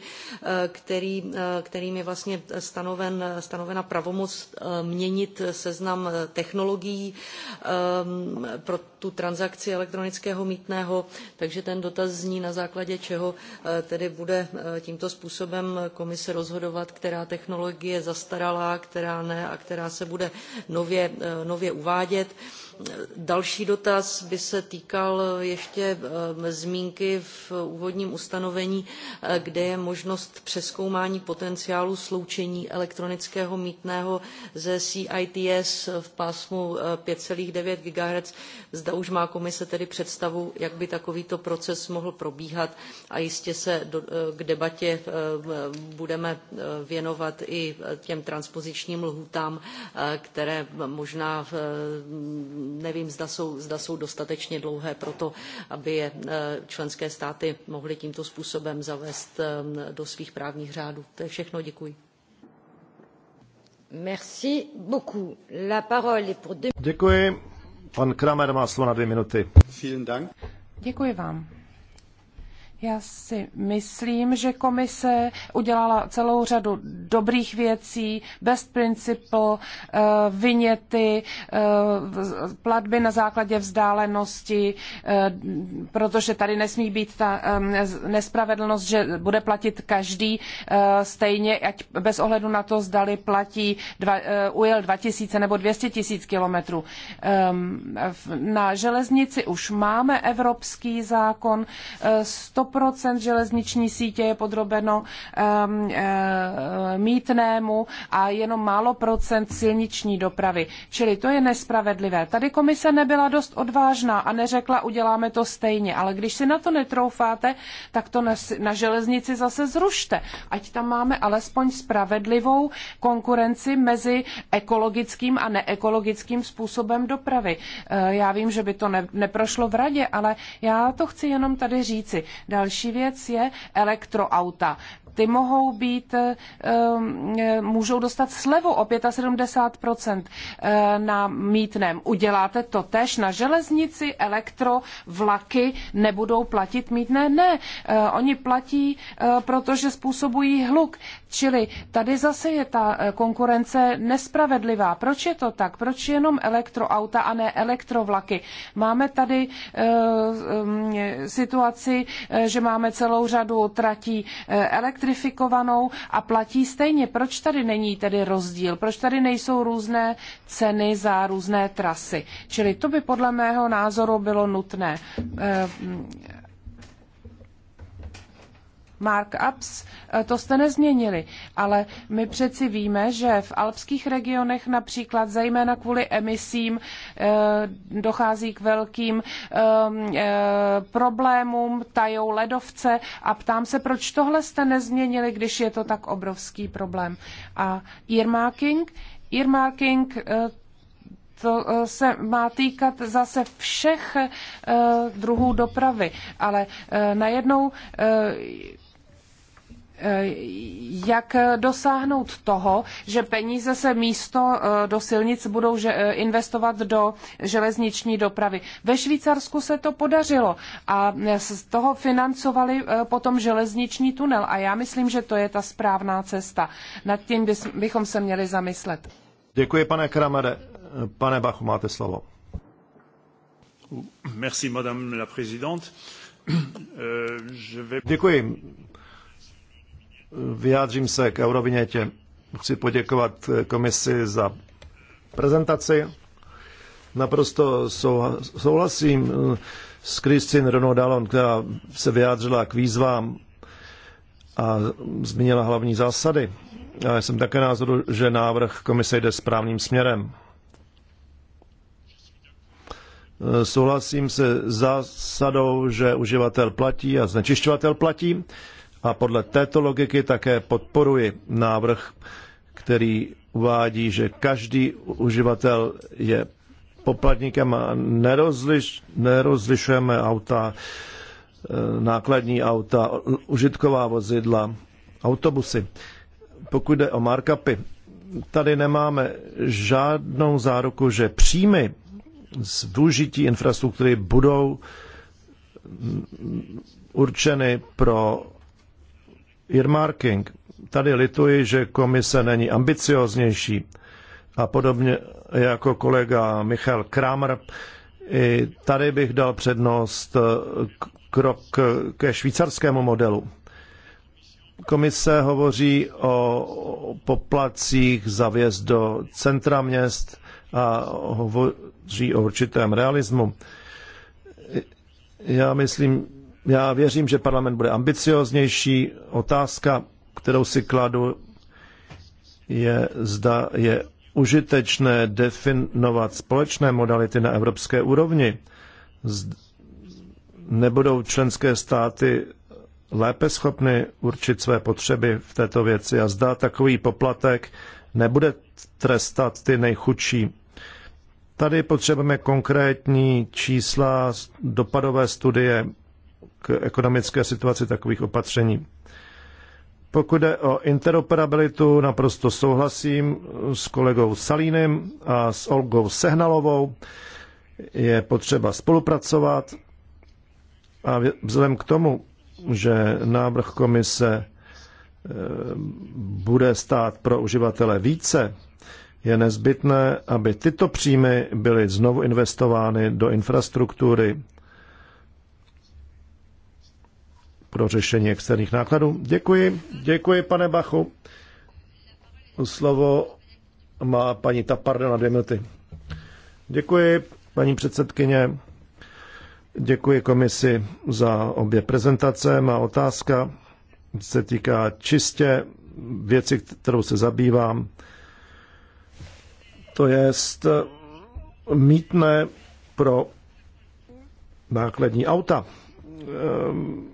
Speaker 3: který, kterým je vlastně stanoven, stanovena pravomoc měnit seznam technologií pro tu transakci elektronického mýtného, takže ten dotaz zní na základě čeho tedy bude tímto způsobem komise rozhodovat, které která technologie je zastaralá která ne a která se bude nově, eh, nově uvádět. Další dotaz by se týkal ještě eh, zmínky v úvodním ustanovení, eh, kde je možnost přeskoumání potenciálu sloučení elektronického mítného ze CITS v pásmu 5,9 eh, GHz. Zda už má komise tedy představu, jak by takovýto proces mohl probíhat a jistě se do, k debatě budeme věnovat i těm transpozičním lhůtám, které možná nevím, zda jsou, zda jsou dostatečně dlouhé pro to, aby je eh, členské státy mohly tímto způsobem zavést eh, do svých právních řádů. To je všechno, děkuji. Merci beaucoup. La parole est pour deux...
Speaker 1: Děkuji. Pan Kramer má slovo na dvě minuty. Vielen Dank.
Speaker 3: Děkuji vám.
Speaker 4: Já si myslím, že komise udělala celou řadu dobrých věcí, best principle, eh, vyněty, eh, platby na základě vzdálenosti, eh, protože tady nesmí být ta nespravedlnost, že bude platit každý stejně, ať bez ohledu na to, zdali platí dva, ujel 2000 nebo 200 tisíc kilometrů. Na železnici už máme evropský zákon, 100 100% železniční sítě je podrobeno um, uh, mítnému a jenom málo procent silniční dopravy. Čili to je nespravedlivé. Tady komise nebyla dost odvážná a neřekla, uděláme to stejně. Ale když si na to netroufáte, tak to na, na železnici zase zrušte. Ať tam máme alespoň spravedlivou konkurenci mezi ekologickým a neekologickým způsobem dopravy. Eh, já vím, že by to ne, neprošlo v radě, ale já to chci jenom tady říci. Další věc je elektroauta ty mohou být, eh, eh, můžou dostat slevu o 75% eh, na mítném. Uděláte to tež na železnici, elektro, vlaky nebudou platit mítné? Ne, oni platí, protože způsobují hluk. Čili tady zase je ta konkurence nespravedlivá. Proč je to tak? Proč jenom elektroauta a ne elektrovlaky? Máme tady situaci, že máme celou řadu tratí elektro elektrifikovanou a platí stejně. Proč tady není tedy rozdíl? Proč tady nejsou různé ceny za různé trasy? Čili to by podle mého názoru bylo nutné. E, markups, eh, to jste nezměnili. Ale my přeci víme, že v alpských regionech například zejména kvůli emisím eh, dochází k velkým ehm, eh, problémům, tajou ledovce a ptám se, proč tohle jste nezměnili, když je to tak obrovský problém. A earmarking? Earmarking to se má týkat zase všech druhů dopravy, ale najednou Eh, jak dosáhnout toho, že peníze se místo eh, do silnic budou eh, investovat do železniční dopravy. Ve Švýcarsku se to podařilo a z toho financovali potom železniční tunel a já myslím, že to je ta správná cesta. Nad tím bychom se měli zamyslet.
Speaker 1: Děkuji, pane Kramere. Pane Bachu, máte slovo. Merci, madame la présidente. Děkuji, Vyjádřím se k eurovinětě. Chci poděkovat komisi za prezentaci. Naprosto souhlasím eh, s Kristin Renaud Dallon, která se vyjádřila k výzvám a zmínila hlavní zásady. Já jsem také názoru, že návrh komise jde správným směrem. Eh, souhlasím se zásadou, že uživatel platí a znečišťovatel platí. A podle této logiky také podporuji návrh, který uvádí, že každý uživatel je poplatníkem a nerozliš, nerozlišujeme auta, eh, nákladní auta, užitková vozidla, autobusy. Pokud jde o markupy, tady nemáme žádnou záruku, že příjmy z využití infrastruktury budou mm, mm, určeny pro earmarking. Tady lituji, že komise není ambicioznější. A podobně jako kolega Michal Kramer, i tady bych dal přednost eh, krok ke švýcarskému modelu. Komise hovoří o poplacích za vjezd do centra měst a hovoří o určitém realismu. Já myslím, já věřím, že parlament bude ambicioznější. Otázka, kterou si kladu, je, zda je užitečné definovat společné modality na evropské úrovni. Nebudou členské státy lépe schopny určit své potřeby v této věci a zda takový poplatek nebude trestat ty nejchudší. Tady potřebujeme konkrétní čísla, dopadové studie, k ekonomické situaci takových opatření. Pokud jde o interoperabilitu, naprosto souhlasím s kolegou Salínem a s Olgou Sehnalovou. Je potřeba spolupracovat a vzhledem k tomu, že návrh komise e, bude stát pro uživatele více, je nezbytné, aby tyto příjmy byly znovu investovány do infrastruktury pro řešení externích nákladů. Děkuji, děkuji pane Bachu. Slovo má paní Taparda na dvě minuty. Děkuji, paní předsedkyně. Děkuji komisi za obě prezentace. Má otázka se týká čistě věci, kterou se zabývám. To je mítné pro nákladní auta. Ehm,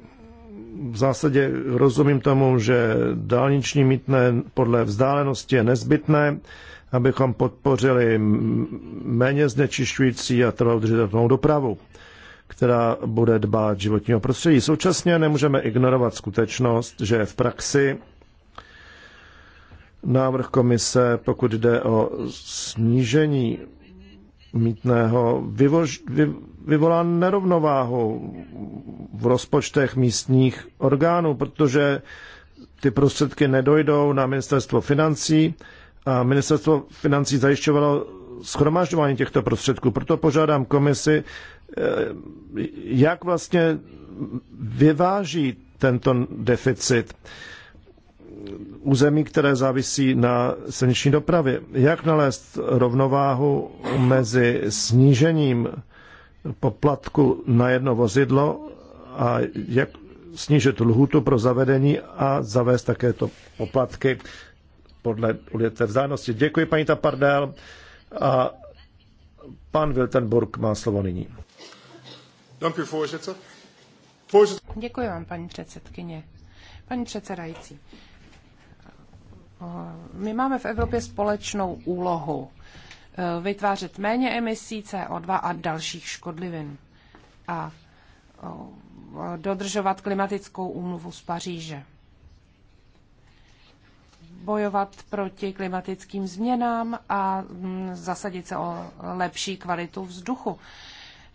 Speaker 1: v zásadě rozumím tomu, že dálniční mítné podle vzdálenosti je nezbytné, abychom podpořili méně znečišťující a trvalou dopravu, která bude dbát životního prostředí. Současně nemůžeme ignorovat skutečnost, že v praxi návrh komise, pokud jde o snížení mítného vyvož, vy, vyvolá nerovnováhu v rozpočtech místních orgánů, protože ty prostředky nedojdou na ministerstvo financí a ministerstvo financí zajišťovalo schromažďování těchto prostředků. Proto požádám komisi, eh, jak vlastně vyváží tento deficit území, které závisí na silniční dopravě. Jak nalézt rovnováhu mezi snížením poplatku na jedno vozidlo a jak snížit lhutu pro zavedení a zavést také to poplatky podle ulice vzdálenosti. Děkuji, paní Tapardel. A pan Wiltenburg má slovo nyní.
Speaker 4: Děkuji vám, paní předsedkyně. Paní předsedající, Eh, my máme v Evropě společnou úlohu eh, vytvářet méně emisí CO2 a dalších škodlivin a eh, dodržovat klimatickou úmluvu z Paříže. Bojovat proti klimatickým změnám a hm, zasadit se o lepší kvalitu vzduchu.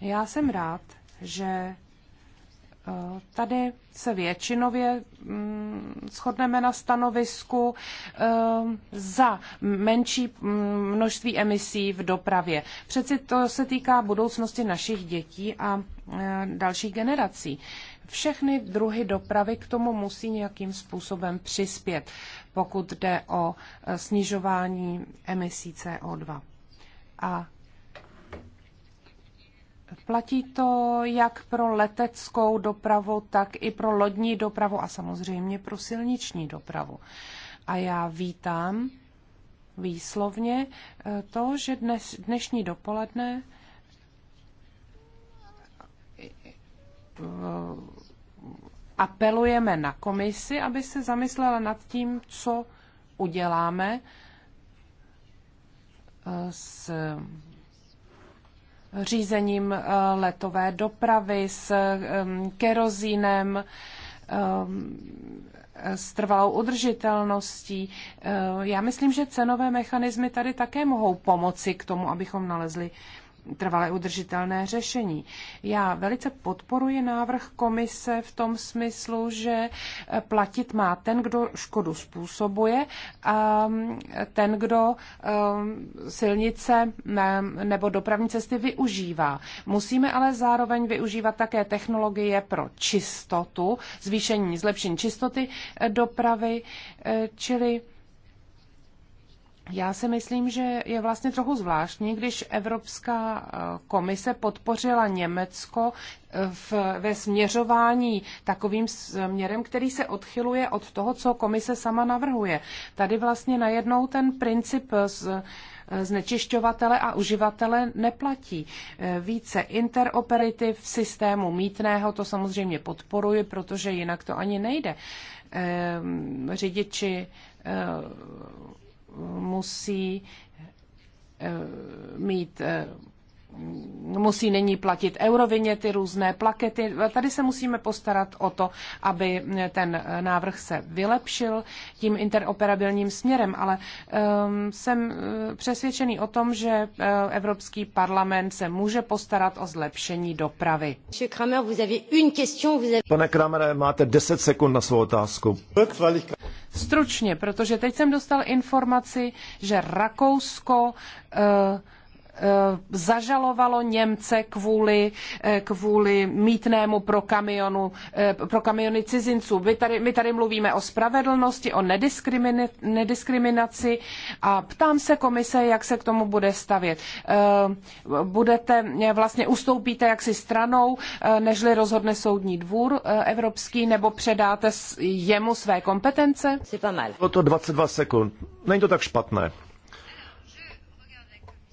Speaker 4: Já jsem rád, že Tady se většinově mm, shodneme na stanovisku ehm, za menší mm, množství emisí v dopravě. Přeci to se týká budoucnosti našich dětí a e, dalších generací. Všechny druhy dopravy k tomu musí nějakým způsobem přispět, pokud jde o e, snižování emisí CO2. A Platí to jak pro leteckou dopravu, tak i pro lodní dopravu a samozřejmě pro silniční dopravu. A já vítám výslovně eh, to, že dnes, dnešní dopoledne eh, apelujeme na komisi, aby se zamyslela nad tím, co uděláme eh, s řízením eh, letové dopravy, s kerozínem, s trvalou udržitelností. Eh, já myslím, že cenové mechanismy tady také mohou pomoci k tomu, abychom nalezli trvalé udržitelné řešení. Já velice podporuji návrh komise v tom smyslu, že eh, platit má ten, kdo škodu způsobuje a mm, ten, kdo eh, silnice mm, nebo dopravní cesty využívá. Musíme ale zároveň využívat také technologie pro čistotu, zvýšení, zlepšení čistoty eh, dopravy, čili já si myslím, že je vlastně trochu zvláštní, když Evropská eh, komise podpořila Německo eh, v, ve směřování takovým eh, směrem, který se odchyluje od toho, co komise sama navrhuje. Tady vlastně najednou ten princip z, znečišťovatele a uživatele neplatí. Více interoperity v systému mítného, to samozřejmě podporuji, protože jinak to ani nejde. Řidiči musí eh, mít eh, musí nyní platit eurovině, ty různé plakety. Tady se musíme postarat o to, aby ten návrh se vylepšil tím interoperabilním směrem, ale um, jsem eh, přesvědčený o tom, že eh, Evropský parlament se může postarat o zlepšení dopravy.
Speaker 1: Pane Kramere, máte 10 sekund na svou otázku.
Speaker 4: Stručně, protože teď jsem dostal informaci, že Rakousko uh, Eh, zažalovalo Němce kvůli, eh, kvůli mítnému pro, kamionu, eh, pro kamiony cizinců. My tady, my tady mluvíme o spravedlnosti, o nediskriminaci a ptám se komise, jak se k tomu bude stavět. Budete, vlastně ustoupíte jaksi stranou, nežli rozhodne soudní dvůr evropský, nebo předáte jemu své kompetence?
Speaker 1: Bylo to 22 sekund. Není to tak špatné.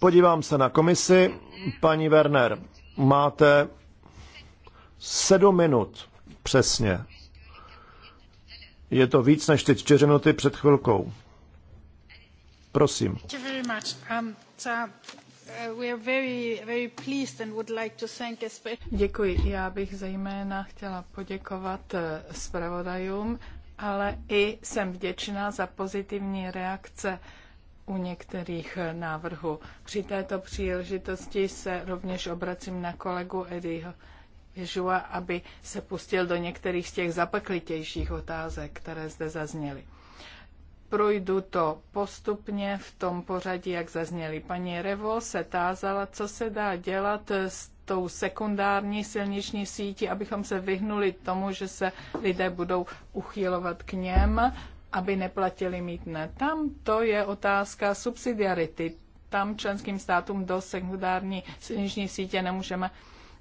Speaker 1: Podívám se na komisi. Paní Werner, máte sedm minut přesně. Je to víc než ty čtyři minuty před chvilkou. Prosím.
Speaker 2: Um, uh, Děkuji. Já bych zejména chtěla poděkovat uh, zpravodajům, ale i jsem vděčná za pozitivní reakce u některých návrhů. Při této příležitosti se rovněž obracím na kolegu Eddieho Ježua, aby se pustil do některých z těch zapeklitějších otázek, které zde zazněly. Projdu to postupně v tom pořadí, jak zazněly. Paní Revo se tázala, co se dá dělat s tou sekundární silniční sítí, abychom se vyhnuli tomu, že se lidé budou uchylovat k něm aby neplatili mítne. Tam to je otázka subsidiarity. Tam členským státům do sekundární silniční sítě nemůžeme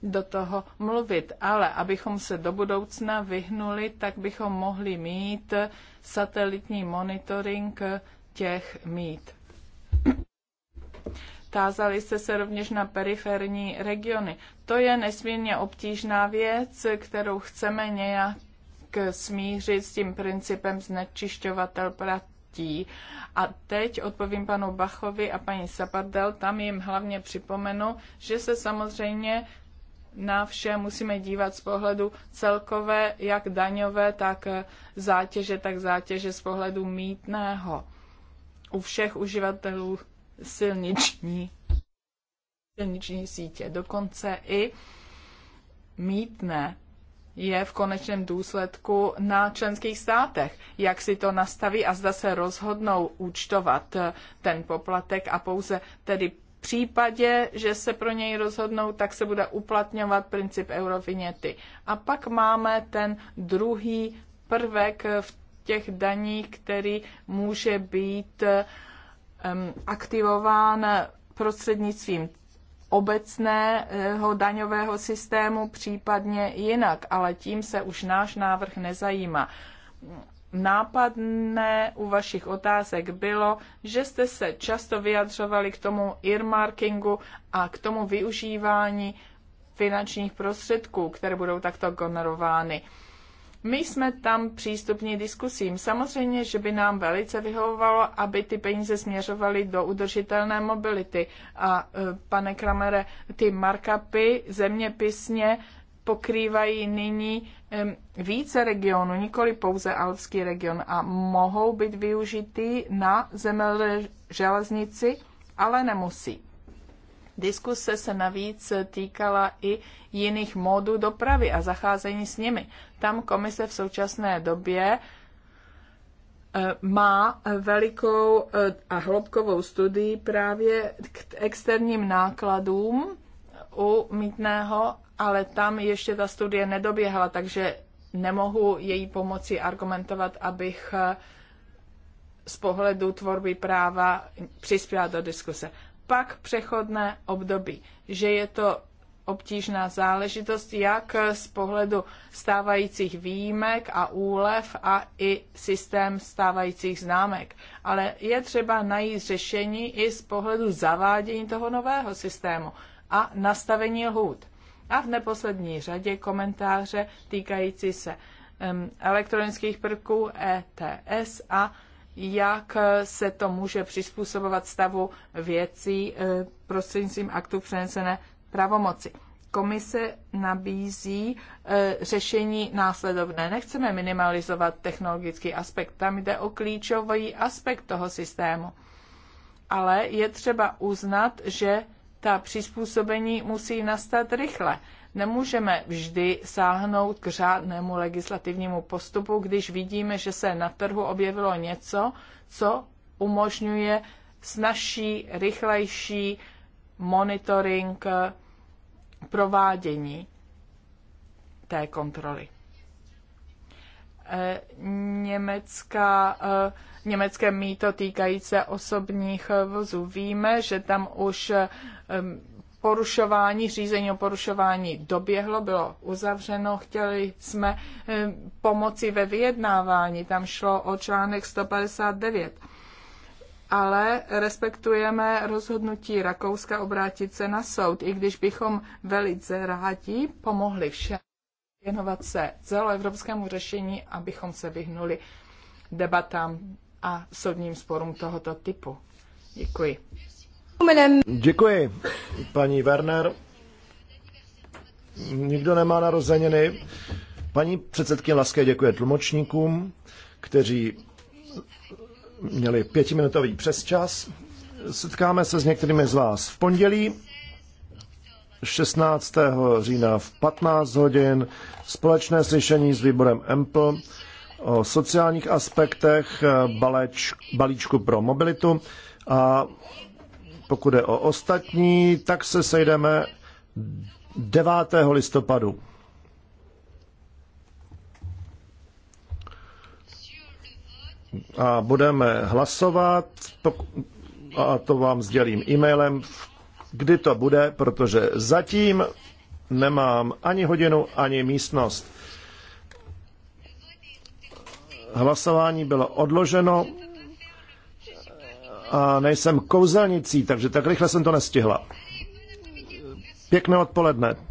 Speaker 2: do toho mluvit, ale abychom se do budoucna vyhnuli, tak bychom mohli mít satelitní monitoring těch mít. Tázali jste se rovněž na periferní regiony. To je nesmírně obtížná věc, kterou chceme nějak smířit s tím principem znečišťovatel platí. A teď odpovím panu Bachovi a paní Sapardel, tam jim hlavně připomenu, že se samozřejmě na vše musíme dívat z pohledu celkové, jak daňové, tak zátěže, tak zátěže z pohledu mítného u všech uživatelů silniční, silniční sítě. Dokonce i mítné je v konečném důsledku na členských státech, jak si to nastaví a zda se rozhodnou účtovat eh, ten poplatek a pouze tedy v případě, že se pro něj rozhodnou, tak se bude uplatňovat princip eurovinety. A pak máme ten druhý prvek v těch daních, který může být um, aktivován prostřednictvím obecného daňového systému, případně jinak, ale tím se už náš návrh nezajímá. Nápadné u vašich otázek bylo, že jste se často vyjadřovali k tomu earmarkingu a k tomu využívání finančních prostředků, které budou takto generovány. My jsme tam přístupní diskusím. Samozřejmě, že by nám velice vyhovovalo, aby ty peníze směřovaly do udržitelné mobility. A e, pane Kramere, ty markupy zeměpisně pokrývají nyní více regionů, nikoli pouze alpský region a mohou být využity na železnici, ale nemusí. Diskuse se navíc týkala i jiných módů dopravy a zacházení s nimi. Tam komise v současné době eh, má velikou eh, a hloubkovou studii právě k externím nákladům u mítného, ale tam ještě ta studie nedoběhla, takže nemohu její pomoci argumentovat, abych eh, z pohledu tvorby práva přispěla do diskuse pak přechodné období, že je to obtížná záležitost, jak z pohledu stávajících výjimek a úlev a i systém stávajících známek. Ale je třeba najít řešení i z pohledu zavádění toho nového systému a nastavení lhůt. A v neposlední řadě komentáře týkající se elektronických prvků ETS a jak se to může přizpůsobovat stavu věcí eh, prostřednictvím aktu přenesené pravomoci. Komise nabízí eh, řešení následovné. Nechceme minimalizovat technologický aspekt, tam jde o klíčový aspekt toho systému. Ale je třeba uznat, že ta přizpůsobení musí nastat rychle. Nemůžeme vždy sáhnout k řádnému legislativnímu postupu, když vidíme, že se na trhu objevilo něco, co umožňuje snažší, rychlejší monitoring eh, provádění té kontroly. Eh, Německá, eh, německé mýto týkající osobních vozů. Víme, že tam už porušování, řízení o porušování doběhlo, bylo uzavřeno. Chtěli jsme eh, pomoci ve vyjednávání, tam šlo o článek 159. Ale respektujeme rozhodnutí Rakouska obrátit se na soud, i když bychom velice rádi pomohli všem věnovat se celoevropskému řešení, abychom se vyhnuli debatám a soudním sporům tohoto typu. Děkuji.
Speaker 1: Děkuji, paní Werner. Nikdo nemá narozeniny. Paní předsedkyně Laské děkuje tlumočníkům, kteří měli pětiminutový přesčas. Setkáme se s některými z vás v pondělí 16. října v 15 hodin společné slyšení s výborem EMPL o sociálních aspektech balíčku pro mobilitu a pokud je o ostatní, tak se sejdeme 9. listopadu. A budeme hlasovat, a to vám sdělím e-mailem, kdy to bude, protože zatím nemám ani hodinu, ani místnost. Hlasování bylo odloženo a nejsem kouzelnicí, takže tak rychle jsem to nestihla. Pěkné odpoledne.